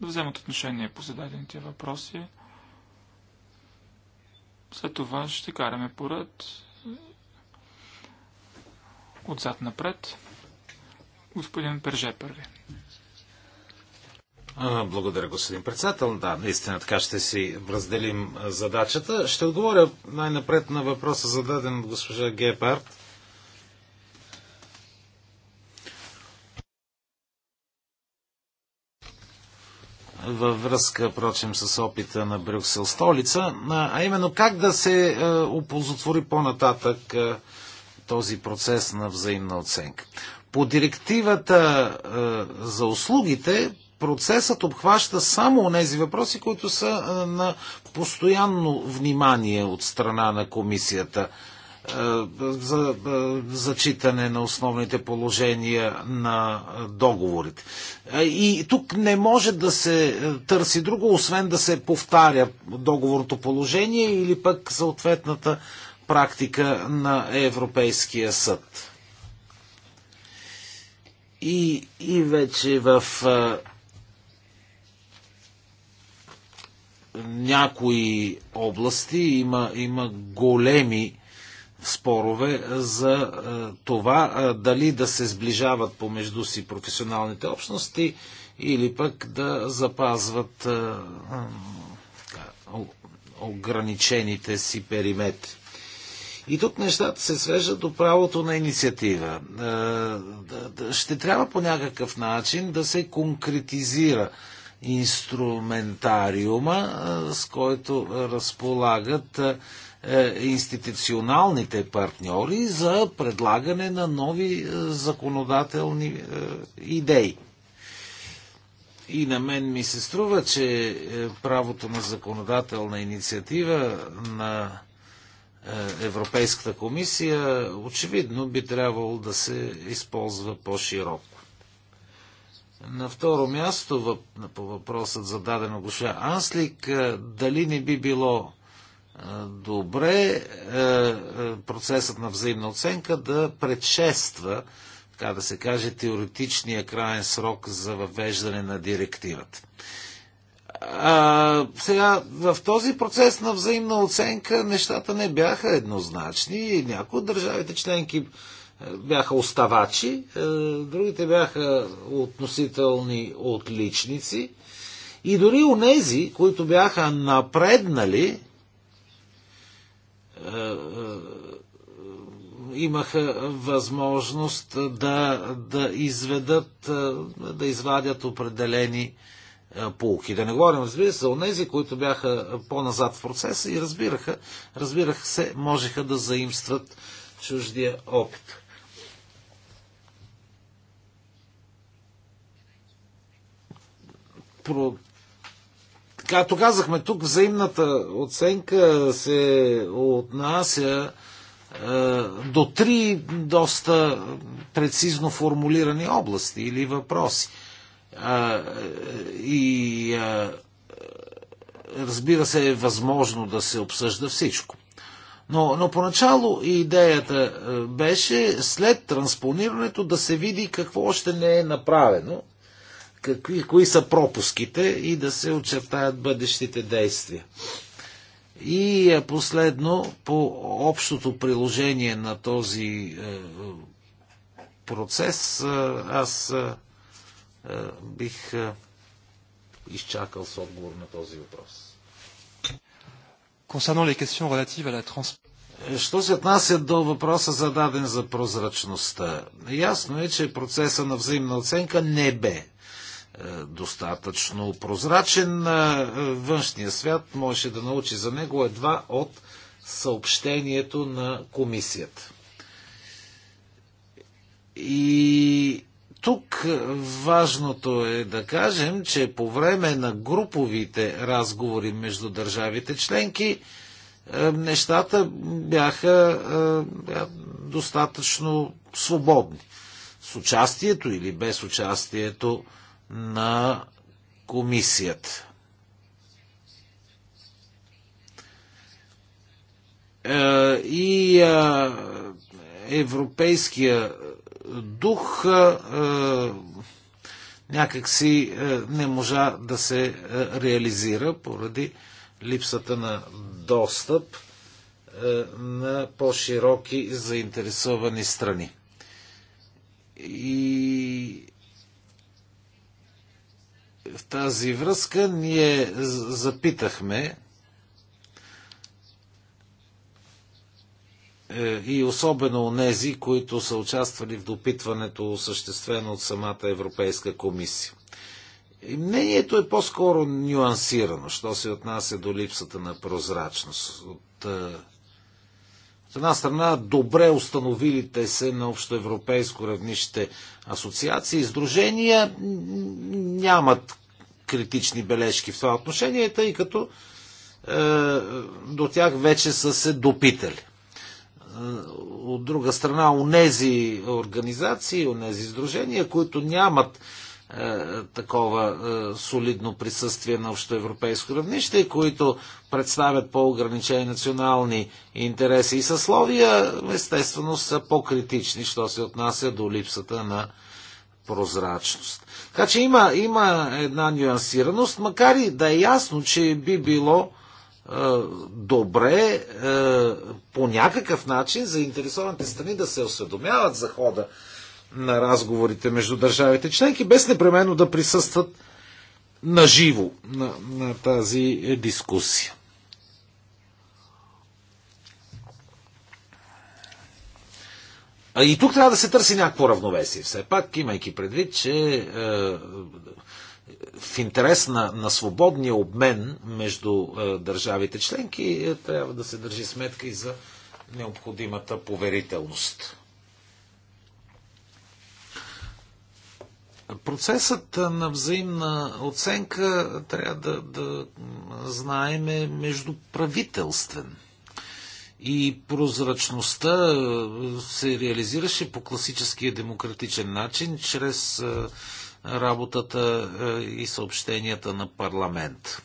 Да вземат отношение по зададените въпроси. След това ще караме поред отзад напред. Господин Перже първи. Благодаря, господин председател. Да, наистина така ще си разделим задачата. Ще отговоря най-напред на въпроса зададен от госпожа Гепард във връзка, прочим, с опита на Брюксел столица, а именно как да се е, оползотвори по-нататък е, този процес на взаимна оценка. По директивата е, за услугите, процесът обхваща само тези въпроси, които са на постоянно внимание от страна на комисията – за е, зачитане на основните положения на договорите. Е, и тук не може да се е, търси друго, освен да се повтаря договорното положение или пък съответната практика на Европейския съд. И, и вече в някои области има, има големи спорове за е, това е, дали да се сближават помежду си професионалните общности или пък да запазват е, ограничените си периметри. И тук нещата се свежат до правото на инициатива. Ще трябва по някакъв начин да се конкретизира инструментариума, с който разполагат е, институционалните партньори за предлагане на нови е, законодателни е, идеи. И на мен ми се струва, че правото на законодателна инициатива на Европейската комисия очевидно би трябвало да се използва по-широко. На второ място по въпросът зададен от госпожа Анслик, дали не би било добре е, е, процесът на взаимна оценка да предшества, така да се каже, теоретичния крайен срок за въвеждане на директивата. А, сега, в този процес на взаимна оценка нещата не бяха еднозначни някои от държавите членки е, бяха оставачи, другите бяха относителни отличници и дори у нези, които бяха напреднали е, е, е, имаха възможност да, да изведат, да извадят определени полки. Да не говорим, разбира се, за тези, които бяха по-назад в процеса и разбираха, разбираха се, можеха да заимстват чуждия опит. Про Както казахме тук, взаимната оценка се отнася е, до три доста прецизно формулирани области или въпроси. Е, и е, разбира се, е възможно да се обсъжда всичко. Но, но поначало идеята беше след транспонирането да се види какво още не е направено какви, кои са пропуските и да се очертаят бъдещите действия. И е, последно, по общото приложение на този е, процес, е, аз бих изчакал с отговор на този въпрос. Що се отнася до въпроса зададен за прозрачността? Ясно е, че процеса на взаимна оценка не бе е, достатъчно прозрачен. Е, е, външния свят можеше да научи за него едва от съобщението на комисията. И тук важното е да кажем, че по време на груповите разговори между държавите членки нещата бяха достатъчно свободни. С участието или без участието на комисията. Е, и е, европейския дух е, някакси не можа да се реализира поради липсата на достъп на по-широки заинтересовани страни. И в тази връзка ние запитахме е, и особено нези, които са участвали в допитването, осъществено от самата Европейска комисия. И мнението е по-скоро нюансирано, що се отнася до липсата на прозрачност. От, е, от една страна, добре установилите се на общоевропейско равнище асоциации и издружения нямат критични бележки в това отношение, тъй като е, до тях вече са се допитали. Е, от друга страна, нези организации, нези сдружения, които нямат е, такова е, солидно присъствие на общоевропейско равнище, които представят по-ограничени национални интереси и съсловия, естествено са по-критични, що се отнася до липсата на прозрачност. Така че има, има една нюансираност, макар и да е ясно, че би било е, добре е, по някакъв начин заинтересованите страни да се осведомяват за хода на разговорите между държавите членки, без непременно да присъстват наживо на, на тази дискусия. И тук трябва да се търси някакво равновесие. Все пак, имайки предвид, че е, в интерес на, на свободния обмен между е, държавите членки е, трябва да се държи сметка и за необходимата поверителност. Процесът на взаимна оценка трябва да, да знаем е междуправителствен. правителствен и прозрачността е, се реализираше по класическия демократичен начин, чрез е, работата е, и съобщенията на парламент.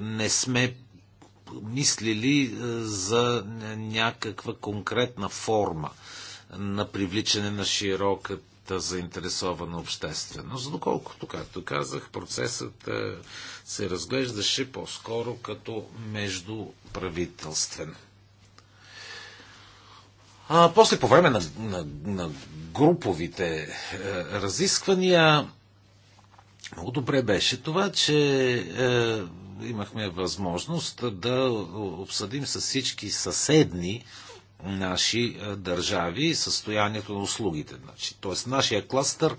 Не сме мислили за някаква конкретна форма на привличане на широката заинтересована общественост. Доколкото, както казах, процесът се разглеждаше по-скоро като междуправителствен. А, после по време на, на, на груповите е, разисквания много добре беше това, че е, имахме възможност да обсъдим с всички съседни наши е, държави състоянието на услугите. Значи, тоест нашия кластър,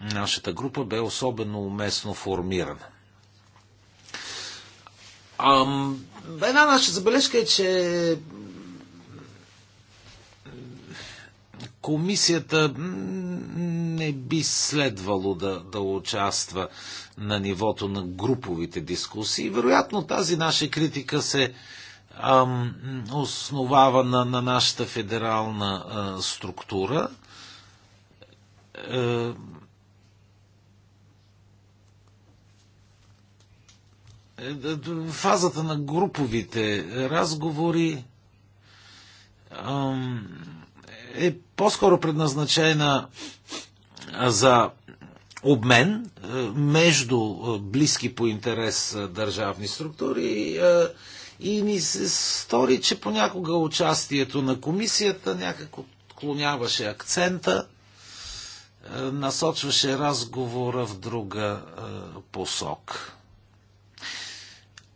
нашата група бе особено уместно формирана. Ам, една наша забележка е, че комисията не би следвало да, да участва на нивото на груповите дискусии. Вероятно тази наша критика се ам, основава на, на нашата федерална а, структура. А, е, е, фазата на груповите разговори ам, е по-скоро предназначена за обмен между близки по интерес държавни структури и ми се стори, че понякога участието на комисията някак отклоняваше акцента, насочваше разговора в друга посок.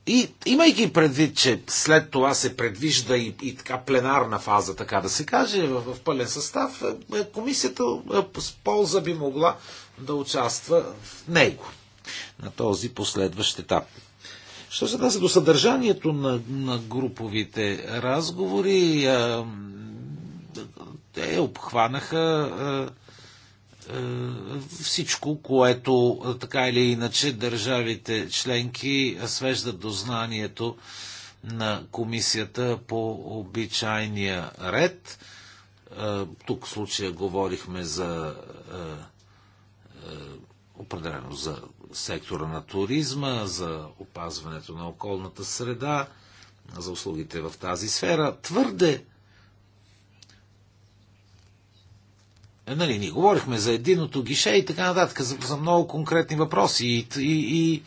И имайки предвид, че след това се предвижда и, и така пленарна фаза, така да се каже, в, в пълен състав, е, е, комисията е, с полза би могла да участва в него на този последващ етап. Що се отнася до съдържанието на, на груповите разговори, а, те обхванаха а, е, всичко, което е, така или иначе държавите членки свеждат до знанието на комисията по обичайния ред. Е, тук в случая говорихме за определено за сектора на туризма, за опазването на околната среда, за услугите в тази сфера. Твърде Е, нали, ние говорихме за единото гише и така нататък, за, за много конкретни въпроси. И, и, и,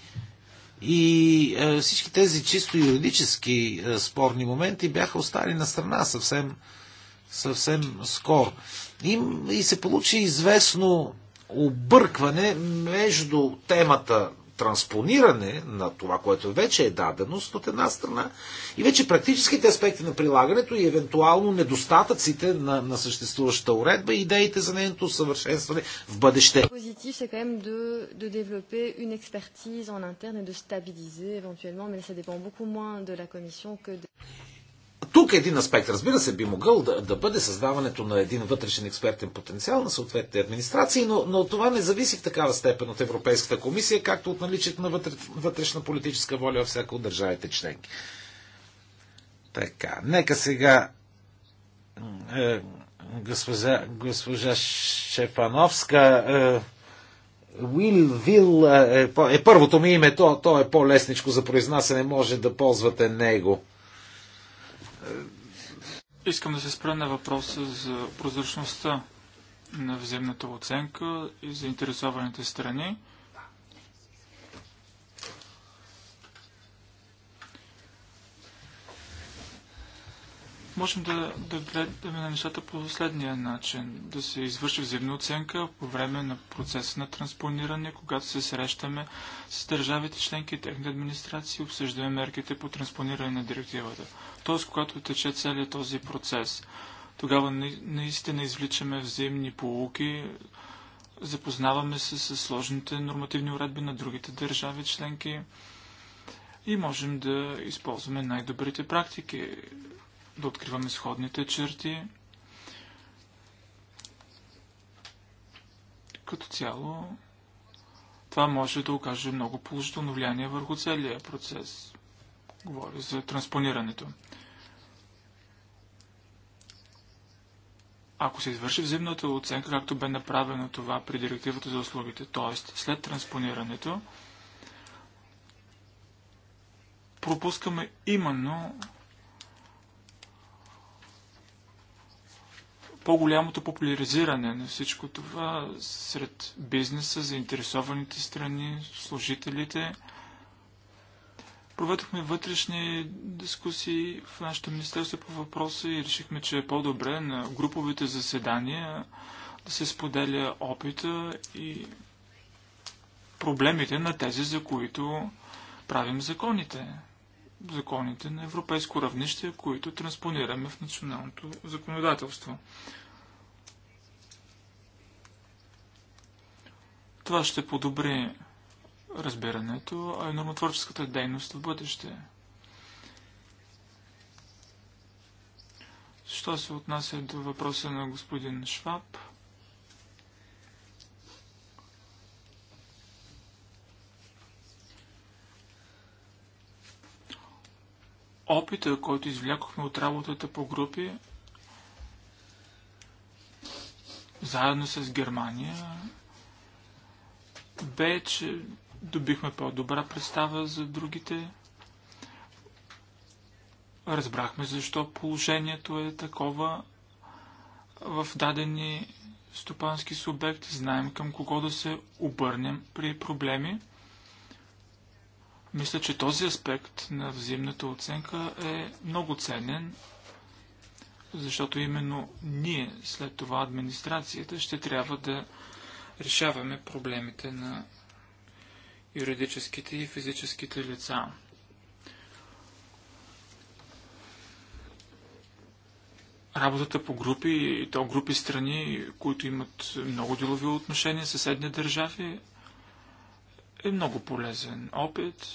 и е, всички тези чисто юридически е, спорни моменти бяха остали на страна съвсем, съвсем скоро. И, и се получи известно объркване между темата транспониране на това, което вече е даденост от една страна и вече практическите аспекти на прилагането и евентуално недостатъците на, на съществуващата уредба и идеите за нейното съвършенстване в бъдеще. Позитив е тук един аспект, разбира се, би могъл да, да бъде създаването на един вътрешен експертен потенциал на съответните администрации, но, но това не зависи в такава степен от Европейската комисия, както от наличието на вътрешна политическа воля във всяка от държавите членки. Така, нека сега е, госпожа, госпожа Шепановска. Е, Will, Will е, е, е първото ми име, то, то е по-лесничко за произнасяне, може да ползвате него. Искам да се спра на въпроса за прозрачността на вземната оценка и заинтересованите страни. можем да, да гледаме на нещата по следния начин. Да се извърши взаимна оценка по време на процеса на транспониране, когато се срещаме с държавите членки и техните администрации обсъждаме мерките по транспониране на директивата. Тоест, когато тече целият този процес, тогава наистина извличаме взаимни полуки, запознаваме се с сложните нормативни уредби на другите държави членки и можем да използваме най-добрите практики да откриваме сходните черти. Като цяло, това може да окаже много положително влияние върху целия процес. Говоря за транспонирането. Ако се извърши взаимната оценка, както бе направено това при директивата за услугите, т.е. след транспонирането, пропускаме именно по-голямото популяризиране на всичко това сред бизнеса, заинтересованите страни, служителите. Проведохме вътрешни дискусии в нашето министерство по въпроса и решихме, че е по-добре на груповите заседания да се споделя опита и проблемите на тези, за които правим законите законите на европейско равнище, които транспонираме в националното законодателство. Това ще подобри разбирането, а и нормотворческата дейност в бъдеще. Що се отнася до въпроса на господин Шваб – опита, който извлякохме от работата по групи, заедно с Германия, бе, че добихме по-добра представа за другите. Разбрахме защо положението е такова в дадени стопански субект. Знаем към кого да се обърнем при проблеми. Мисля, че този аспект на взаимната оценка е много ценен, защото именно ние, след това администрацията, ще трябва да решаваме проблемите на юридическите и физическите лица. Работата по групи, и то групи страни, които имат много делови отношения, съседни държави, е много полезен опит,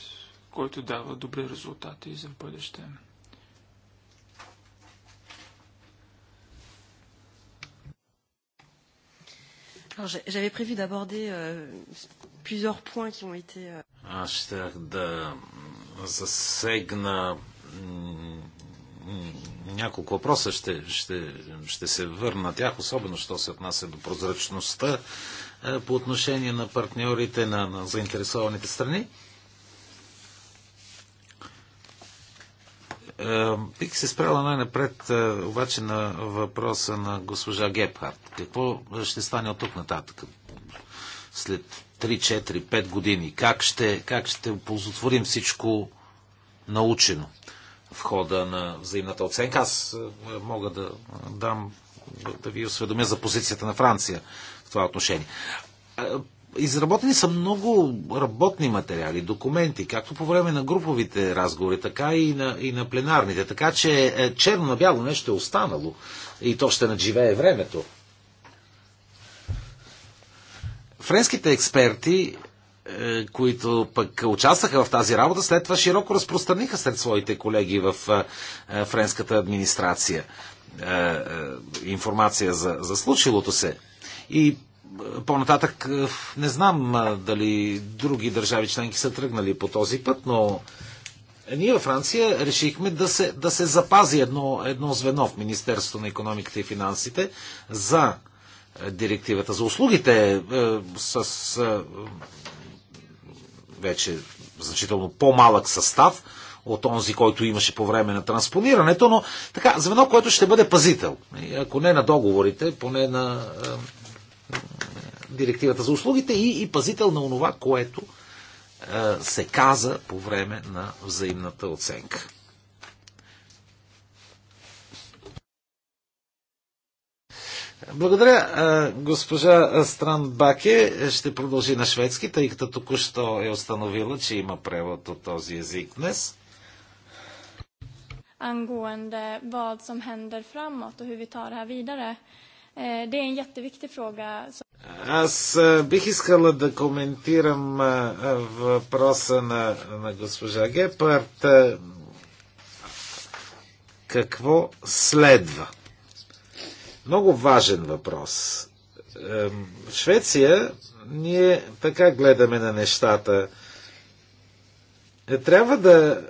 който дава добри резултати за бъдеще. J'avais prévu d'aborder euh, plusieurs points qui ont été. Euh... Аз щях да засегна няколко въпроса. Ще, ще, ще се върна на тях, особено що се отнася до прозрачността е, по отношение на партньорите на, на заинтересованите страни. Е, бих се справила най-напред е, обаче на въпроса на госпожа Гепхарт. Какво ще стане от тук нататък? След 3, 4, 5 години. Как ще, как ще ползотворим всичко научено в хода на взаимната оценка? Аз мога да дам да ви осведомя за позицията на Франция в това отношение. Изработени са много работни материали, документи, както по време на груповите разговори, така и на, и на пленарните. Така че е, черно на бяло нещо е останало и то ще надживее времето. Френските експерти, е, които пък участваха в тази работа, след това широко разпространиха сред своите колеги в е, френската администрация информация за, за случилото се. И е, по-нататък е, не знам е, дали други държави членки са тръгнали по този път, но ние във Франция решихме да се, да се запази едно, едно звено в Министерството на економиката и финансите за директивата за услугите с вече значително по-малък състав от онзи, който имаше по време на транспонирането, но така, звено, което ще бъде пазител. Ако не на договорите, поне на директивата за услугите и, и пазител на онова, което е, се каза по време на взаимната оценка. Благодаря, е, госпожа Стран Баке. Ще продължи на шведски, тъй като току-що е установила, че има превод от този език днес. Ангуенде, вад, som händer framåt и hur vi tar det här vidare. Eh, det е en jätteviktig fråga. Аз е, бих искала да коментирам е, е, въпроса на, на госпожа Гепард. Какво следва? Много важен въпрос. В Швеция ние така гледаме на нещата. Трябва да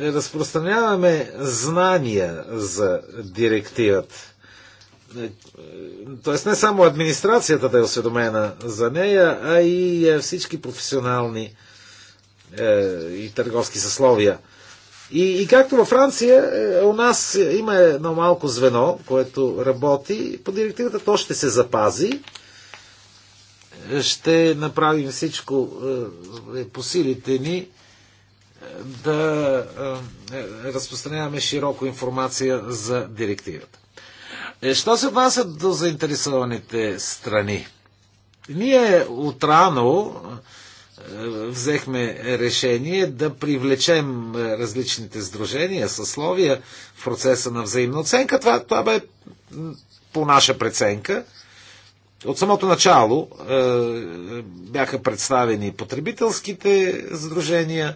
Е, разпространяваме знания за директивата. Е, тоест не само администрацията да е осведомена за нея, а и е, всички професионални и търговски съсловия. И, и както във Франция, у нас има едно малко звено, което работи по директивата, то ще се запази. Ще направим всичко по силите ни да е, е, разпространяваме широко информация за директивата. Е, що се отнася до заинтересованите страни? Ние отрано взехме решение да привлечем различните сдружения, съсловия в процеса на взаимна оценка. Това, това бе по наша преценка. От самото начало бяха представени потребителските сдружения,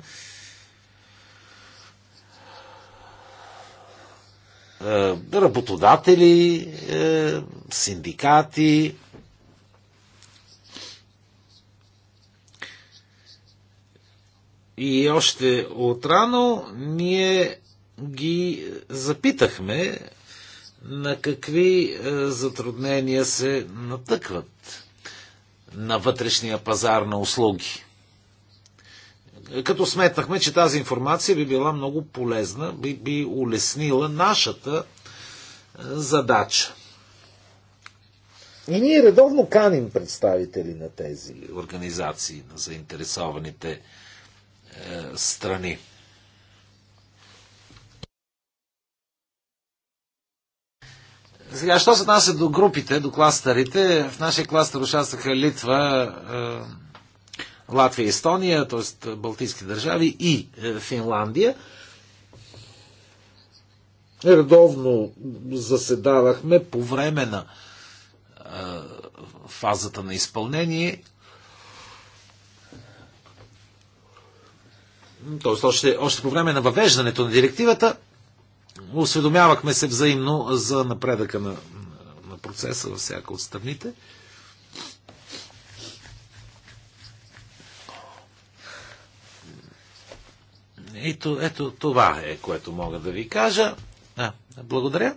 Е, работодатели, е, синдикати. И още отрано ние ги запитахме на какви е, затруднения се натъкват на вътрешния пазар на услуги като сметнахме, че тази информация би била много полезна, би, би улеснила нашата е, задача. И ние редовно каним представители на тези организации, на заинтересованите е, страни. Сега, що се отнася до групите, до кластерите, в нашия кластер участваха Литва, е, Латвия и Естония, т.е. Балтийски държави и е, Финландия. Редовно заседавахме по време на е, фазата на изпълнение. Т.е. още, още по време на въвеждането на директивата, осведомявахме се взаимно за напредъка на, на процеса във всяка от страните. Ето, ето това е, което мога да ви кажа. А, благодаря.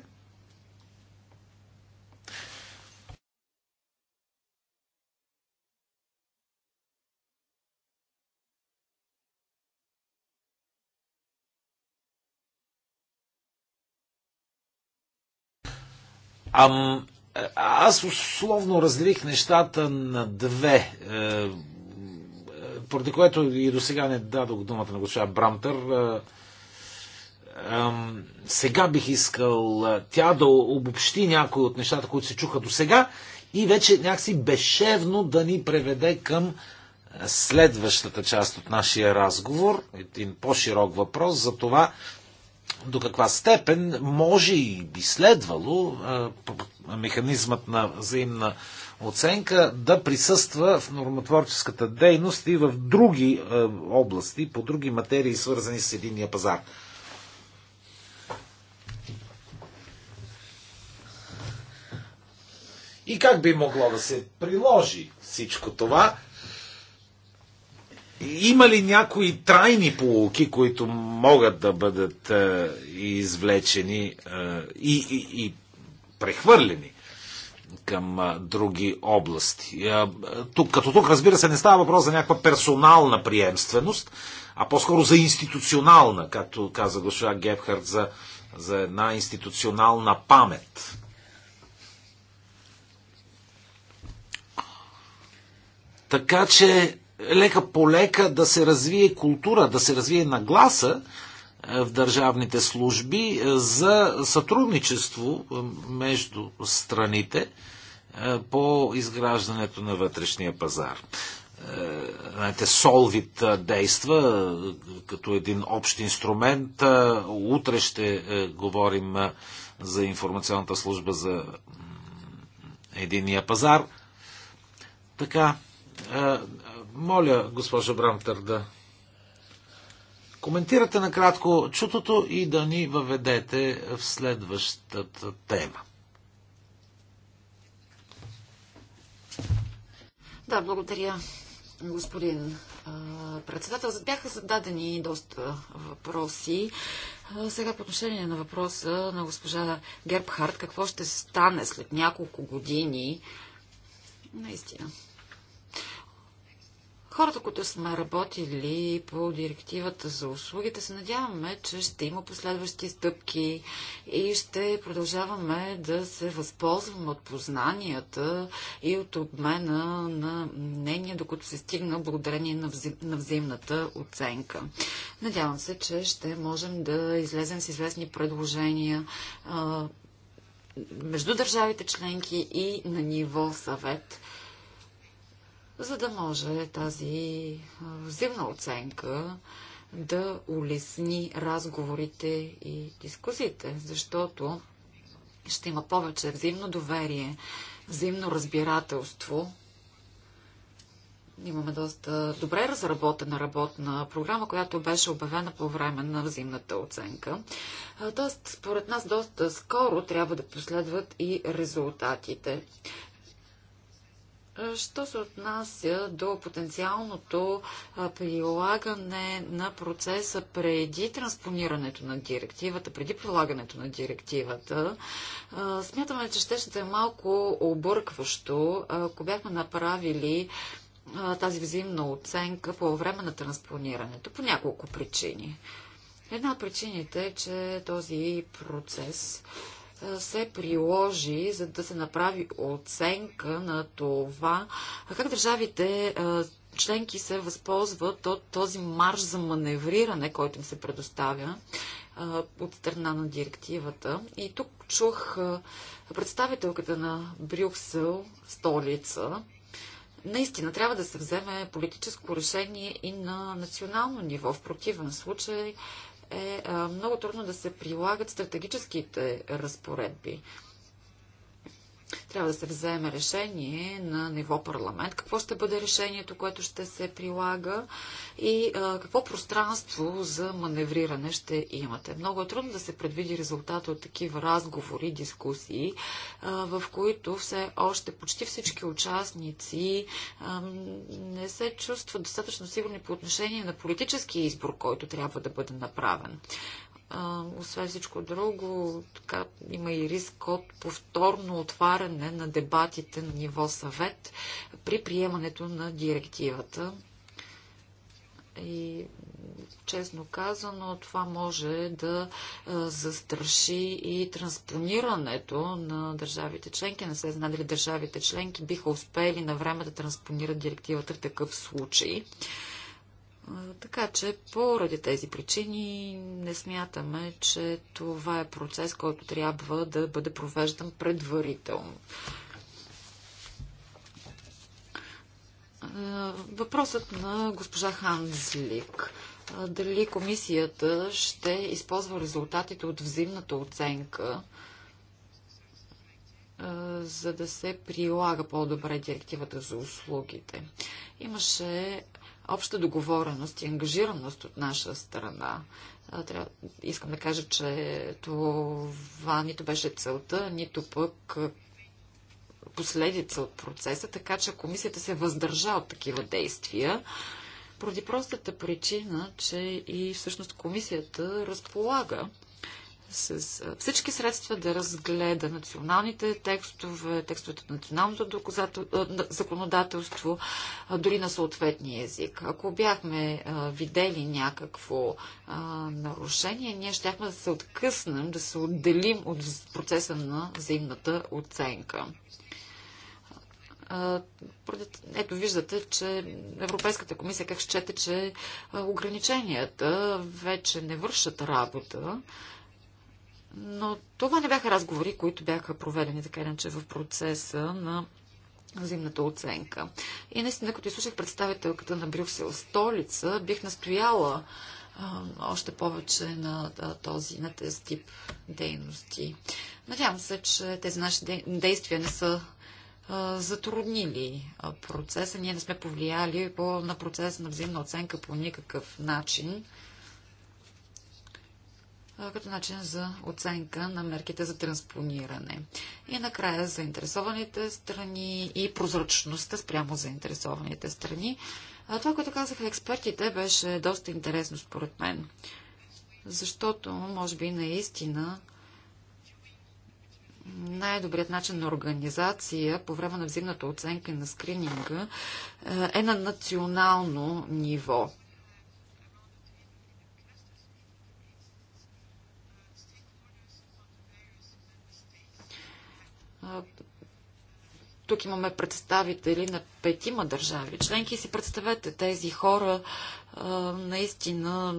Ам, аз условно разлих нещата на две. Е, поради което и до сега не дадох думата на госпожа Брамтър. Е, сега бих искал е, тя да обобщи някои от нещата, които се чуха до сега и вече някакси бешевно да ни преведе към е, следващата част от нашия разговор, един по-широк въпрос за това до каква степен може и би следвало механизмът на взаимна оценка да присъства в нормотворческата дейност и в други е, области, по други материи, свързани с единния пазар. И как би могло да се приложи всичко това? Има ли някои трайни полуки, които могат да бъдат е, извлечени е, и, и, и прехвърлени към други области. Тук, като тук, разбира се, не става въпрос за някаква персонална приемственост, а по-скоро за институционална, както каза госпожа Гебхард, за, за една институционална памет. Така че лека по лека да се развие култура, да се развие нагласа, в държавните служби е, за сътрудничество е, между страните е, по изграждането на вътрешния пазар. Знаете, Солвит действа като един общ инструмент. Утре ще говорим за информационната служба за единия пазар. Така, моля, госпожа Брамтър, да коментирате накратко чутото и да ни въведете в следващата тема. Да, благодаря, господин председател. Бяха зададени доста въпроси. Сега по отношение на въпроса на госпожа Гербхарт, какво ще стане след няколко години? Наистина. Хората, които сме работили по директивата за услугите, се надяваме, че ще има последващи стъпки и ще продължаваме да се възползваме от познанията и от обмена на мнения, докато се стигна благодарение на, взим, на взаимната оценка. Надявам се, че ще можем да излезем с известни предложения а, между държавите членки и на ниво съвет за да може тази взаимна оценка да улесни разговорите и дискусиите, защото ще има повече взаимно доверие, взаимно разбирателство. Имаме доста добре разработена работна програма, която беше обявена по време на взаимната оценка. Тоест, според нас, доста скоро трябва да последват и резултатите. Е, що се отнася до потенциалното е, прилагане на процеса преди транспонирането на директивата, преди прилагането на директивата, е, смятаме, че ще ще е малко объркващо, ако бяхме направили тази взаимна оценка по време на транспонирането по няколко причини. Една от причините е, че този процес се приложи, за да се направи оценка на това как държавите членки се възползват от този марш за маневриране, който им се предоставя от страна на директивата. И тук чух представителката на Брюксел, столица, наистина трябва да се вземе политическо решение и на национално ниво. В противен случай е много трудно да се прилагат стратегическите разпоредби. Трябва да се вземе решение на ниво парламент. Какво ще бъде решението, което ще се прилага и а, какво пространство за маневриране ще имате. Много е трудно да се предвиди резултата от такива разговори, дискусии, а, в които все още почти всички участници а, не се чувстват достатъчно сигурни по отношение на политическия избор, който трябва да бъде направен. А, освен всичко друго, така, има и риск от повторно отваряне на дебатите на ниво съвет при приемането на директивата. И честно казано, това може да застраши и транспонирането на държавите членки. Не се знае дали държавите членки биха успели на време да транспонират директивата в такъв случай. Така че поради тези причини не смятаме, че това е процес, който трябва да бъде провеждан предварително. Въпросът на госпожа Ханзлик. Дали комисията ще използва резултатите от взимната оценка, за да се прилага по-добре директивата за услугите? Имаше обща договореност и ангажираност от наша страна. Трябва, искам да кажа, че това нито беше целта, нито пък последица от процеса, така че комисията се въздържа от такива действия, поради простата причина, че и всъщност комисията разполага с всички средства да разгледа националните текстове, текстовете на националното законодателство, дори на съответния език. Ако бяхме видели някакво нарушение, ние щяхме да се откъснем, да се отделим от процеса на взаимната оценка. Ето виждате, че Европейската комисия как счете, че ограниченията вече не вършат работа но това не бяха разговори, които бяха проведени така иначе в процеса на взаимната оценка. И наистина, като изслушах представителката на Брюксел столица, бих настояла а, още повече на, да, този, на тези тип дейности. Надявам се, че тези наши действия не са а, затруднили процеса. Ние не сме повлияли по, на процеса на взаимна оценка по никакъв начин като начин за оценка на мерките за транспониране. И накрая заинтересованите страни и прозрачността спрямо заинтересованите страни. Това, което казаха експертите, беше доста интересно според мен, защото може би наистина най-добрият начин на организация по време на взимната оценка и на скрининга е на национално ниво. тук имаме представители на петима държави членки. Си представете, тези хора а, наистина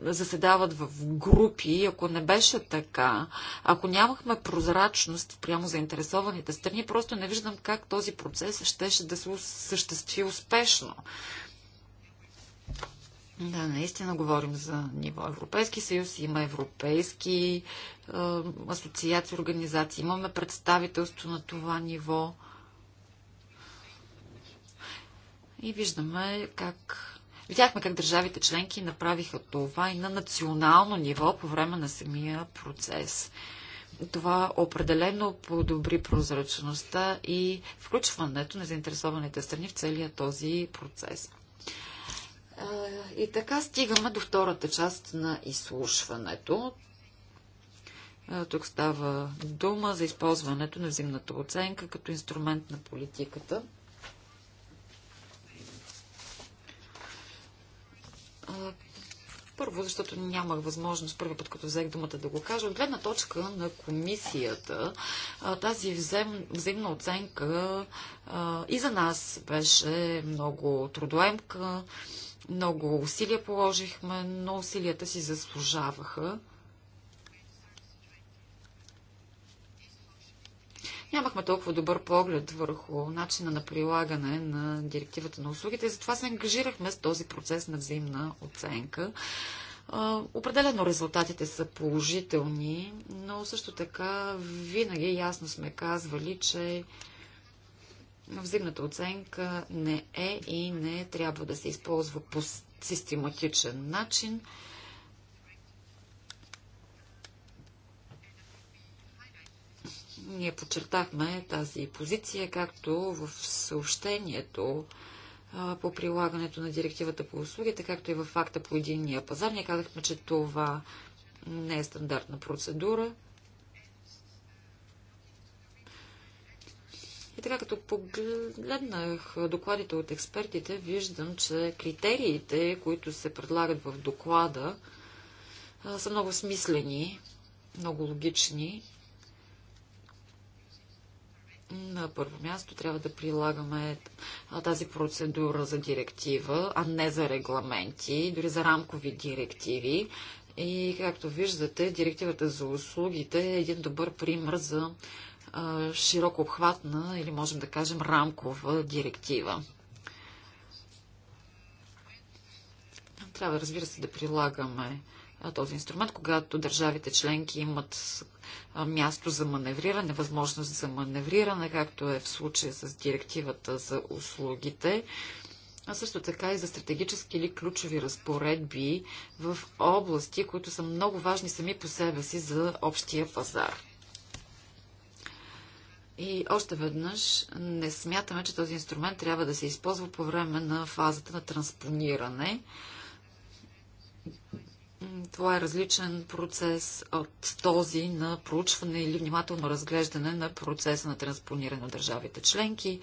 заседават в групи. Ако не беше така, ако нямахме прозрачност прямо заинтересованите страни, просто не виждам как този процес щеше да се осъществи успешно. Да, наистина говорим за ниво Европейски съюз, има европейски е, асоциации, организации, имаме представителство на това ниво. И виждаме как. Видяхме как държавите членки направиха това и на национално ниво по време на самия процес. Това определено подобри прозрачността и включването на заинтересованите страни в целия този процес. И така стигаме до втората част на изслушването. Тук става дума за използването на взимната оценка като инструмент на политиката. Първо, защото нямах възможност първи път, като взех думата да го кажа. От гледна точка на комисията, тази взем, взаимна оценка и за нас беше много трудоемка много усилия положихме, но усилията си заслужаваха. нямахме толкова добър поглед върху начина на прилагане на директивата на услугите, затова се ангажирахме с този процес на взаимна оценка. Определено резултатите са положителни, но също така винаги ясно сме казвали, че но оценка не е и не трябва да се използва по систематичен начин. Ние подчертахме тази позиция, както в съобщението по прилагането на директивата по услугите, както и в факта по единния пазар. Ние казахме, че това не е стандартна процедура, И така, като погледнах докладите от експертите, виждам, че критериите, които се предлагат в доклада, са много смислени, много логични. На първо място трябва да прилагаме тази процедура за директива, а не за регламенти, дори за рамкови директиви. И както виждате, директивата за услугите е един добър пример за широко обхватна или можем да кажем рамкова директива. Трябва, разбира се, да прилагаме този инструмент, когато държавите членки имат място за маневриране, възможност за маневриране, както е в случая с директивата за услугите, а също така и за стратегически или ключови разпоредби в области, които са много важни сами по себе си за общия пазар. И още веднъж не смятаме, че този инструмент трябва да се използва по време на фазата на транспониране. Това е различен процес от този на проучване или внимателно разглеждане на процеса на транспониране на държавите членки.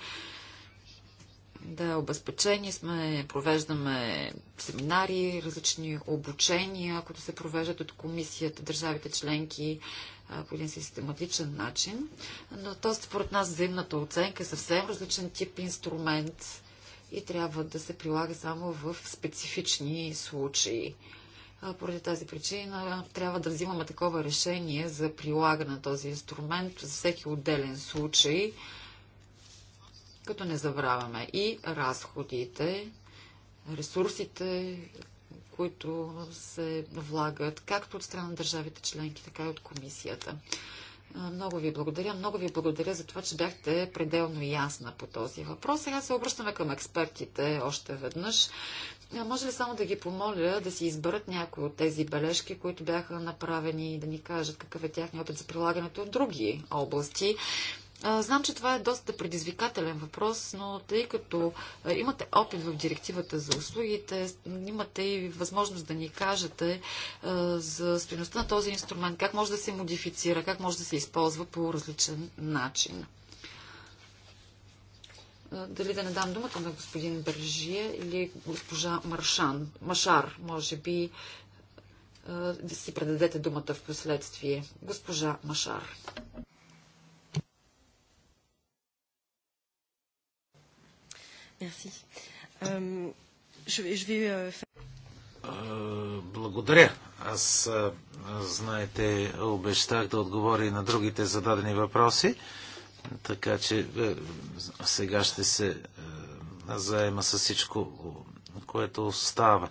Да, обезпечени сме, провеждаме семинари, различни обучения, които се провеждат от комисията, държавите членки, по един систематичен начин, но то според нас взаимната оценка е съвсем различен тип инструмент и трябва да се прилага само в специфични случаи. Поради тази причина трябва да взимаме такова решение за прилагане на този инструмент за всеки отделен случай, като не забравяме и разходите, ресурсите, които се влагат, както от страна на държавите членки, така и от комисията. Много ви благодаря. Много ви благодаря за това, че бяхте пределно ясна по този въпрос. Сега се обръщаме към експертите още веднъж. Може ли само да ги помоля да си изберат някои от тези бележки, които бяха направени и да ни кажат какъв е тяхния опит за прилагането в други области? Знам, че това е доста предизвикателен въпрос, но тъй като имате опит в директивата за услугите, имате и възможност да ни кажете за стоеността на този инструмент, как може да се модифицира, как може да се използва по различен начин. Дали да не дам думата на господин Бержия или госпожа Маршан, Машар, може би да си предадете думата в последствие. Госпожа Машар. Merci. Euh, je vais, je vais euh, благодаря. Аз, знаете, обещах да отговоря на другите зададени въпроси, така че е, сега ще се е, заема с всичко, което остава.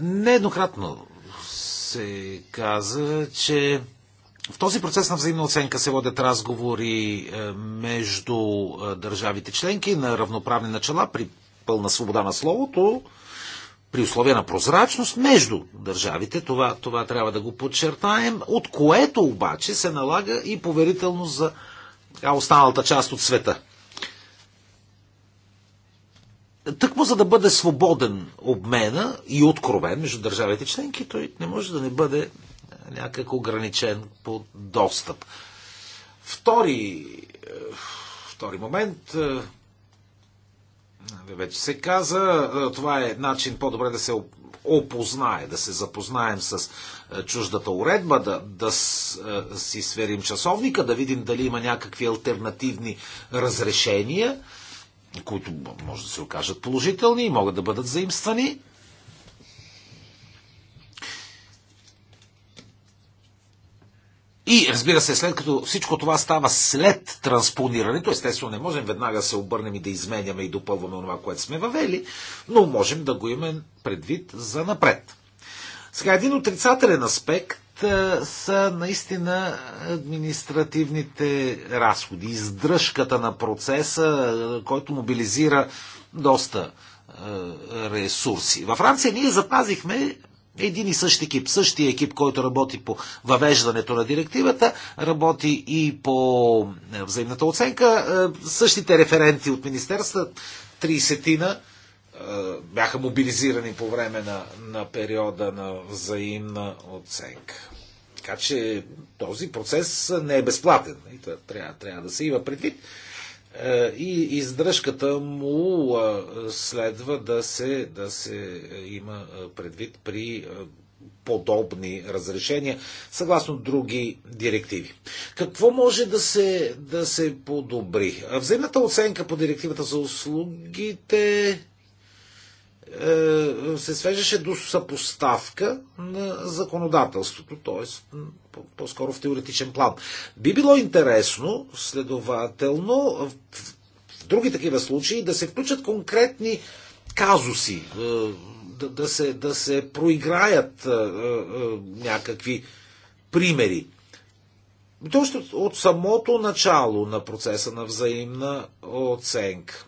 Нееднократно се каза, че в този процес на взаимна оценка се водят разговори е, между е, държавите членки на равноправни начала при пълна свобода на словото, при условия на прозрачност между държавите. Това, това трябва да го подчертаем, от което обаче се налага и поверителност за останалата част от света. Тъкмо за да бъде свободен обмена и откровен между държавите членки, той не може да не бъде някак ограничен по достъп. Втори, е, втори момент, е, е, вече се каза, това е начин по-добре да се опознае, да се запознаем с чуждата уредба, да, да си сверим часовника, да видим дали има някакви альтернативни разрешения, които може да се окажат положителни и могат да бъдат заимствани. И разбира се, след като всичко това става след транспонирането, естествено не можем веднага да се обърнем и да изменяме и допълваме това, което сме въвели, но можем да го имаме предвид за напред. Сега един отрицателен аспект са наистина административните разходи, издръжката на процеса, който мобилизира доста ресурси. Във Франция ние запазихме един и същ екип, същия екип, който работи по въвеждането на директивата, работи и по е, взаимната оценка. Е, същите референти от министерства, 30-тина, е, бяха мобилизирани по време на, на периода на взаимна оценка. Така че този процес не е безплатен. И това трябва, трябва да се има предвид. Е, и издръжката му е, следва да се, да се е, има предвид при подобни разрешения, съгласно други директиви. Какво може да се, да се подобри? Взаимната оценка по директивата за услугите е, се свеждаше до съпоставка на законодателството, т.е. по-скоро в теоретичен план. Би било интересно, следователно, в други такива случаи да се включат конкретни казуси, е, да, да, се, да се проиграят е, някакви примери. Точно от самото начало на процеса на взаимна оценка.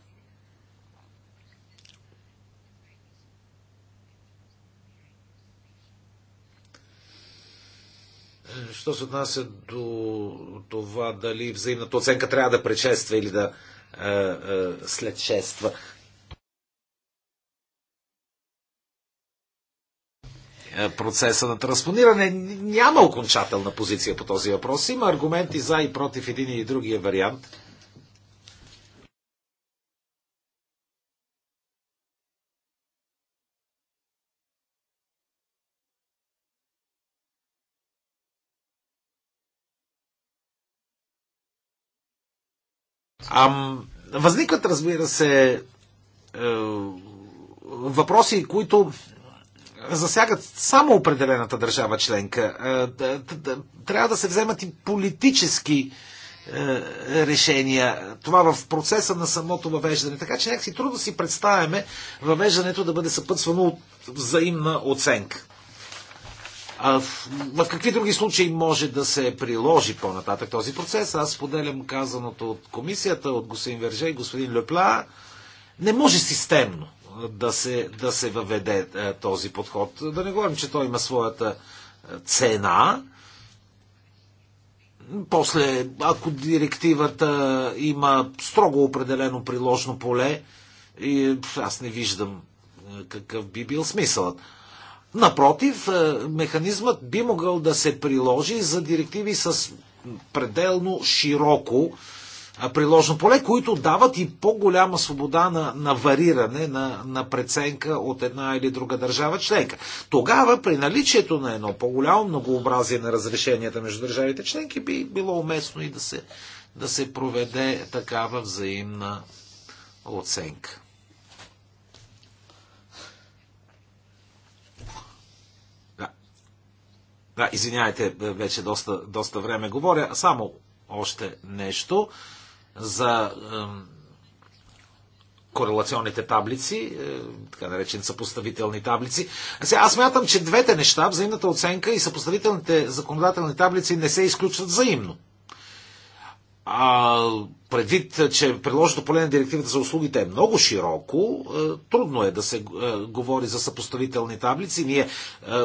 Що се отнася до това дали взаимната оценка трябва да предшества или да е, е, следшества? Е, процеса на транспониране. Няма окончателна позиция по този въпрос. Има аргументи за и против един и другия вариант. А, възникват, разбира се, е, въпроси, които засягат само определената държава членка. Е, трябва да се вземат и политически е, решения. Това в процеса на самото въвеждане. Така че някакси трудно си представяме въвеждането да бъде съпътствано от взаимна оценка. В какви други случаи може да се приложи по-нататък този процес? Аз поделям казаното от комисията, от господин Верже и господин Лепла. Не може системно да се, да се въведе е, този подход. Да не говорим, че той има своята е, цена. После, ако директивата има строго определено приложно поле, и аз не виждам е, какъв би бил смисълът. Напротив, е, механизмът би могъл да се приложи за директиви с пределно широко е, приложно поле, които дават и по-голяма свобода на, на вариране, на, на преценка от една или друга държава членка. Тогава при наличието на едно по-голямо многообразие на разрешенията между държавите членки би било уместно и да се, да се проведе такава взаимна оценка. Да, извинявайте, вече доста, доста време говоря. Само още нещо за корелационните таблици, е, така наречени съпоставителни таблици. Сега, аз мятам, че двете неща, взаимната оценка и съпоставителните законодателни таблици не се изключват взаимно. А предвид, че приложното поле на директивата за услугите е много широко, е, трудно е да се е, говори за съпоставителни таблици. Ние, е,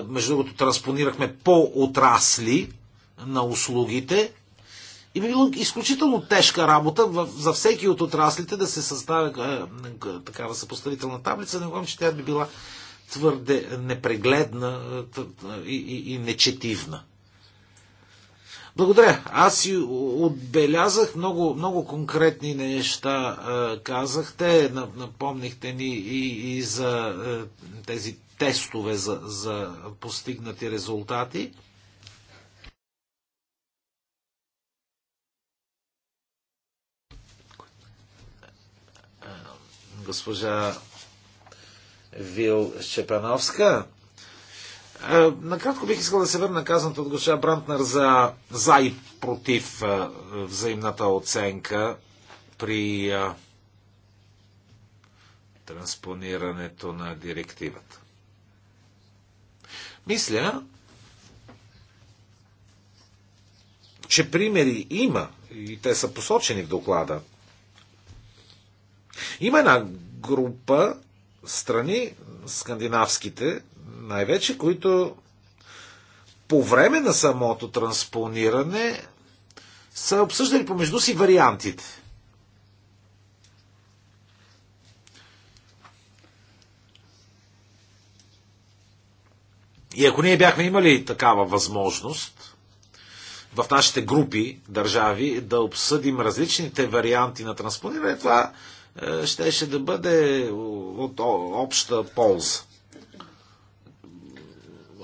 между другото, транспонирахме по-отрасли на услугите, и би било изключително тежка работа за всеки от отраслите да се съставя такава съпоставителна таблица. Не говорим, че тя би била твърде непрегледна и нечетивна. Благодаря. Аз си отбелязах много, много конкретни неща. Казахте, напомнихте ни и, и за тези тестове за, за постигнати резултати. Госпожа Вил Щепановска е, накратко бих искал да се върна казаното от госпожа Брантнер за, за и против е, взаимната оценка при е, транспонирането на директивата. Мисля, че примери има и те са посочени в доклада. Има една група страни, скандинавските, най-вече, които по време на самото транспониране са обсъждали помежду си вариантите. И ако ние бяхме имали такава възможност в нашите групи държави да обсъдим различните варианти на транспониране, това е, щеше ще да бъде от обща полза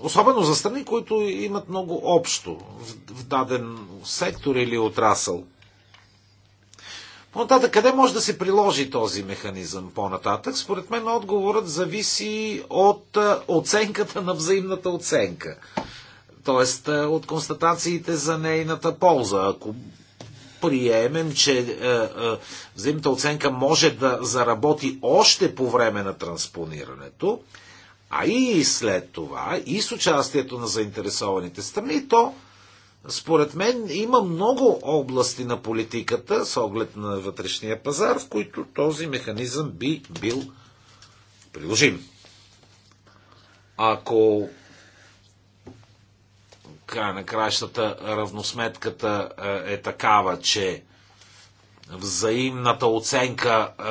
особено за страни, които имат много общо в даден сектор или отрасъл. По-нататък, къде може да се приложи този механизъм по-нататък? Според мен отговорът зависи от оценката на взаимната оценка. Тоест от констатациите за нейната полза. Ако приемем, че е, е, взаимната оценка може да заработи още по време на транспонирането, а и след това, и с участието на заинтересованите страни, то според мен има много области на политиката с оглед на вътрешния пазар, в които този механизъм би бил приложим. Ако края на краищата равносметката е, е такава, че взаимната оценка е,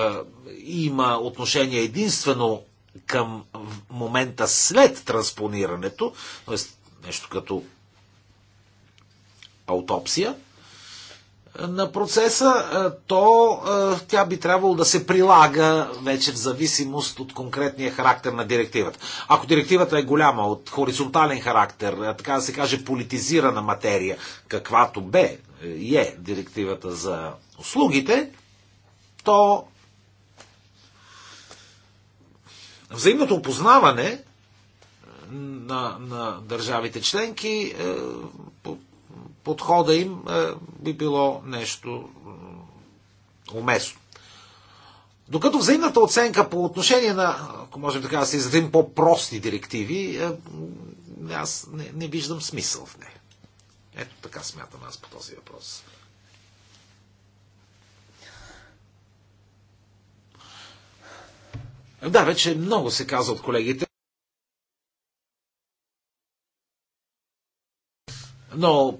има отношение единствено към момента след транспонирането, т.е. нещо като аутопсия е, на процеса, е, то е, тя би трябвало да се прилага вече в зависимост от конкретния характер на директивата. Ако директивата е голяма, от хоризонтален характер, така да се каже политизирана материя, каквато бе е директивата за услугите, то Взаимното опознаване е, на, на държавите членки, е, подхода им е, би било нещо уместно. Докато взаимната оценка по отношение на, ако можем така да се изразим, по-прости директиви, аз не, не виждам смисъл в нея. Ето така смятам аз по този въпрос. Да, вече много се каза от колегите. Но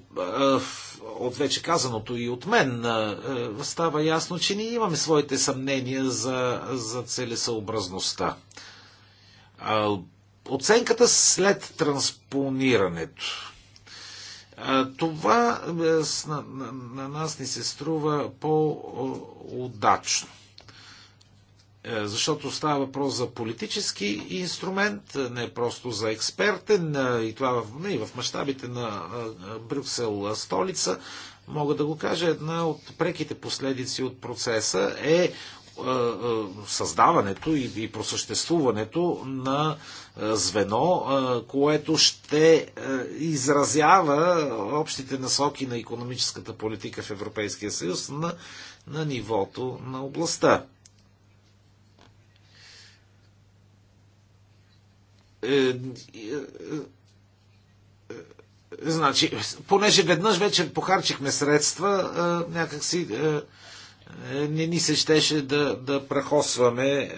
от вече казаното и от мен става ясно, че ние имаме своите съмнения за, за целесъобразността. Оценката след транспонирането. Това на нас ни се струва по-удачно. Е, защото става въпрос за политически инструмент, не просто за експертен, е, и това не, и в мащабите на е, Брюксел столица, мога да го кажа, една от преките последици от процеса е създаването и просъществуването на звено, което ще изразява общите насоки на економическата политика в Европейския съюз на, на нивото на областта. Е, е, е, значи, понеже веднъж вече похарчихме средства, някакси не ни се щеше да, да прахосваме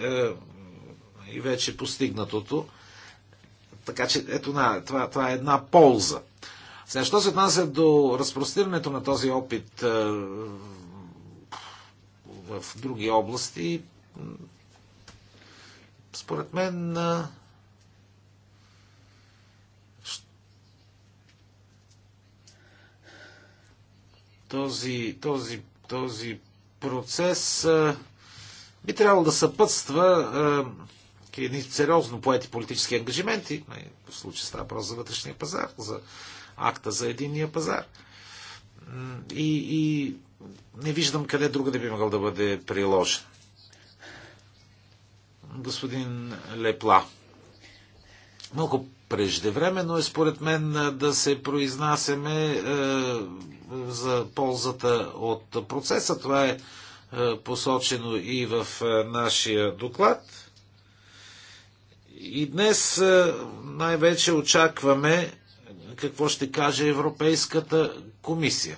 и вече постигнатото. Така че, ето, на, това, това е една полза. Сега, що се отнася до разпростирането на този опит в други области, според мен Този, този, този процес би трябвало да съпътства едни сериозно поети политически ангажименти, в случая става просто за вътрешния пазар, за акта за единния пазар. И, и не виждам къде друга да би могъл да бъде приложен. Господин Лепла, малко Преждевременно е според мен да се произнасяме е, за ползата от процеса. Това е, е посочено и в е, нашия доклад. И днес е, най-вече очакваме какво ще каже Европейската комисия.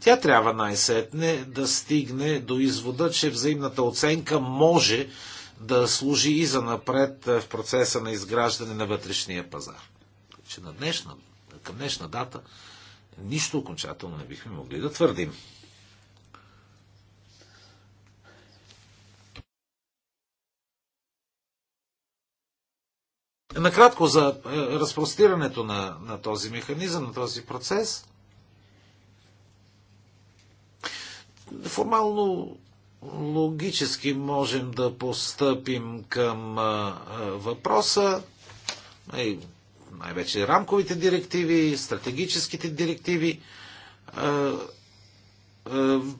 Тя трябва най-сетне да стигне до извода, че взаимната оценка може да служи и за напред е, в процеса на изграждане на вътрешния пазар. Че на днешна, към днешна дата нищо окончателно не бихме могли да твърдим. Накратко за е, разпростирането на, на този механизъм, на този процес. Формално логически можем да постъпим към въпроса и най-вече рамковите директиви, стратегическите директиви.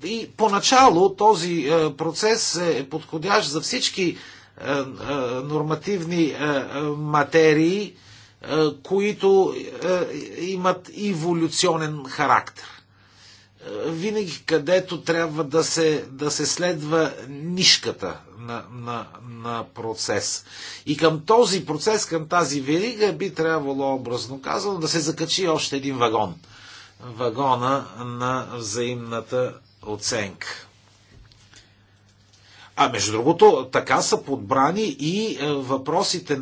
И поначало този процес е подходящ за всички нормативни материи, които имат еволюционен характер винаги където трябва да се, да се следва нишката на, на, на процес. И към този процес, към тази верига би трябвало образно казано да се закачи още един вагон. Вагона на взаимната оценка. А между другото, така са подбрани и е, въпросите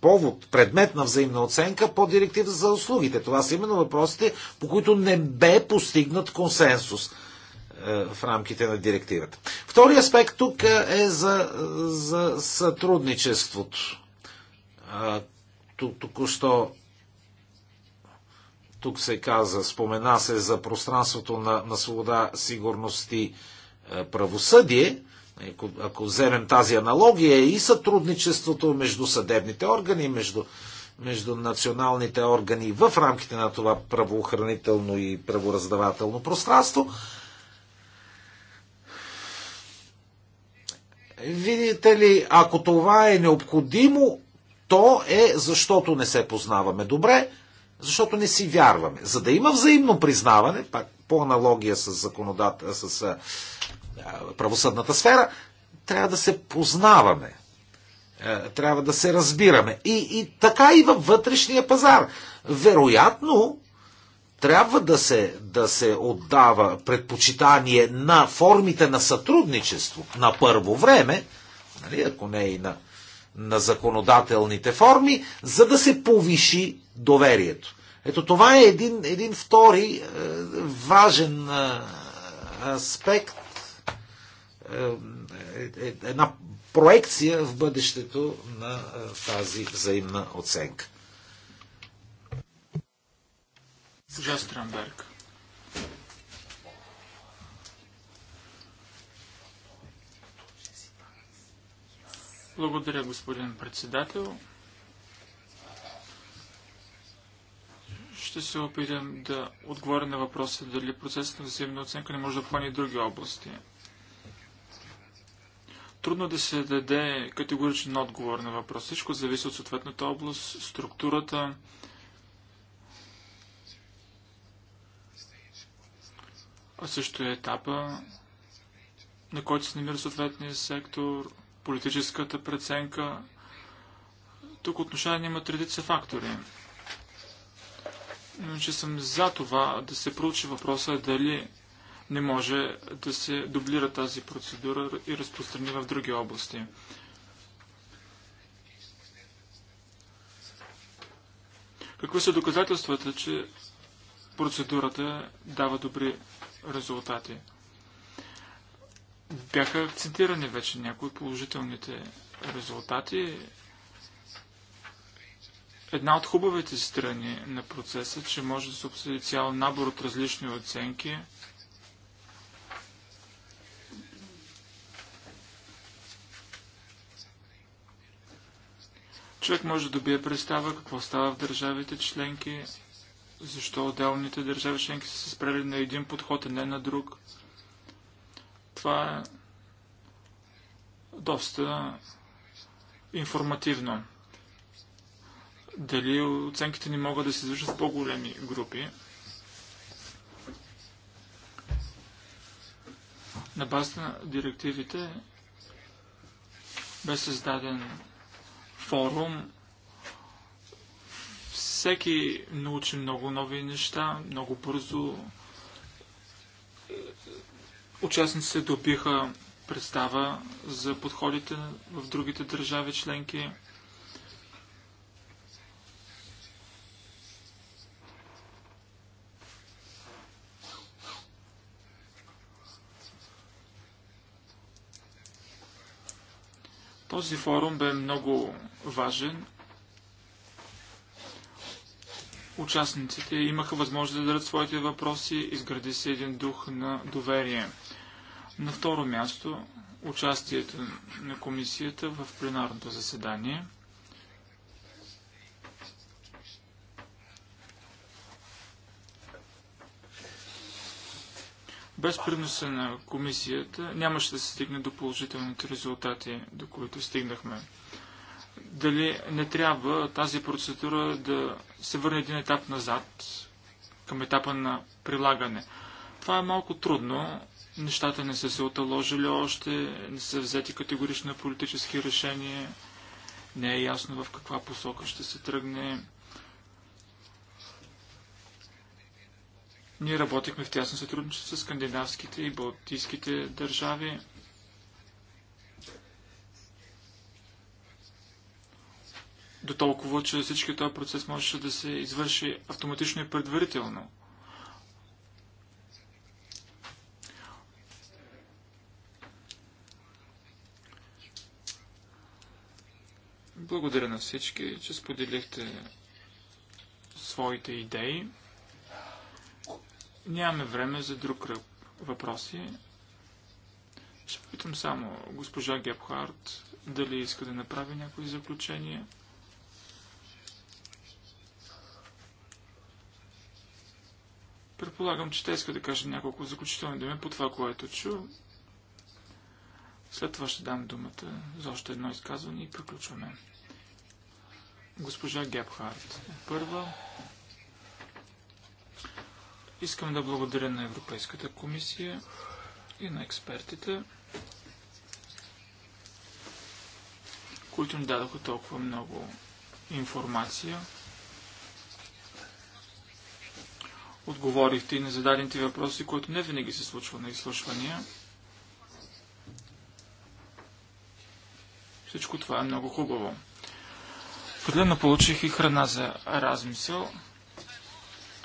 повод, предмет на взаимна оценка по директива за услугите. Това са именно въпросите, по които не бе постигнат консенсус е, в рамките на директивата. Втори аспект тук е, е за, за сътрудничеството. Току-що тук се каза, спомена се за пространството на, на свобода, сигурност и е, правосъдие ако, ако вземем тази аналогия, и сътрудничеството между съдебните органи, между, между националните органи в рамките на това правоохранително и правораздавателно пространство. Видите ли, ако това е необходимо, то е защото не се познаваме добре, защото не си вярваме. За да има взаимно признаване, пак по аналогия с, законодател, с правосъдната сфера, трябва да се познаваме. Е, трябва да се разбираме. И, и така и във вътрешния пазар. Вероятно, трябва да се, да се отдава предпочитание на формите на сътрудничество на първо време, нали, ако не и на, на законодателните форми, за да се повиши доверието. Ето това е един, един втори е, важен е, аспект е, е, една проекция в бъдещето на е, тази взаимна оценка. Госпожа Странберг. Благодаря, господин председател. Ще се опитам да отговоря на въпроса дали процесът на взаимна оценка не може да хване и други области. Трудно да се даде категоричен отговор на въпрос. Всичко зависи от съответната област, структурата. А също е етапа, на който се намира съответния сектор, политическата преценка. Тук отношение има редица фактори. Но че съм за това да се проучи въпроса дали не може да се дублира тази процедура и разпространи в други области. Какви са доказателствата, че процедурата дава добри резултати? Бяха акцентирани вече някои положителните резултати. Една от хубавите страни на процеса, че може да се обсъди цял набор от различни оценки – Човек може да добие представа какво става в държавите членки, защо отделните държави членки са се спрели на един подход, а не на друг. Това е доста информативно. Дали оценките ни могат да се извършат в по-големи групи? На базата на директивите бе създаден форум всеки научи много нови неща, много бързо участниците добиха представа за подходите в другите държави членки. Този форум бе много важен. Участниците имаха възможност да дадат своите въпроси, изгради се един дух на доверие. На второ място, участието на комисията в пленарното заседание – Без приноса на комисията нямаше да се стигне до положителните резултати, до които стигнахме. Дали не трябва тази процедура да се върне един етап назад към етапа на прилагане? Това е малко трудно. Нещата не са се оталожили още, не са взети категорично политически решения. Не е ясно в каква посока ще се тръгне. Ние работихме в тясно сътрудничество с скандинавските и балтийските държави. До толкова, че всички този процес можеше да се извърши автоматично и предварително. Благодаря на всички, че споделихте своите идеи. Нямаме време за друг кръг въпроси. Ще попитам само госпожа Гебхарт дали иска да направи някои заключения. Предполагам, че те иска да кажа няколко заключителни думи по това, което чу. След това ще дам думата за още едно изказване и приключваме. Госпожа Гебхарт, първа. Искам да благодаря на Европейската комисия и на експертите, които ни дадоха толкова много информация. Отговорихте и на зададените въпроси, които не винаги се случва на изслушвания. Всичко това е много хубаво. Подлено получих и храна за размисъл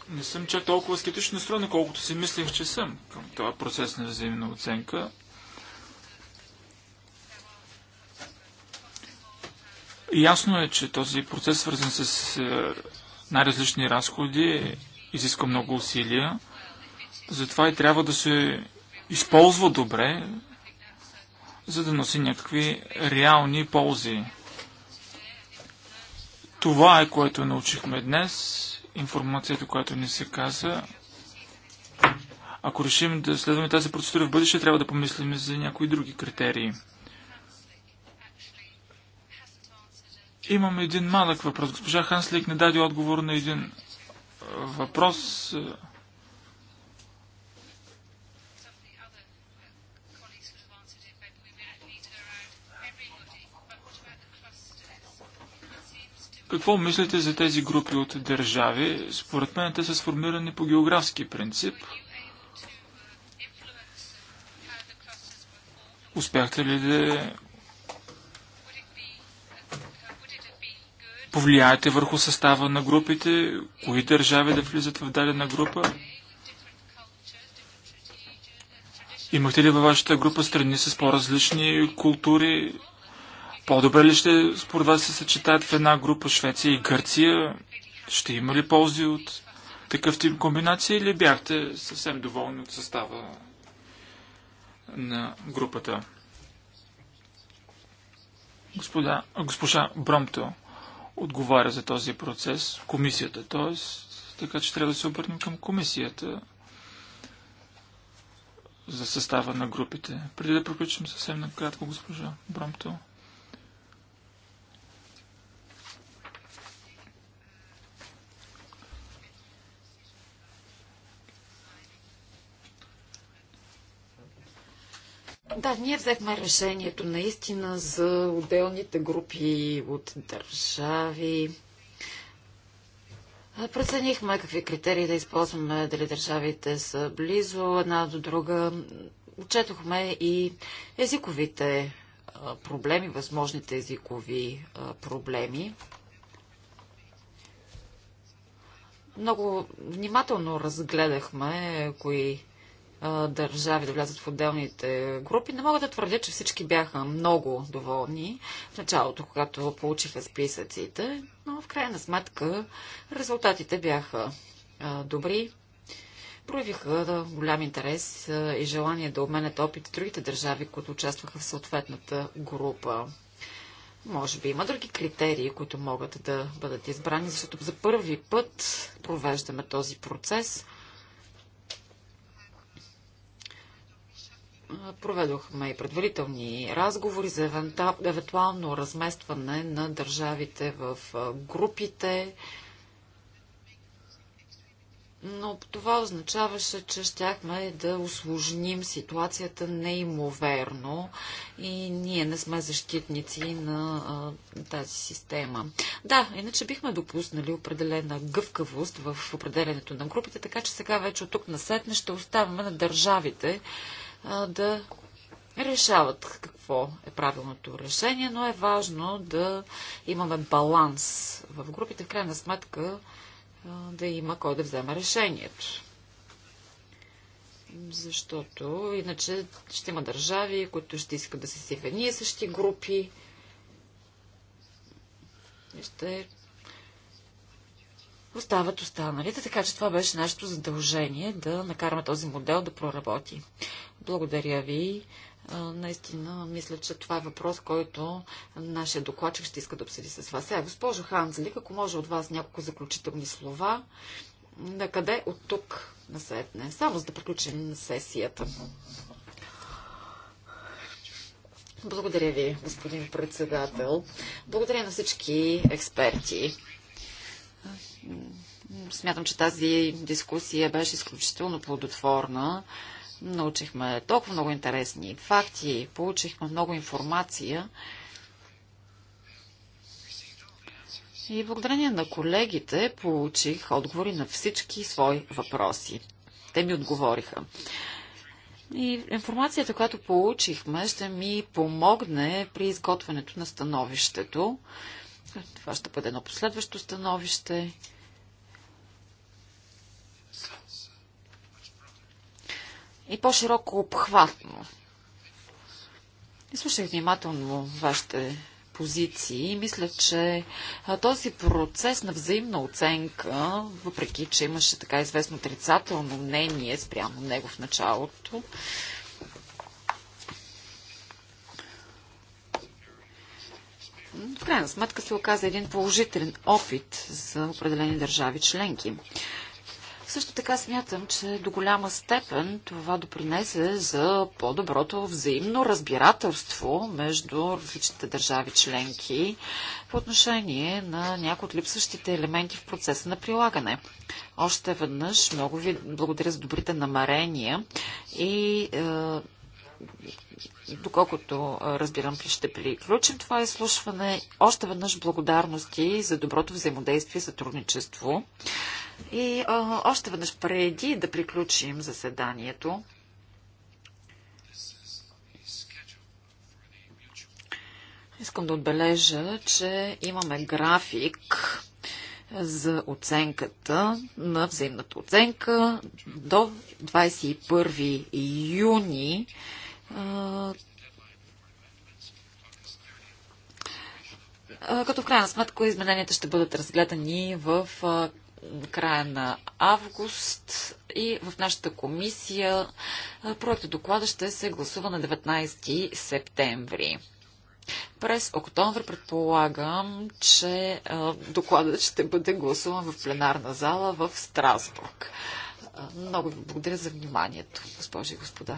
не съм чак толкова скептично настроен, колкото си мислех, че съм към това процес на взаимна оценка. Ясно е, че този процес, свързан с е, най-различни разходи, изиска много усилия. Затова и трябва да се използва добре, за да носи някакви реални ползи. Това е, което научихме днес информацията, която ни се каза. Ако решим да следваме тази процедура в бъдеще, трябва да помислим за някои други критерии. Имам един малък въпрос. Госпожа Ханслик не даде отговор на един въпрос Какво мислите за тези групи от държави? Според мен те са сформирани по географски принцип. Успяхте ли да повлияете върху състава на групите? Кои държави да влизат в дадена група? Имахте ли във вашата група страни с по-различни култури, по-добре ли ще според вас се съчетаят в една група Швеция и Гърция? Ще има ли ползи от такъв тип комбинация или бяхте съвсем доволни от състава на групата? Господа, госпожа Бромто отговаря за този процес, комисията, т.е. така че трябва да се обърнем към комисията за състава на групите. Преди да приключим съвсем накратко, госпожа Бромто. Да, ние взехме решението наистина за отделните групи от държави. Преценихме какви критерии да използваме, дали държавите са близо една до друга. Отчетохме и езиковите проблеми, възможните езикови проблеми. Много внимателно разгледахме кои държави да влязат в отделните групи. Не мога да твърдя, че всички бяха много доволни в началото, когато получиха списъците, но в крайна сметка резултатите бяха добри. Проявиха голям интерес и желание да обменят опит в другите държави, които участваха в съответната група. Може би има други критерии, които могат да бъдат избрани, защото за първи път провеждаме този процес. Проведохме и предварителни разговори за евентуално разместване на държавите в групите, но това означаваше, че щяхме да осложним ситуацията неимоверно и ние не сме защитници на а, тази система. Да, иначе бихме допуснали определена гъвкавост в определенето на групите, така че сега вече от тук насетне ще оставяме на държавите да решават какво е правилното решение, но е важно да имаме баланс в групите, в крайна сметка да има кой да вземе решението. Защото иначе ще има държави, които ще искат да се си в едни и същи групи. И ще остават останалите, така че това беше нашето задължение да накараме този модел да проработи. Благодаря ви. Наистина, мисля, че това е въпрос, който нашия докладчик ще иска да обсъди с вас. Сега, госпожо Ханзлик, ако може от вас няколко заключителни слова, на къде от тук на сетне? Само за да приключим сесията. Благодаря ви, господин председател. Благодаря на всички експерти. Смятам, че тази дискусия беше изключително плодотворна. Научихме толкова много интересни факти, получихме много информация. И благодарение на колегите получих отговори на всички свои въпроси. Те ми отговориха. И информацията, която получихме, ще ми помогне при изготвянето на становището. След това ще бъде едно последващо становище. И по-широко обхватно. И слушах внимателно вашите позиции и мисля, че този процес на взаимна оценка, въпреки, че имаше така известно отрицателно мнение спрямо него в началото, в крайна сметка се оказа един положителен опит за определени държави членки. Също така смятам, че до голяма степен това допринесе за по-доброто взаимно разбирателство между различните държави членки по отношение на някои от липсващите елементи в процеса на прилагане. Още веднъж много ви благодаря за добрите намерения и е, доколкото разбирам, ще приключим това изслушване. Още веднъж благодарности за доброто взаимодействие и сътрудничество. И а, още веднъж преди да приключим заседанието, искам да отбележа, че имаме график за оценката на взаимната оценка до 21 юни като в крайна сметка измененията ще бъдат разгледани в края на август и в нашата комисия проектът доклада ще се гласува на 19 септември. През октомври предполагам, че докладът ще бъде гласуван в пленарна зала в Страсбург. Много ви благодаря за вниманието, госпожи и господа.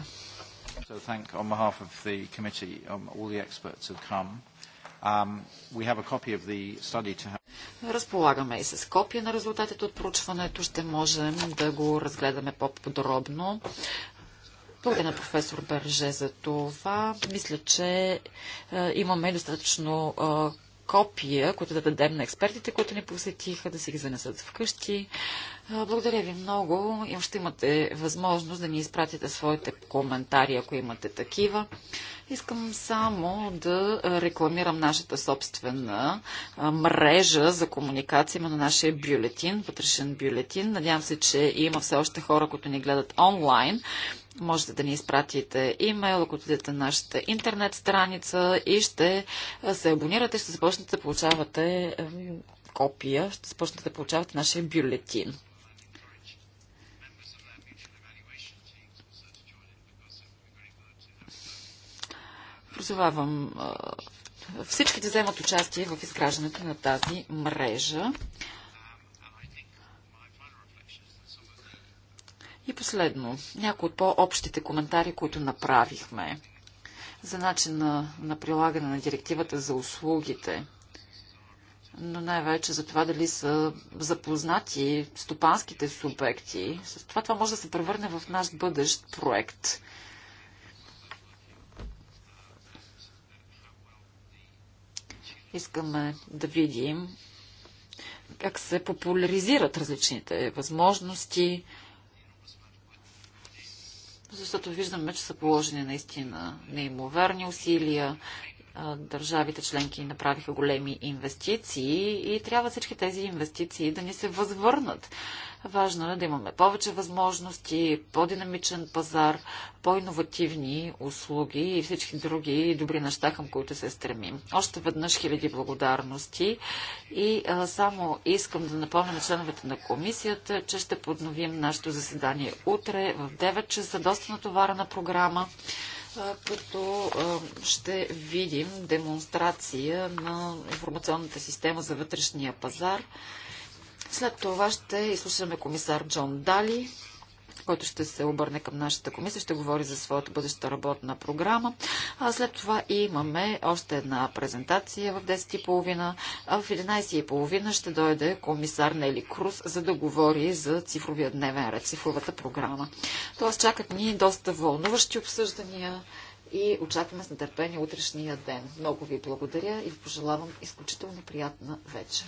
So thank on behalf of the committee um, all the experts have come. Um, we have a copy of the study to have. Разполагаме и с копия на резултатите от проучването. Ще можем да го разгледаме по-подробно. Благодаря на професор Берже за това. Мисля, че е, имаме достатъчно е, копия, които да дадем на експертите, които ни посетиха, да си ги занесат вкъщи. Благодаря ви много. И още имате възможност да ни изпратите своите коментари, ако имате такива. Искам само да рекламирам нашата собствена мрежа за комуникация. Има на нашия бюлетин, вътрешен бюлетин. Надявам се, че има все още хора, които ни гледат онлайн. Можете да ни изпратите имейл, ако отидете на нашата интернет страница и ще се абонирате, ще започнете да получавате ами, копия, ще започнете да получавате нашия бюлетин. Прозовавам всички да вземат участие в изграждането на тази мрежа. И последно, някои от по-общите коментари, които направихме за начина на прилагане на директивата за услугите, но най-вече за това дали са запознати стопанските субекти. С това това може да се превърне в наш бъдещ проект. Искаме да видим как се популяризират различните възможности, защото виждаме, че са положени наистина неимоверни усилия. Държавите членки направиха големи инвестиции и трябва всички тези инвестиции да ни се възвърнат. Важно е да имаме повече възможности, по-динамичен пазар, по-инновативни услуги и всички други добри неща, към които се стремим. Още веднъж хиляди благодарности и а, само искам да напомня на членовете на комисията, че ще подновим нашето заседание утре в 9 часа. Доста натоварена програма като ще видим демонстрация на информационната система за вътрешния пазар. След това ще изслушаме комисар Джон Дали, който ще се обърне към нашата комисия, ще говори за своята бъдеща работна програма. А след това имаме още една презентация в 10.30, а в 11.30 ще дойде комисар Нели Круз, за да говори за цифровия дневен ред, цифровата програма. Тоест чакат ни доста вълнуващи обсъждания и очакваме с нетърпение утрешния ден. Много ви благодаря и ви пожелавам изключително приятна вечер.